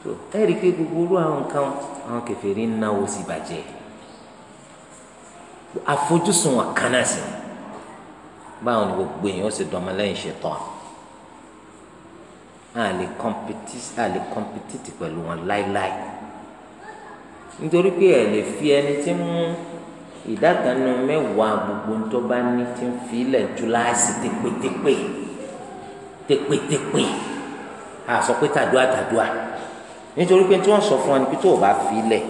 tó ẹ rí i pé gbogbo orú àwọn nǹkan àwọn kèfèrí ń náwó sí bàjẹ́ àfojúsùn wa kánà sí báwọn ni gbogbo èèyàn ó sì dọmọ lẹ́yìn ṣètọ́ a lè kọ́mpìtì a lè kọ́mpìtìtì pẹ̀lú wọn láíláí nítorí pé ẹ lè fi ẹni tí ń mú ìdá kan nínú mẹ́wàá gbogbo ńtọ́ bá ní ti ń filẹ̀ túláàsì tẹpẹtẹpẹ tẹpẹtẹpẹ àsọ pé tàdúà tàdúà nítorí pé tí wọ́n sọ fún wa ni pé tó o bá filẹ̀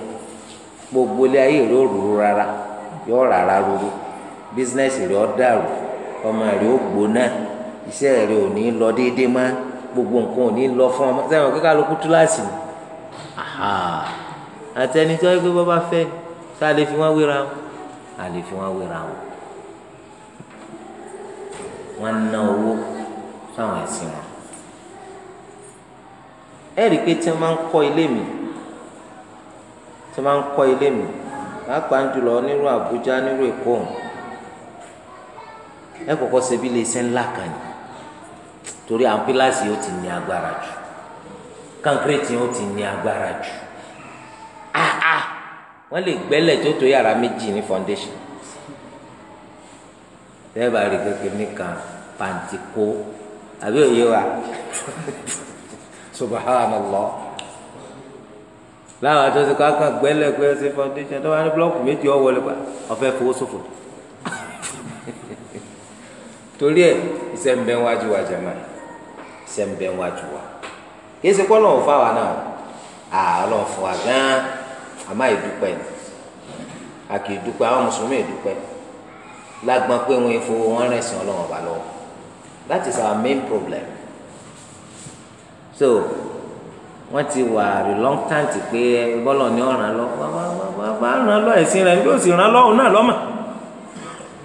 gbogbo ilé ayé rẹ ó rúru rárá yóò rárá rúru bísínẹ́sì rẹ ó dàrú ọmọ rẹ ó gbóná iṣẹ́ rẹ ò ní lọ déédéé mọ́ gbogbo nǹkan ò ní lọ fún ọmọ sẹ́wọ̀n kíkà ló kú túláàsì ni àtẹnitọ́ yẹ pé bọ́ bá fẹ́ tá a lè fi wọ́n wéra wọn a lè fi wọn wéra wọn wọn ná owó fáwọn ẹ̀sìn wọn ẹ rí i pé tí wọn máa ń kọ́ ilé mi tí wọn máa ń kọ́ ilé mi pàápàá jùlọ nírú Àbújá nírú Èkó ẹ kọ́kọ́ ṣe bí iléeṣẹ́ ńlá kan yìí torí àwọn pílàsì yóò ti ní agbára jù kankireti yóò ti ní agbára jù wọ́n lè gbẹ́lẹ̀ tó tó yàrá méjì ní foundation tẹ́ẹ̀bà rí kékeré nìkan pàǹtí kó àbí òye wa subhanallah láwọn àti ọsẹkọ akọ gbẹ́lẹ̀ pé ọsẹ foundation tó wà ní blọọkù méjì ọwọ lẹpa ọfẹ fowó ṣòfò torí ẹ iṣẹ́ wájú wa jẹmọ iṣẹ́ wájú wa kí lọ́wọ́ náà fún àmọ́ àìdúpẹ́ ni a kì àwọn mùsùlùmí ìdúpẹ́ lágbọn pé wọn ìfowó wọn rẹ̀ sìn ọlọ́wọ́n bá that is our main problem so wọ́n ti wà reluctant pé bọ́lọ̀ ni ó ràn lọ bá ràn lọ ẹ̀sìn rẹ̀ yóò sì ràn lọ òun náà lọ́mọ̀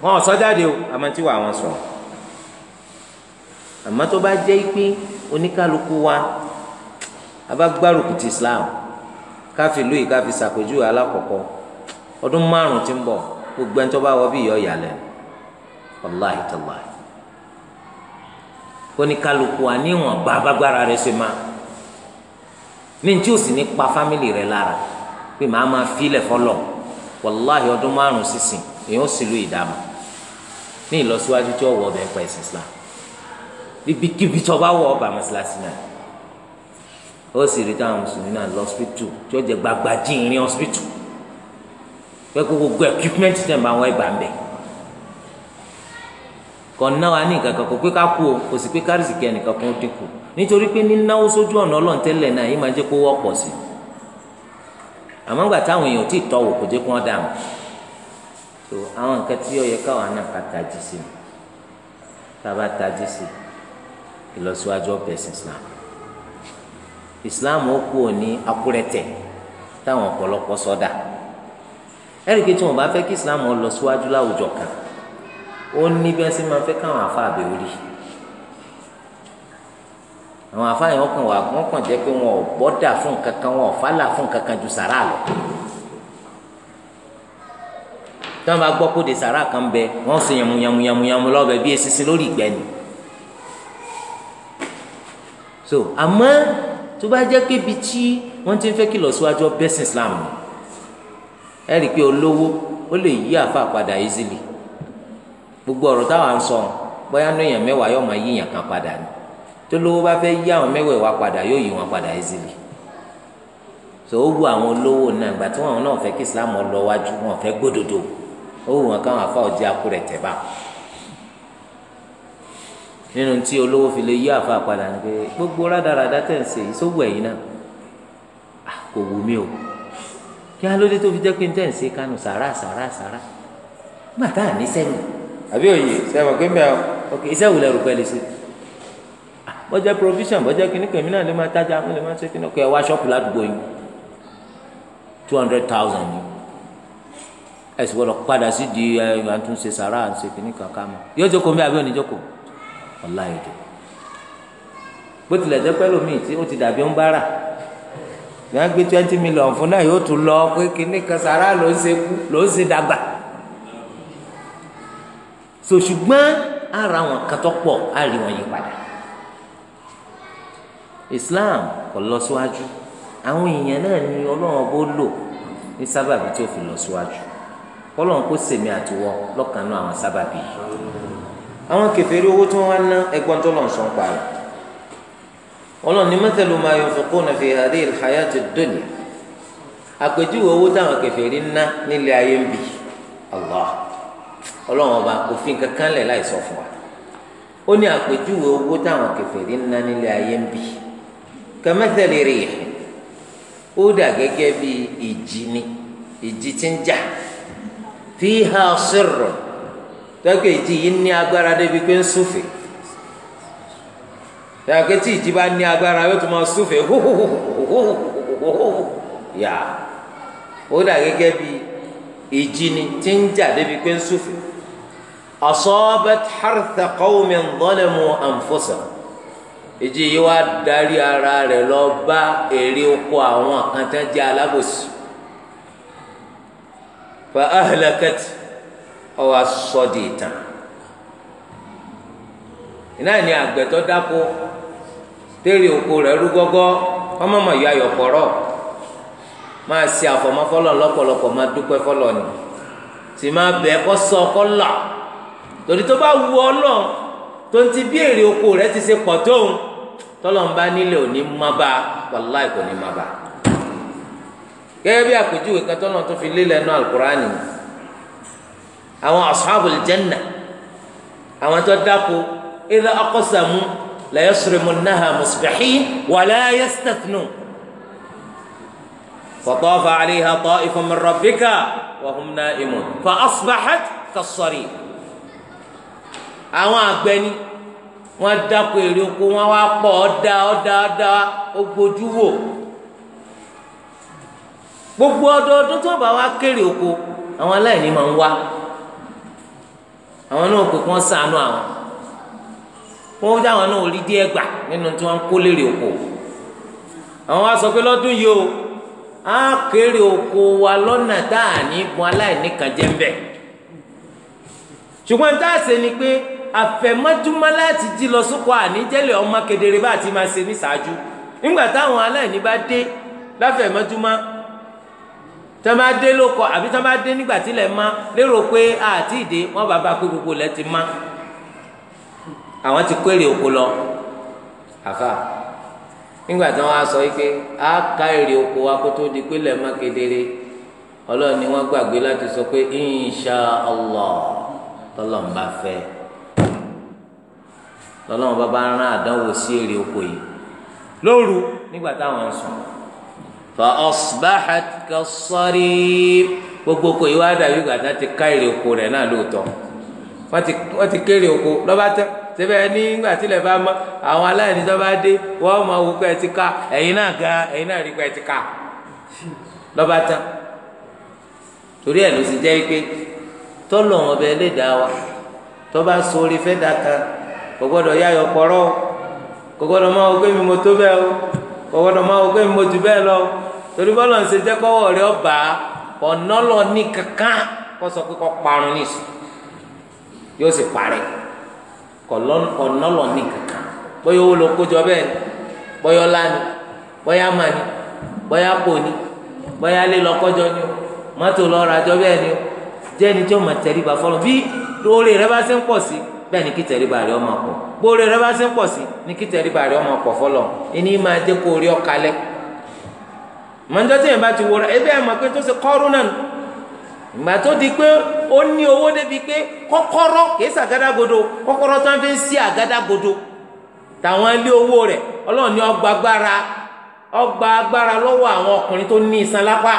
wọn ò sọ jáde o àmọ́ tí wàá wọn sọ àmọ́ tó bá jẹ́ pé oníkálukú wa a bá gbárùkù ti Islam. káfí ìlú yìí káfí ṣàpèjúwe alákọ̀ọ́kọ́ ọdún márùn ti ń bọ̀ gbogbo ẹni tó bá wọ bí ìyọ́ ìyàlẹ̀ wàláhì tàláhì oníkálukú wa bá abágbára rẹ̀ ṣe máa ní tí o sì ní pa fámìlì rẹ̀ lára pé màá máa filẹ̀ fọlọ̀ wàláhì ọdún márùn sísìn èèyàn sì lu ìdààmú ní ìlọsíwájú tí ó wọ ọbẹ̀ ó sì rí táwọn mùsùlùmí náà lọ hospital tí ó jẹ gbagba jí irin hospital pé kó gbogbo equipment tẹ̀ máa wọ́n ibà ń bẹ̀ kò náwa ní nǹkan kò pé ká kú o kò sì pé kárìsìkì ẹnìkan kan ó dínkù nítorí pé nínáwó sójú ọ̀nà ọlọ́ọ̀tẹ́lẹ̀ náà yìí máa jẹ́ kó wọ́pọ̀ sí i àmọ́ gbà táwọn èèyàn tí ì tọ́wò kò jẹ́ kó wọ́n dà mọ́ so àwọn nǹkan tí ó káwọn náà ká tají sí i tá a bá tají sí i ìlọsíwájú ọ̀bẹ sí Islam islam ó kú òní akúrẹ́tẹ̀ táwọn ọ̀pọ̀lọpọ̀ sọ́dà ẹ̀ríkì tí wọn bá fẹ́ kí islam lọ síwájú láwùjọ kan ó ní bí wọ́n sì máa fẹ́ káwọn afa àbẹ̀ orí àwọn afa yẹn wọ́n kàn wá wọ́n kàn jẹ́ pé wọn ò bọ́dà fún nǹkan kan wọn ò fálà fún nǹkan kan ju sàrà lọ tí bá gbọ́ kó de sàrà kan bẹ wọn sọ yàmù yàmù yàmù yàmù lọ́bẹ̀ bí esisi lórí ìgbẹ́ ni so àmọ́ tó bá jẹ́ pé ibi tí wọ́n ti ń fẹ́ kìlọ̀ síwájú ọbẹ̀sìn islam ni ẹ rí i pé olówó ó lè yí àfa padà easily gbogbo ọ̀rọ̀ táwa ń sọ bóyá ní èèyàn mẹ́wàá yóò máa yí èèyàn kan padà ni tó lówó bá fẹ́ yí àwọn mẹ́wàá wá padà yóò yí wọn padà easily so ó wu àwọn olówó náà ìgbà tí wọn náà fẹ́ kí islam lọ wájú wọn fẹ́ gbódòdó ó wù wọn káwọn afa ọjà kúrẹ̀ tẹ̀ báwọn nínú tí olówó fi lè yí àfa padà ni pé gbogbo rádaràdá tẹ̀ ń ṣe ìṣòwò ẹ̀yìn náà ah, kò wù mí o kí alóde tó fi jẹ́ pé ń tẹ̀ ń ṣe kánú sàrà sàrà sàrà nígbà tá à ní sẹ́yìn àbí òye sẹ́wọ̀n pé mẹ́ọ̀ ok iṣẹ́ wò lẹ́rù pẹ́ẹ́lí sí ah, bọ́jẹ́ provision bọ́jẹ́ kìnnìkan mi náà lè máa tájà mi lè máa ṣe kìnnìkan ẹ̀ wá ṣọ́ọ̀pù ládùúgbò yìí two hundred thousand yìí ẹ sì gbọ́dọ̀ padà sí di ẹ àtúnṣe sàrà àti ṣe kìnnìkan ká mọ yóò jókòó ọ̀la èdè bó tilẹ̀ jẹ́ pẹ́ lómi tí ó ti dàbí ó ń bára bí wọ́n gbé twenty million fún náà yóò tún lọ pé kíní kan sàrà ló ń ṣe kú ló ń ṣe dàgbà so ṣùgbọ́n ara wọn kan tó pọ̀ á rí wọn yí padà Islam kò lọ síwájú àwọn èèyàn náà ni Ọlọ́run bó lò ní sábàbí tó fi lọ síwájú Ọlọ́run kó sèmi àtiwọ́ lọ́kànnú àwọn sábàbí yìí àwọn kèfèrí owó tí wọ́n wá ná ẹgbọ́n tó lọ́n sọ̀n pa rẹ̀ ọlọ́run ní mathalu ma yunfiquna fi hadhihi al-hayati ad-dunya àpèjúwe owó táwọn kèfèrí ná nílé ayé ń bì Allah ọlọ́run ọba kò fi kankan lẹ̀ láì sọ fún wa ó ní àpèjúwe owó táwọn kèfèrí ná nílé ayé ń bì kamathali rih ó dà gẹ́gẹ́ bí ìjì ni ìjì tí ń jà fiha sirrun tọ́kẹ́ ìdí yìí ní agbára débi pé ń súfè tọ́kẹ́ tí ìdí bá ní agbára yóò tún máa súfè yà ó dà gẹ́gẹ́ bí ìjì ni tí ń jà débi pé ń súfè asabat ìjì yìí wá darí ara rẹ̀ lọ bá èrè oko àwọn kan jẹ́ alábòsí fa ahlakat. ọwọ́ asọ di ìtàn náà ni àgbẹ̀tọ́ tẹ́lẹ̀ oko rẹ̀ rú gọ́gọ́ ọmọ mọ̀ yọ ayọ̀pọ̀rọ̀ máa ṣe àfọ̀mọ́fọ́lọ̀ lọ́pọ̀lọpọ̀ máa dúpẹ́ fọlọ́ ni sì máa bẹ̀ kọ́ sọ kọ́ là torí tó wu ọ tó ń ti bí èrè oko rẹ̀ ti pọ̀ bá ní bá gẹ́gẹ́ bí àpèjúwe tó fi àwọn ashabul janna àwọn tó dáko idha aqsamu la yasrimunnaha musbihin wala yastathnun fatafa alayha ta'ifun min rabbika wa hum na'imun fa asbahat kassari àwọn àgbẹni wọn dáko èrè oko wọn wá pọ̀ ọdá ọdá ọdá ogbójú wò gbogbo ọdọọdún tó bá wá kéré oko àwọn aláìní máa ń wá àwọn náà pè kí wọ́n sànú àwọn wọ́n dáwọn náà rí díẹ̀ gbà nínú tí wọ́n ń kó lérè oko àwọn á sọ pé lọ́dún yìí o á kéré oko wa lọ́nà tá à ní bun aláìníkan jẹ́ ń bẹ̀ ṣùgbọ́n tá a ṣe ni pé àfẹ̀mọ́júmọ́ láti jí lọ sóko àníjẹ́lẹ̀ ọmọ kedere bá ti máa ṣe ní ṣáájú nígbà táwọn aláìní bá dé láfẹ̀mọ́júmọ́ tí wọn bá dé lóko àbí tí wọn bá dé nígbà tí ilẹ̀ mọ́ lérò pé àti ìdè wọn bàbá pé gbogbo ilẹ̀ ti mọ́ àwọn ti kó èrè oko lọ àfà nígbà tí wọn á sọ wípé á ká èrè oko wa kó tó di pé ilẹ̀ mọ́ kedere ọlọ́run ni wọ́n gbàgbé láti sọ pé insha allah tọ́lọ́n bá fẹ́ lọ́lọ́run bá bá rán àdánwò sí èrè oko yìí lóru nígbà táwọn ń sùn. fa asbahat kassarim gbogbo kò yìí wá dàbí gbàtà ti ká èrè oko rẹ náà lóòótọ́ wọ́n ti kéré oko lọ́ba tẹ́ sẹ́fẹ̀ nígbà tílẹ̀ bá àwọn aláìní tó bá dé wọ́n mọ owó pé ẹ ti ká ẹ̀yin náà torí ló pé wọn bẹ lè dá sori kò yá yọ kò o. ọ̀gbọ́dọ̀ máa wọ pé mo jù bẹ́ẹ̀ lọ torí bọ́lọ̀ ń ṣe jẹ́ kọ́wọ́ rẹ ọba ọ̀nà lọ ní kankan kó sọ pé kó parun nìsú yóò sì parẹ́ ọ̀nà lọ ní kankan bóyá owó ló kójọ bẹ́ẹ̀ ni bóyá ọlá ni bóyá mà ni bóyá pò ni bóyá lé lọ́kọ́jọ ni o mọ́tò lọ́ọ́ rajọ bẹ́ẹ̀ ni o jẹ́ ẹni tí ó mọ̀ tẹ̀lé ìgbà fọlọ́ bí lóore rẹ bá ṣe ń pọ̀ sí i bẹ́ẹ̀ ni kí tẹríba rẹ ọmọ pọ̀ gbóòrè rẹ bá ṣe ń pọ̀ sí ni kí tẹríba rẹ ọmọ pọ̀ fọlọ́ ẹni máa jẹ́ kó rí ọkalẹ́ mọ̀njọ́ tí yẹn bá ti wọra ebe ẹ̀ mọ̀ pé tó ṣe kọ́rú náà ìgbà tó di pé ó ní owó débi pé kọ́kọ́rọ́ kìí ṣàgádágodo kọ́kọ́rọ́ tó ń fi sí àgádágodo tàwọn ilé owó rẹ̀ ọlọ́run ní ọgbà agbára ọgbà agbára lọ́wọ́ àwọn ọkùnrin tó ní iṣan lápá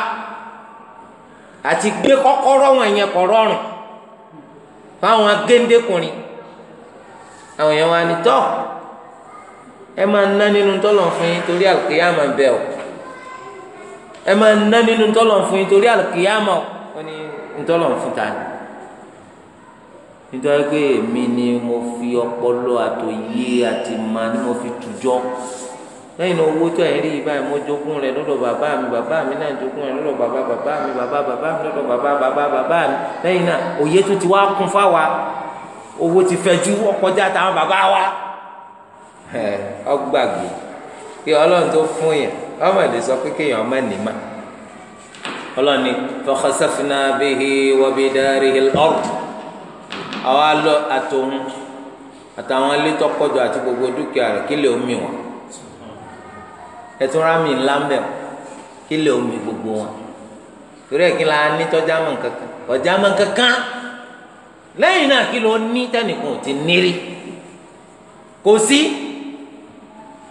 àti gbé kọ́kọ́rọ́ wọn yẹn kọ̀ rọrùn fáwọn géńdékùnrin àwọn èèyàn wa ni tọ́ ẹ máa ná nínú tọ́lọ̀ fún yín torí àlùkìyàmà bẹ́ẹ̀ o ẹ máa ná nínú tọ́lọ̀ fún torí àlùkìyàmà ó ní ntọ́lọ̀ ta ni nítorí pé èmi ni mo fi ọpọlọ àtòyé àti mà ni mo fi tùjọ lẹ́yìn náà owó tó ẹ̀ rí ibà mo jogún rẹ̀ lọ́dọ̀ bàbá mi bàbá mi náà jogún rẹ̀ lọ́dọ̀ bàbá bàbá mi bàbá bàbá mi lọ́dọ̀ bàbá bàbá bàbá mi lẹ́yìn náà òye tó ti wá kún fáwa owó ti fẹjú ọkọjá táwọn bàbá wa ọgbàgbé kí ọlọ́run tó fún yẹn ọmọ ìdè sọ pé kéèyàn ọmọ ẹnì má ọlọ́run ni fọkànsáfínà bíhi wọ́bí dárí ọ̀rùn àwa lọ àtòun àtàwọn ilé tọkọjọ àti gbogbo dúkìá rẹ̀ kí lè omi wọn ẹtún rámì ńlá mbẹ kí lè omi gbogbo wọn torí ẹ̀ kí la ní tọ́jà kankan ọ̀jà mọ̀ kankan lẹ́yìn náà kí ló ní tẹnìkan ò ti nírí kò sí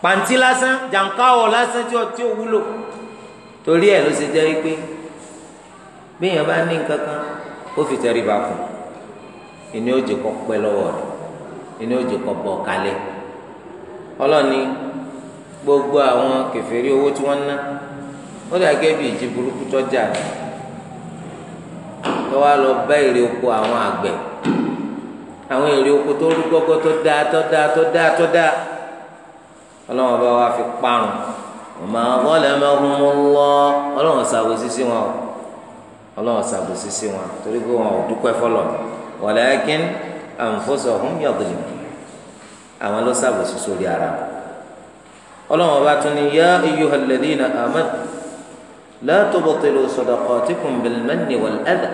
pàǹtí lásán jàǹkáwọ̀ lásán tí ó tí ó wúlò torí ẹ̀ ló ṣe jẹ́ pé bíyàn bá ní nǹkan kan ó fi tẹríba fún ìní òjò kọ pẹ́ lọ́wọ́ rẹ̀ ìní òjò kọ bọ̀ kalẹ̀ ọlọ́ni gbogbo àwọn kẹfẹ́rí owó tí wọ́n ná ó dà gẹ́gẹ́ bí ìjì burúkú tọ́jà tó lọ bá èrè oko àwọn àgbẹ̀ àwọn èrè oko tó rú gbọ́gbọ́ tó dáa tó dáa tó dáa tó dáa ọlọ́wọ́n bá wa fi parun ọmọ zalamahumullah ọlọ́wọ́n ṣàbòsí sí wọn ọlọ́wọ́n ṣàbòsí sí wọn torí pé wọn ò dúpẹ́ fọlọ́ walakin anfusahum yadhlimun àwọn ló ṣàbòsí sórí ara ọlọ́wọ́n bá tún ní ya ayyuhal ladhina amanu la tubtilu sadaqatikum bil manni wal adha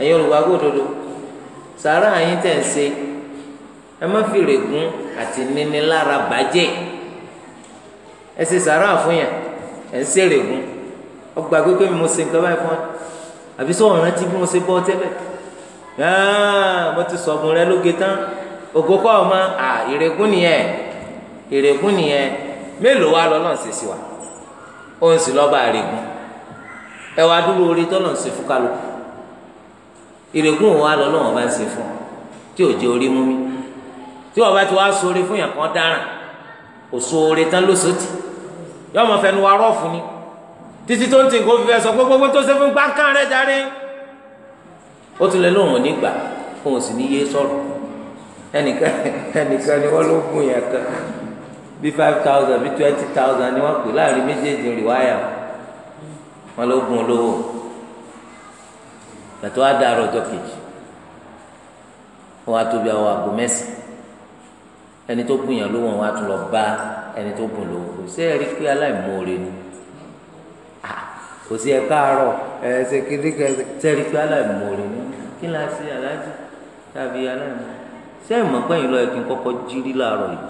ẹ̀yin sàárà yín tẹ̀ ń ṣe ẹ má fi règún àti níní lára bàjẹ́ ẹ ṣe sàárà fún yàn ẹ ń ṣe règún ọgbà pípé mi mo ṣe nǹkan báyìí fún ẹ àbí sọ ọ̀ràn tí mo ṣe bọ́ tẹ́lẹ̀ mo ti sọ̀gùn rẹ lóge tán ògo kọ́ ọ ma à ìrègún nìyẹn ìrègún nìyẹn mélòó wa lọ́lọ́ ṣe sí wa ó ń sì lọ́ba àrègún ẹ wá dúró orí tọ́lọ̀ ń ṣe fún ìrègùn wa lọ lọ́wọ́ bá ń se fún tí ò jẹ́ orí mú mi tí wọ́n bá ti wá sóore fún yàn kan dáràn kò sóore tán lóṣòtì yọ ọmọ fẹnu wa rọ́ọ̀fù ni títí tó ń tì kó fífẹ́ sọ gbogbo tó ṣe fún gbáǹkà rẹ̀ járe ó tún lè lóhùn nígbà òun sì ní yé sọ̀rọ̀ ẹnìkan ẹnìkan ni wọ́n ló gùn yẹn kan bí five thousand bí twenty thousand ni wọ́n pè láàrin méjèèjì rìwáyà wọn ló gùn olówó gbàtọ wa dàrọ ọjọ́ kejì wọn wá tóbi àwọn àgbo mẹsì ẹni tó bùn yàn lówó wọn wá tún lọ bá ẹni tó bùn lówó kò sí ẹrí pé aláìmoore ni kò sí ẹ káàárọ̀ ẹ ṣe kéde kẹ sẹrí pé aláìmoore ni kí ni a ṣe aláàjì tàbí aláìmoore ṣé mọ̀ pé ìlú ẹ kọ́kọ́ jírí láàárọ̀ yìí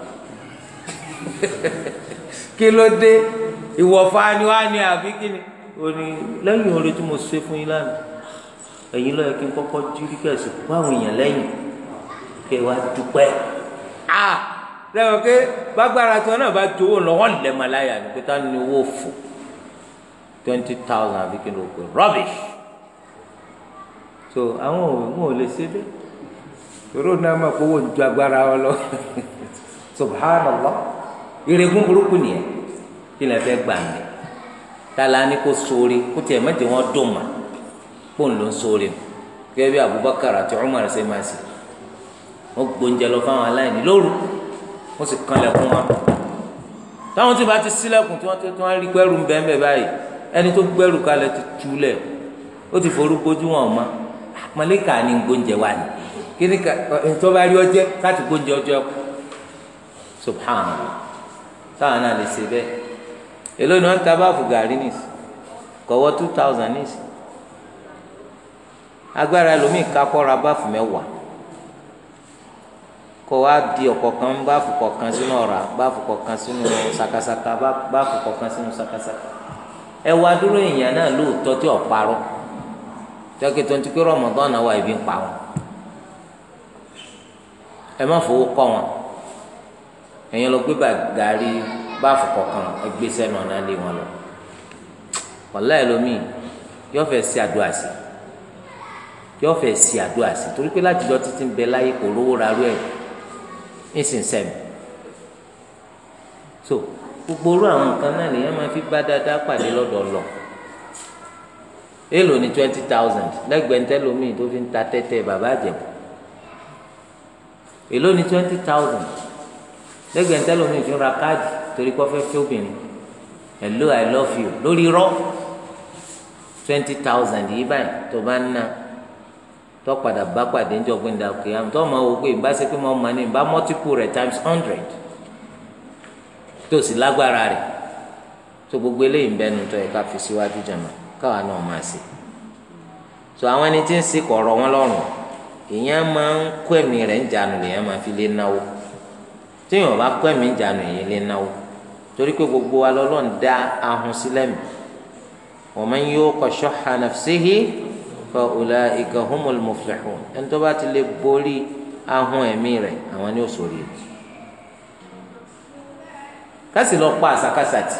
kí ló dé ìwọ̀fà ni wàá ní àbí kí ni lẹ́yìn oore tí mo ṣe fún yín lánàá ẹ̀yin ló yẹ kí n kọ́kọ́ jírí kẹsì fún àwọn èèyàn lẹ́yìn kẹ wá dúpẹ́ a lẹ́yìn pé bágbára tí wọn náà bá jowó lọ́wọ́ lẹ́mọ̀láyà ni pé ká ní owó fò twenty thousand àbí kí ló pè rubbish so àwọn òwe wọn ò lè ṣe dé tòró náà máa kówó ju agbára wọn lọ subhanallah iregun burúkú nìyẹn kí lè fẹ́ gbà mí tala ni kò sóore kó tiẹ̀ mẹ́tẹ̀ wọn dùn mọ́ kó ń lò ń sóore o gẹ́gẹ́ bí Abubakar àti Umar ṣe máa ṣe wọ́n gbóúnjẹ lọ fáwọn aláìní lóru wọ́n sì kanlẹ̀kùn wọn táwọn tí bá ti ṣílẹ̀kùn tí wọ́n ti tí wọ́n rí gbẹ́rù ń bẹ́ẹ̀ báyìí ẹni tó gbẹ́rù kalẹ̀ ti túlẹ̀ ó ti forúkójú wọn mọ́ ah, mọ̀lẹ́kà ni gbóúnjẹ wà ní kí ni tó bá rí ọjẹ́ káàtì gbóúnjẹ ọjọ́ ẹ̀kú subhanallah táwọn náà lè ṣe bẹ́ẹ̀ èló ni wọ́n ń ta báàfù gàrí nìsí kọ̀wọ́ two thousand nìsí agbára ẹlòmíì kakọ́ ra báfù mẹ́wàá kọ́ wa di ọ̀kọ̀ọ̀kan báfù kọ̀ọ̀kan sínú ọ̀rá báfù kọ̀ọ̀kan sínú sakasaka báfù kọ̀ọ̀kan sínú sakasaka ẹ wá dúró èèyàn náà lóòótọ́ tí ọ̀parọ́ tọ́kì tó ń tukẹ́ rọmọdán náà wà ibi ń pa wọn ẹ má fowó kọ́ wọn ẹ̀yin lọ gbé gàrí báfù kọ̀ọ̀kan ẹgbẹ́ sẹ́nu ọ̀nà lé wọn lọ wàlá ẹlòmíì yọ fẹ́ sí àdúrà sí yóò fẹ́ ṣe àdúrà sí torí pé látijọ́ títí ń bẹ láyé kò rówó ra rú ẹ̀ nísinsìnyí so gbogbo orú àwọn nǹkan náà lèèyàn máa fi bá dáadáa pàdé lọ́dọ̀ lọ èèlò ní twenty thousand lẹ́gbẹ̀ẹ́ ntẹ́lómìn tó fi ń ta tẹ́tẹ́ bàbá àjẹ̀bù èèlò ní twenty thousand lẹ́gbẹ̀ẹ́ ntẹ́lómìn fi ń ra káàdì torí kọ́ fẹ́ fi obìnrin hello i love you lórí rọ́ twenty thousand yìí báyìí tó bá ń ná tó padà bá pàdé ń jọgbìn dà kí àmì tó máa wò pé ìbá ṣe pé mo máa ní ìbá multiple rẹ̀ times hundred tó gbogbo eléyìí ń bẹnu tó yẹ ká fi síwájú jàmà káwa náà máa ṣe tó àwọn ẹni tí ń ṣe kọ̀ọ̀rọ̀ wọn lọ́rùn njanu máa ń kó ẹ̀mí rẹ̀ ń jànù máa fi lé náwó gbogbo wa dá ahun sílẹ̀ mi fa ulaika humul muflihun ẹni tó bá ti lè borí ahun ẹ̀mí rẹ̀ àwọn ni ó sòrí ẹ̀ kásì lọ pa àsakásàtì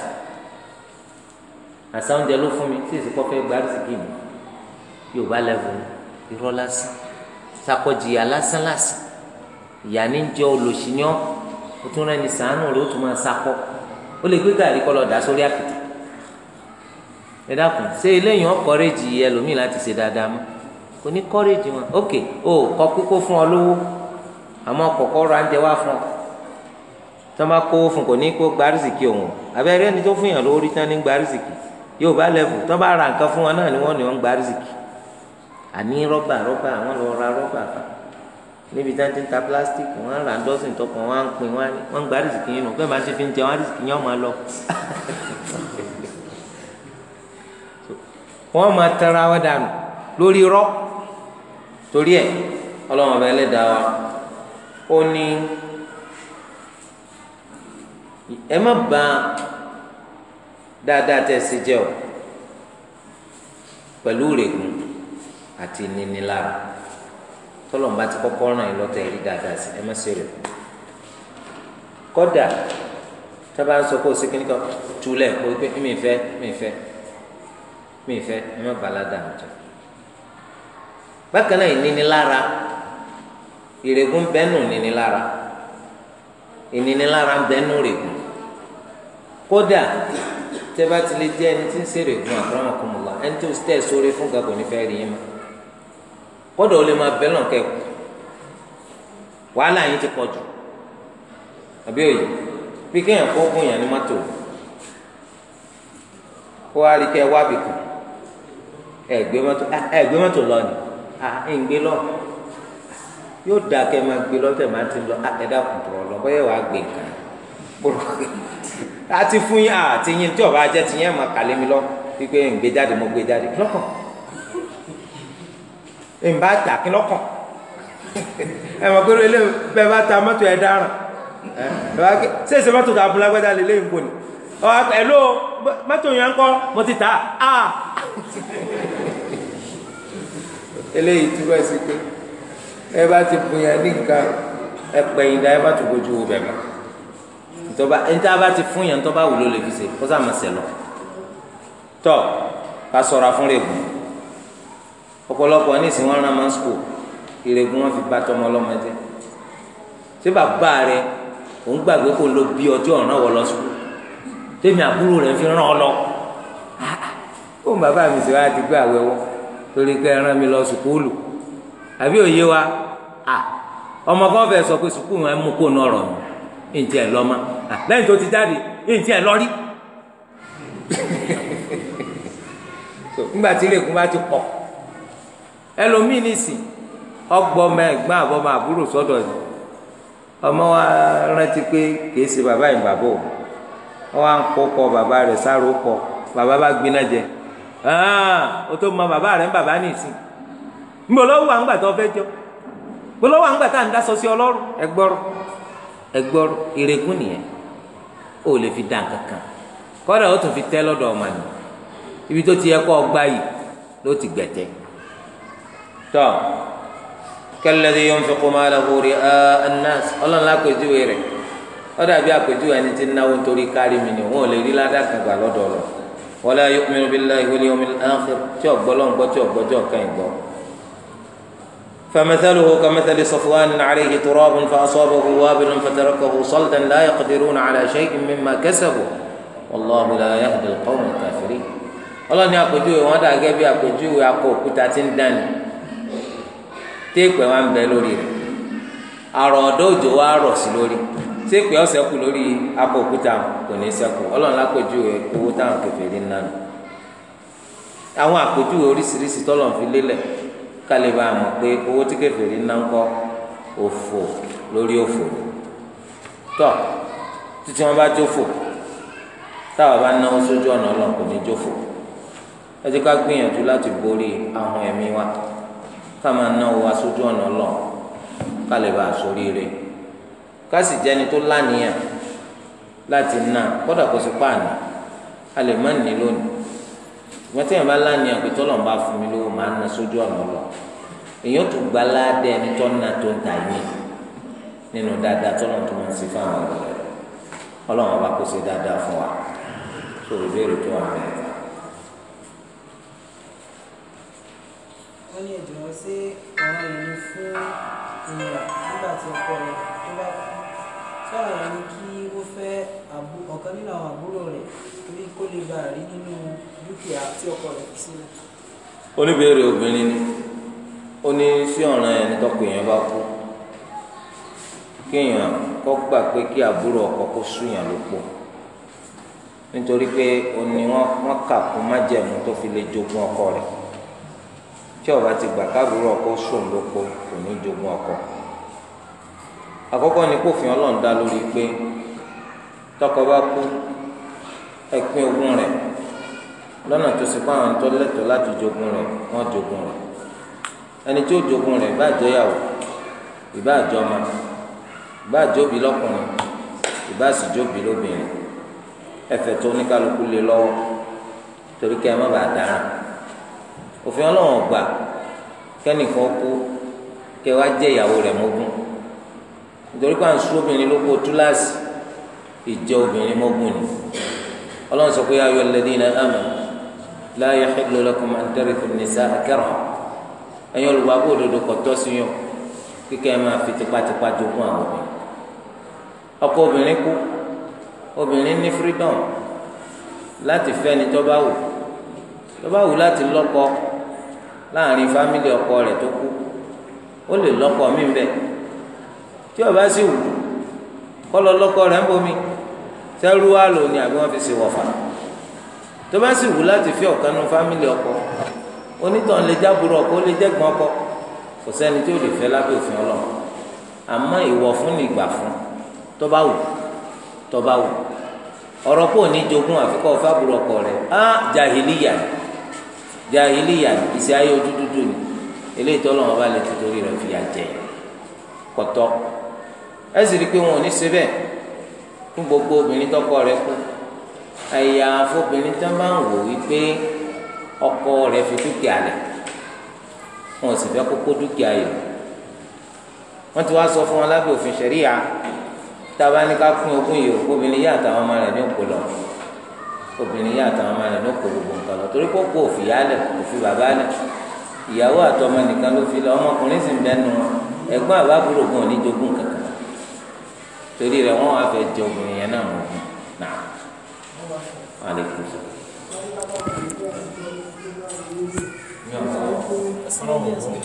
àṣà oúnjẹ ló fún mi tí èsì kọ́ fẹ́ gba àrísìkì mi yóò bá lẹ́fún irọ́ lásán sakọjìyà lásán lásán ìyá ní jẹ́ olùsíyàn ó tún rẹ́ni sàánù rẹ̀ ó tún máa sakọ ó lè gbé gàrí kọ́ lọ sórí àkìtì ẹ dákun ṣé eléyìí wọn kọrẹ́jì ẹlòmíì láti ṣe dáadáa mọ́ kò ní kọrẹ́jì wọn ok o kọ kókó fún ọ lówó àmọ́ kọ̀kọ́ ra ń jẹ wá fún ọ tó máa kó fún kò ní kó gbárísìkì òun abẹ́rẹ́ ẹni tó fún yàn lórí tán ní gbárísìkì yóò bá lẹ́fù tó bá ra nǹkan fún wọn náà ni wọ́n ní wọ́n gbárísìkì àní rọ́bà rọ́bà àwọn lọ ra rọ́bà fà níbi tí wọ́n ti ń ta pílásítìkì wọ́n ra dọ́sìn tó wọ́n ń pin wọ́n á yín nù pé màá ṣe fi ń jẹ wọ́n á yín ọ̀ máa lọ. wọ́n máa tẹ̀ra wọn dànù lórí rọ́ torí ẹ̀ ọlọ́run ọba ẹlẹ́dàá wa ó ní ẹ má ba dáadáa tẹ̀ sí jẹ́ o pẹ̀lú rẹ̀gùn àti nínilára tọ́lọ́run bá ti kọ́kọ́ ràn yín lọ́tọ̀ ẹ̀rí dáadáa sí ẹ má ṣe rẹ̀ kọ́dà tọ́ba ń sọ pé òsínkìnnìkan túlẹ̀ kó pé mi fẹ́ mi fẹ́ mi ìfẹ́ ẹ má balada mi jẹ bákan náà ìnínilára ìrègùn bẹ́ẹ̀nù ìnínilára ìnínilára bẹ́ẹ̀nù règùn kódà tẹ ti lè jẹ ẹni tí ń ṣe règùn àbúrọ̀mọ̀ kò mọ̀ ẹni tó tẹ̀ sórí fún gàgò nífẹ̀ẹ́ rí yín mọ́ kódà ó lè máa wàhálà yín ti pọ̀ jù àbí òye bí kéèyàn kó gùn yàn ní mọ́tò kó ẹgbẹ mọtò ah, ẹgbẹ mọtò lọ ni ah, ẹgbẹ lọ yóò da kẹ máa gbé lọ́tẹ̀ máa ti lọ ah, ẹ̀dá kùtùrọ̀ lọ bóyá wàá gbé nǹkan a ti fún yín àti yín tí ọba jẹ ti yín ẹ̀ máa kàlẹ́ mi lọ wípé ń gbé jáde mo gbé jáde lọ́kàn ń bá tà kí lọ́kàn ẹ mọ̀ pé ilé bẹ́ẹ̀ bá ta mọ́tò ẹ̀ dáràn ṣé ìṣe mọ́tò tó abúlágbádá lè léyìn kò ní ẹ̀ ló mọ́tò yẹn ń kọ́ mo ti tà á eléyìí túbọ̀ sí pé ẹ bá ti bonya ní nǹkan ẹ pẹ̀ yìí dá ẹ bá tó bójú wo bẹ̀ mọ́ ntọ́ba níta bá ti fún yàn ntọ́ba wò ló lè fi ṣe kó sá ma ṣe lọ tọ́ ká sọ̀ra fún rẹ̀gùn ọ̀pọ̀lọpọ̀ ní ìsìn wọn rán ma ń sùkò ìrẹ̀gùn wọn fi bá tọmọ ọlọ́mọ jẹ́ ṣé bàbá rẹ òun gbàgbé kó lo bí ọjọ́ ọ̀ràn wọ lọ sùkò tèmi àbúrò rẹ̀ fi rán ọ lọ ah, ah. ó bàbá mi sì wá ti gbé àwẹ̀ wọn. torí pé ẹran mi lọ sùkúlù àbí òye wa ọmọ kan fẹ́ sọ pé sùkúlù ẹ mú kó nà mi ntí ẹ lọ ma lẹyìn tó ti jáde ntí ẹ lọ rí ti pọ ẹlòmíì ọgbọ ọmọ àbọ ọmọ àbúrò sọdọ yìí ọmọ wa rántí pé kìí ṣe bàbá yìí bàbá o kọ bàbá Ah, o to mọ bàbá rẹ ń bàbá nìsín nbọ lọ wà tó fẹ́ jọ nbọ lọ wà tá à ń dasọ sí ọlọ́run ẹgbọrọ ẹgbọrọ nìyẹn o lè fi dàn kankan o tún fi tẹ ọmọ ibi tó ti yẹ kó ọgbà yìí ti gbẹtẹ tọ kẹlẹdì yóò fi kọmọ alahori anas Ọlọ́run lápèjúwe rẹ ọdà ẹni náwó kárí mi ni wọn ò lè rí wala yu'minu billahi wal yawmil akhir tí ó gbọ́ lọ́ngbọ́ tí ó gbọ́ tí ó kàn gbọ́. فمثله كمثل صفوان عليه تراب فأصابه وابل فتركه صلدا لا يقدرون على شيء مما كسبوا والله لا يهدي القوم الكافرين ọlọ́ni àpèjúwe wọn dà gẹ́gẹ́ bí àpèjúwe akọ òkúta tí ń dání téèpẹ̀ wa ń bẹ lórí rẹ̀ àrọ̀ ọ̀dọ́ òjò wa rọ̀ sí lórí rẹ̀ ṣé pé ọ kù lórí akọ òkúta kò ní sẹ́kù ọlọ́run lápèjúwe owó táwọn kèfèrí ń nánu àwọn àpèjúwe oríṣiríṣi tọ́lọ̀n fi lélẹ̀ kálí bá a mọ̀ pé owó tí kèfèrí ń nánu kọ́ òfò lórí òfò tọ́ títí wọn bá jófò bá náwó sójú ọ̀nà ọlọ́run kò ní jófò ká sì jẹni tó lánìyàn láti nà kódà kó sì pààní a lè má nì lónìí wọn tẹ̀yìn bá lánìyàn pé tọ́lọ̀ ń bá fún mi lówó máa ń na sójú ọ̀nà lọ èèyàn tó gba aládé ẹni tó na tó ń tà yín nínú dáadáa tọ́lọ̀ tó máa ń ṣe fáwọn ọ̀rọ̀ ọlọ́run ọba kó ṣe dáadáa fún wa tó o béèrè tó wà mẹ́rin. wọ́n ní ẹ̀jọ̀ ṣé ọ̀rọ̀ yẹn ni fún ìyàn nígbà tí ọkọ rẹ̀ tó bá kú káwọn ni kí ó fẹ́ ọ̀kan nínú àwọn àbúrò rẹ̀ torí kó lè bá rí nínú dúkìá tí ọkọ rẹ̀ fi sílẹ̀. oníbèrè obìnrin ni ó ní sí ọ̀ràn ẹni tọkọ èèyàn bá kú kéèyàn kọ́ gbà pé kí àbúrò ọkọ kó súyàn ló pọ̀ nítorí pé ó ní wọ́n kà kún májẹ̀mú tó fi lè jogún ọkọ rẹ̀ tí ó bá ti gbà káàbúrò ọkọ sùn ló pọ̀ kò ní jogún ọkọ àkọ́kọ́ ni kófin Ọlọ́run dá lórí pé tọkọ bá kú ẹpin ogún rẹ̀ lọ́nà tó sì fún àwọn tó lẹ́tọ̀ọ́ láti jogún rẹ̀ wọ́n jogún rẹ̀ ẹni tí ó jogún rẹ̀ ìbá àjọyàwó ìbá àjọmọ ìbá àjọbí lọ́kùnrin ìbá àsìjọbí lóbìnrin ẹ̀fẹ̀ tó oníkálukú lé lọ́wọ́ torí kẹ́ ẹ má bàa dára òfin Ọlọ́run ọgbà kẹ́nìkan kú kẹ́ wá jẹ́ ìyàwó rẹ̀ mógún nítorí pé à ń sún obìnrin lóko túláàsì ìjẹ obìnrin mọ́gùn ni ọlọ́run sọ pé ya ayyuhal ladhina amanu la yahillu lakum an tarithu an-nisaa karha ẹ̀yin olùgbàgbọ́ òdodo kò tọ́ sí yàn kíkẹ́ ẹ máa fi tipátipá jogún àwọn obìnrin ọkọ obìnrin kú obìnrin ní freedom láti fẹ́ni tó bá wù tó wù láti lọ́kọ láàrin fámìlì ọkọ rẹ̀ tó kú ó lè lọ́kọ mí bẹ́ẹ̀ tí ọba sì wù kọlọ lọkọ rẹ ń bomi tẹrú wa lò ní àbí wọn fi ṣe wọfà tó bá sì wù láti fi ọ̀kan nu fámìlì ọkọ onítàn lè jábúrò ọkọ ó lè jẹgbọn ọkọ kò sẹ́ni tí ó lè fẹ́ lábẹ́ òfin Ọlọ́run àmọ́ ìwọ fún ní ìgbà fún tó bá wù tó bá wù ọ̀rọ̀ kò ní jogún àfikọ́ fábùrò ọkọ rẹ á jahiliya jahiliya ìsì ayé ojú dúdú ni eléyìí tó lọ́wọ́ bá lè tutorí rẹ fi àjẹ kọ̀tọ́ ẹ sì rí i pé wọn ò ní ṣe bẹ́ẹ̀ fún gbogbo obìnrin tọkọ rẹ̀ kú ẹ̀yà afọbìnrin tó máa ń wò wípé ọkọ rẹ̀ fi dúkìá lẹ̀ wọn ò sì fẹ́ kókó dúkìá yìí wọ́n ti wá sọ fún wọn lábẹ́ òfin ṣẹ̀ríya tába ní ká pín ogún yìí obìnrin yá àtàwọn ọmọ rẹ̀ ní òkú lọ obìnrin yá àtàwọn ọmọ rẹ̀ ní òkú gbogbo nǹkan lọ torí kó kó òfin yálẹ̀ òfin bàbá lẹ̀ ìyàwó àtọmọ nìkan ló fi lọ ọmọkùnrin sì ń bẹnu ẹ̀gbọ́n àbábúrò gan ò ní jogún kankan torí rẹ̀ wọ́n wá fẹ́ jẹ obìnrin yẹn náà mọ̀ náà alaikum salaam. Assalamu